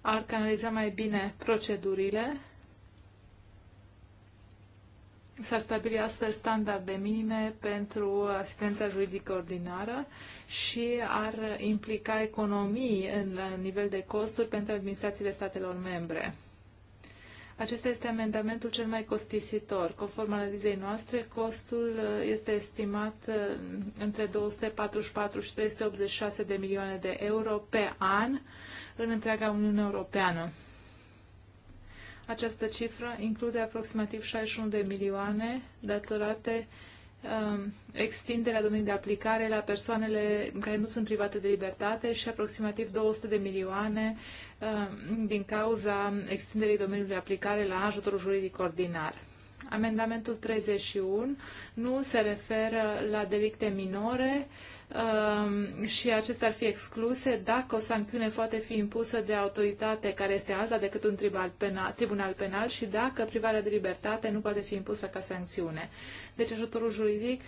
ar canaliza mai bine procedurile S-ar stabili astfel standarde minime pentru asistența juridică ordinară și ar implica economii în nivel de costuri pentru administrațiile statelor membre. Acesta este amendamentul cel mai costisitor. Conform analizei noastre, costul uh, este estimat uh, între 244 și 386 de milioane de euro pe an în întreaga Uniune Europeană. Această cifră include aproximativ 61 de milioane datorate um, extinderea domeniului de aplicare la persoanele care nu sunt private de libertate și aproximativ 200 de milioane um, din cauza extinderii domeniului de aplicare la ajutorul juridic ordinar. Amendamentul 31 nu se referă la delicte minore, uh, Um, și acestea ar fi excluse dacă o sancțiune poate fi impusă de autoritate care este alta decât un tribunal penal, tribunal penal și dacă privarea de libertate nu poate fi impusă ca sancțiune. Deci ajutorul juridic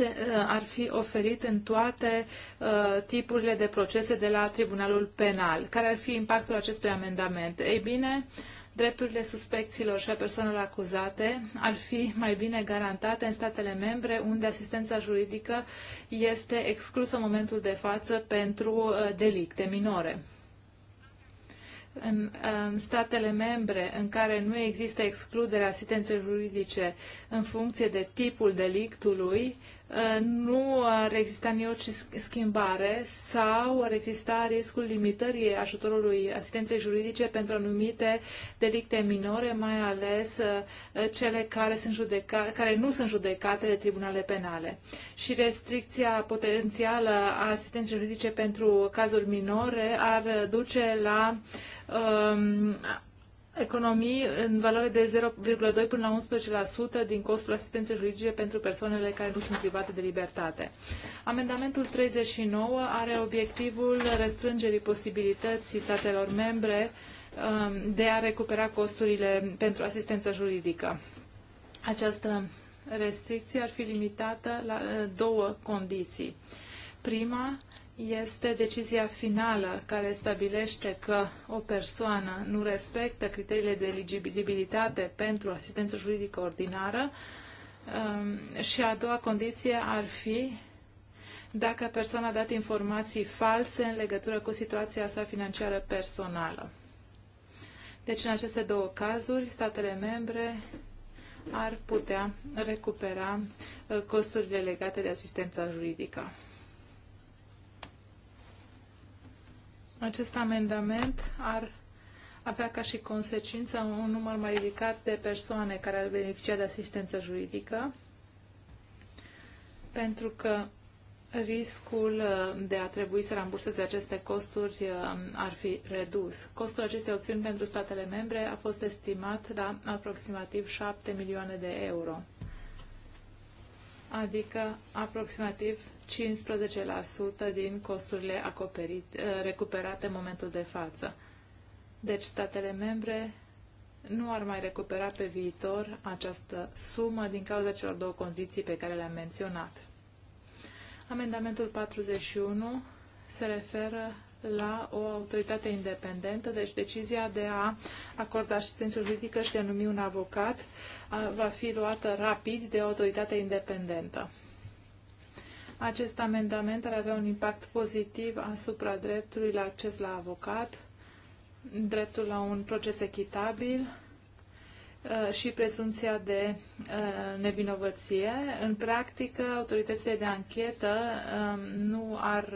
uh, ar fi oferit în toate uh, tipurile de procese de la Tribunalul Penal. Care ar fi impactul acestui amendament? Ei bine, uh, drepturile suspecților și a persoanelor acuzate ar fi mai bine garantate în statele membre unde asistența juridică este exclusă în momentul de față pentru uh, delicte minore în, statele membre în care nu există excluderea asistenței juridice în funcție de tipul delictului, Eh, nu ar exista nicio schimbare sau ar exista riscul limitării ajutorului asistenței juridice pentru anumite delicte minore, mai ales eh, cele care, sunt judeca- care nu sunt judecate de tribunale penale. Și restricția potențială a asistenței juridice pentru cazuri minore ar duce la um, economii în valoare de 0,2 până la 11% din costul asistenței juridice pentru persoanele care nu sunt private de libertate. Amendamentul 39 are obiectivul restrângerii posibilității statelor membre um, de a recupera costurile pentru asistența juridică. Această restricție ar fi limitată la uh, două condiții. Prima, este decizia finală care stabilește că o persoană nu respectă criteriile de eligibilitate pentru asistență juridică ordinară um, și a doua condiție ar fi dacă persoana a dat informații false în legătură cu situația sa financiară personală. Deci, în aceste două cazuri, statele membre ar putea recupera uh, costurile legate de asistența juridică. Acest amendament ar avea ca și consecință un număr mai ridicat de persoane care ar beneficia de asistență juridică, pentru că riscul uh, de a trebui să ramburseze aceste costuri uh, ar fi redus. Costul acestei opțiuni pentru statele membre a fost estimat la aproximativ 7 milioane de euro adică aproximativ 15% din costurile acoperite, eh, recuperate în momentul de față. Deci statele membre nu ar mai recupera pe viitor această sumă din cauza celor două condiții pe care le-am menționat. Amendamentul 41 se referă la o autoritate independentă, deci decizia de a acorda asistență juridică și de a numi un avocat va fi luată rapid de autoritatea independentă. Acest amendament ar avea un impact pozitiv asupra dreptului la acces la avocat, dreptul la un proces echitabil și prezumția de nevinovăție. În practică, autoritățile de anchetă nu ar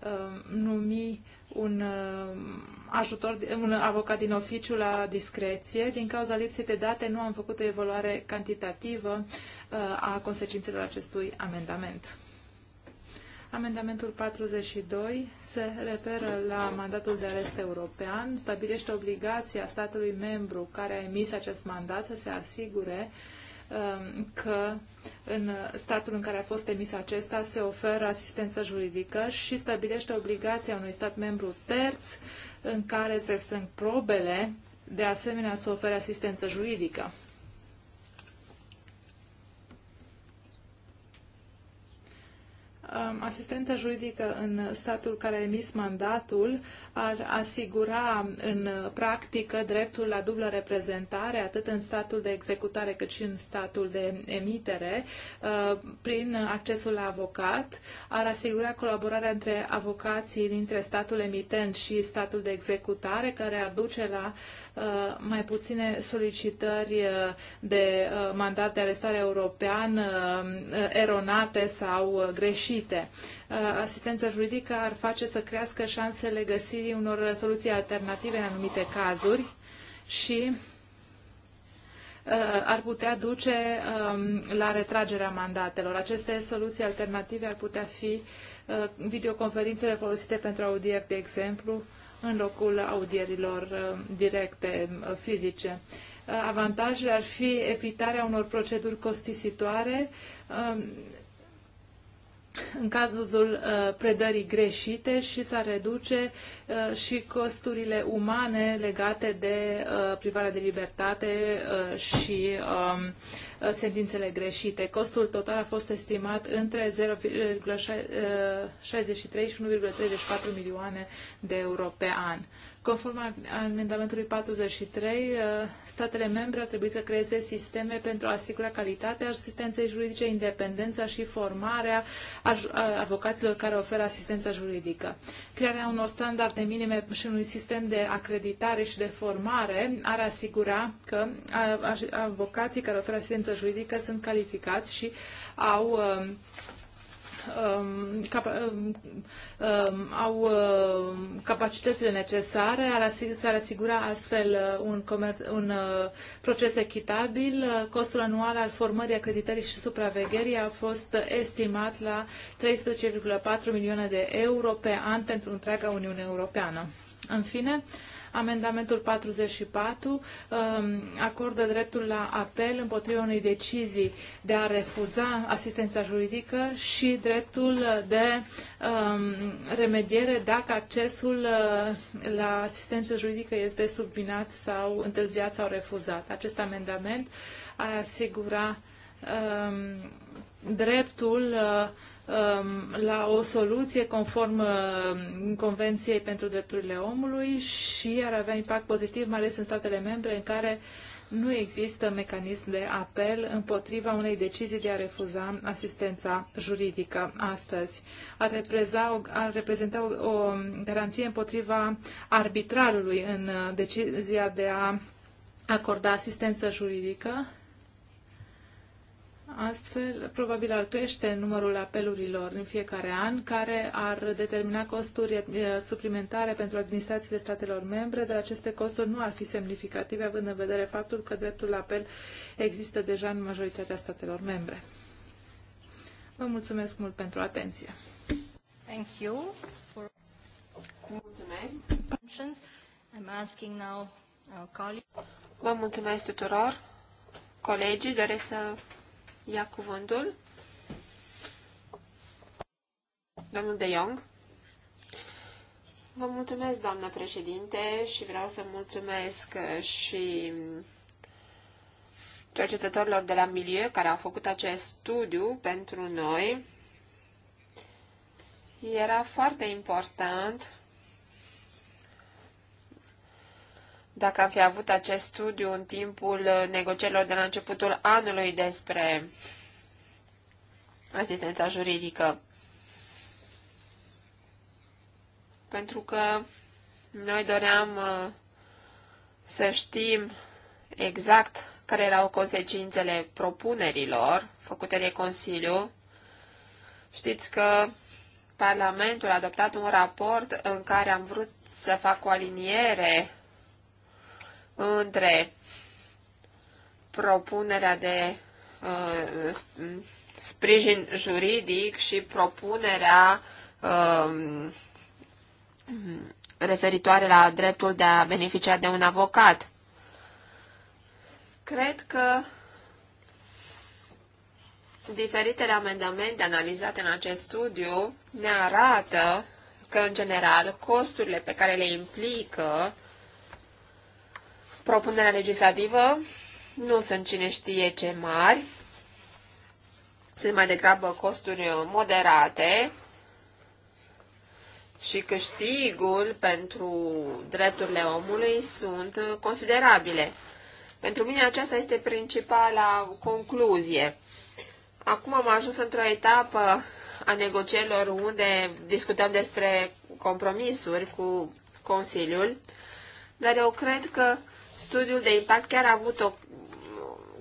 Uh, numi un uh, ajutor, un avocat din oficiu la discreție. Din cauza lipsei de date nu am făcut o evaluare cantitativă uh, a consecințelor acestui amendament. Amendamentul 42 se referă la mandatul de arest european, stabilește obligația statului membru care a emis acest mandat să se asigure uh, Um, că în statul în care a fost emis acesta se oferă asistență juridică și stabilește obligația unui stat membru terț în care se strâng probele, de asemenea să ofere asistență juridică. Um, asistentă juridică în statul care a emis mandatul ar asigura în practică dreptul la dublă reprezentare, atât în statul de executare cât și în statul de emitere, uh, prin accesul la avocat, ar asigura colaborarea între avocații dintre statul emitent și statul de executare, care ar duce la uh, mai puține solicitări uh, de mandat de arestare european eronate sau greșite diferite. Uh, Asistența juridică ar face să crească șansele găsirii unor soluții alternative în anumite cazuri și uh, ar putea duce um, la retragerea mandatelor. Aceste soluții alternative ar putea fi uh, videoconferințele folosite pentru audieri, de exemplu, în locul audierilor directe, fizice. Avantajele ar fi evitarea unor proceduri costisitoare um, în cazul uh, predării greșite și să ar reduce uh, și costurile umane legate de uh, privarea de libertate și um, sentințele greșite. Costul total a fost estimat între 0,63 și 1,34 milioane de euro pe an. Conform amendamentului 43, uh, statele membre ar trebui să creeze sisteme pentru a asigura calitatea asistenței juridice, independența și formarea avocaților care oferă asistența juridică. Crearea unor standarde minime și unui sistem de acreditare și de formare ar asigura că avocații care oferă asistență juridică sunt calificați și au um, um, capa- um, um au um, capacitățile necesare, să s-ar asigura astfel uh, un, comer- un uh, proces echitabil. Uh, costul anual al formării, acreditării și supravegherii a fost estimat la 13,4 milioane de euro pe an pentru întreaga Uniune Europeană. În fine, uh, Amendamentul 44 um, acordă dreptul la apel împotriva unei decizii de a refuza asistența juridică și dreptul de um, remediere dacă accesul uh, la asistență juridică este subminat sau întârziat sau refuzat. Acest amendament ar asigura um, dreptul uh, Um, la o soluție conform um, Convenției pentru Drepturile Omului și ar avea impact pozitiv, mai ales în statele membre în care nu există mecanism de apel împotriva unei decizii de a refuza asistența juridică astăzi. Ar, repreza, ar reprezenta o, o garanție împotriva arbitrarului în uh, decizia de a acorda asistență juridică Astfel, probabil ar crește numărul apelurilor în fiecare an, care ar determina costuri eh, suplimentare pentru administrațiile statelor membre, dar aceste costuri nu ar fi semnificative, având în vedere faptul că dreptul la apel există deja în majoritatea statelor membre. Vă mulțumesc mult pentru atenție. Thank you for... Mulțumesc. I'm asking now our uh, colleague. Vă mulțumesc tuturor. Colegii doresc să ia cuvântul. Domnul De Jong. Vă mulțumesc, doamnă președinte, și vreau să mulțumesc uh, și cercetătorilor de la Milieu care au făcut acest studiu pentru noi. Era foarte important Dacă am fi avut acest studiu în timpul negocierilor de la începutul anului despre asistența juridică. Pentru că noi doream uh, să știm exact care erau consecințele propunerilor făcute de Consiliu. Știți că Parlamentul a adoptat un raport în care am vrut să fac o aliniere între propunerea de uh, sprijin juridic și propunerea uh, referitoare la dreptul de a beneficia de un avocat. Cred că diferitele amendamente analizate în acest studiu ne arată că, în general, costurile pe care le implică propunerea legislativă nu sunt cine știe ce mari, sunt mai degrabă costuri moderate și câștigul pentru drepturile omului sunt considerabile. Pentru mine aceasta este principala concluzie. Acum am ajuns într-o etapă a negocierilor unde discutăm despre compromisuri cu Consiliul, dar eu cred că Studiul de impact chiar a avut o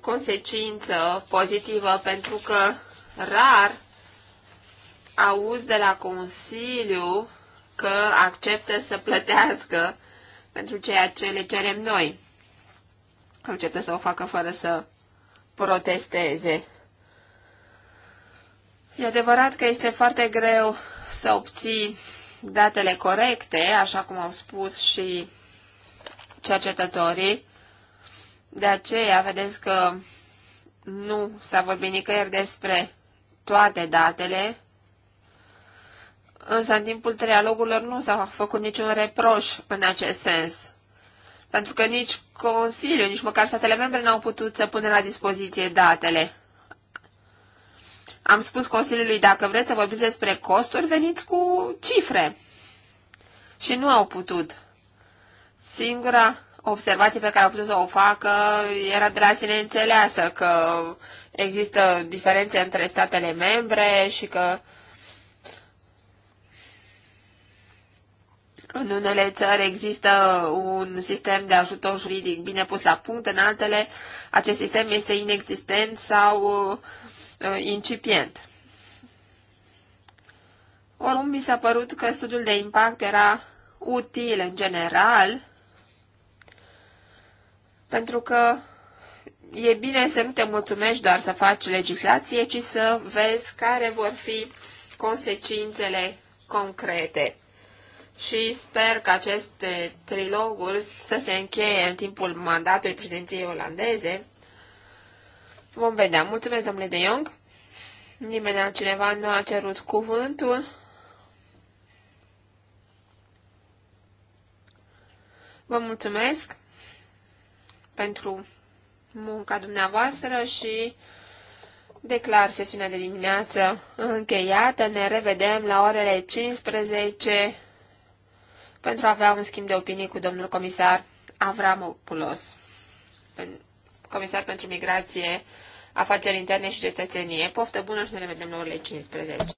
consecință pozitivă pentru că rar auzi de la Consiliu că acceptă să plătească pentru ceea ce le cerem noi. Acceptă să o facă fără să protesteze. E adevărat că este foarte greu să obții datele corecte, așa cum au spus și cercetătorii. De aceea, vedeți că nu s-a vorbit nicăieri despre toate datele, însă în timpul trialogurilor nu s-a făcut niciun reproș în acest sens. Pentru că nici Consiliul, nici măcar statele membre n-au putut să pună la dispoziție datele. Am spus Consiliului, dacă vreți să vorbiți despre costuri, veniți cu cifre. Și nu au putut. Singura observație pe care au putut să o facă era de la sine înțeleasă că există diferențe între statele membre și că În unele țări există un sistem de ajutor juridic bine pus la punct, în altele acest sistem este inexistent sau uh, incipient. Oricum mi s-a părut că studiul de impact era util în general pentru că e bine să nu te mulțumești doar să faci legislație, ci să vezi care vor fi consecințele concrete. Și sper că acest trilogul să se încheie în timpul mandatului președinției olandeze. Vom vedea. Mulțumesc, domnule de Jong. Nimeni altcineva nu a cerut cuvântul. Vă mulțumesc pentru munca dumneavoastră și declar sesiunea de dimineață încheiată. Ne revedem la orele 15 pentru a avea un schimb de opinii cu domnul comisar Avramopoulos, comisar pentru migrație, afaceri interne și cetățenie. Poftă bună și ne revedem la orele 15.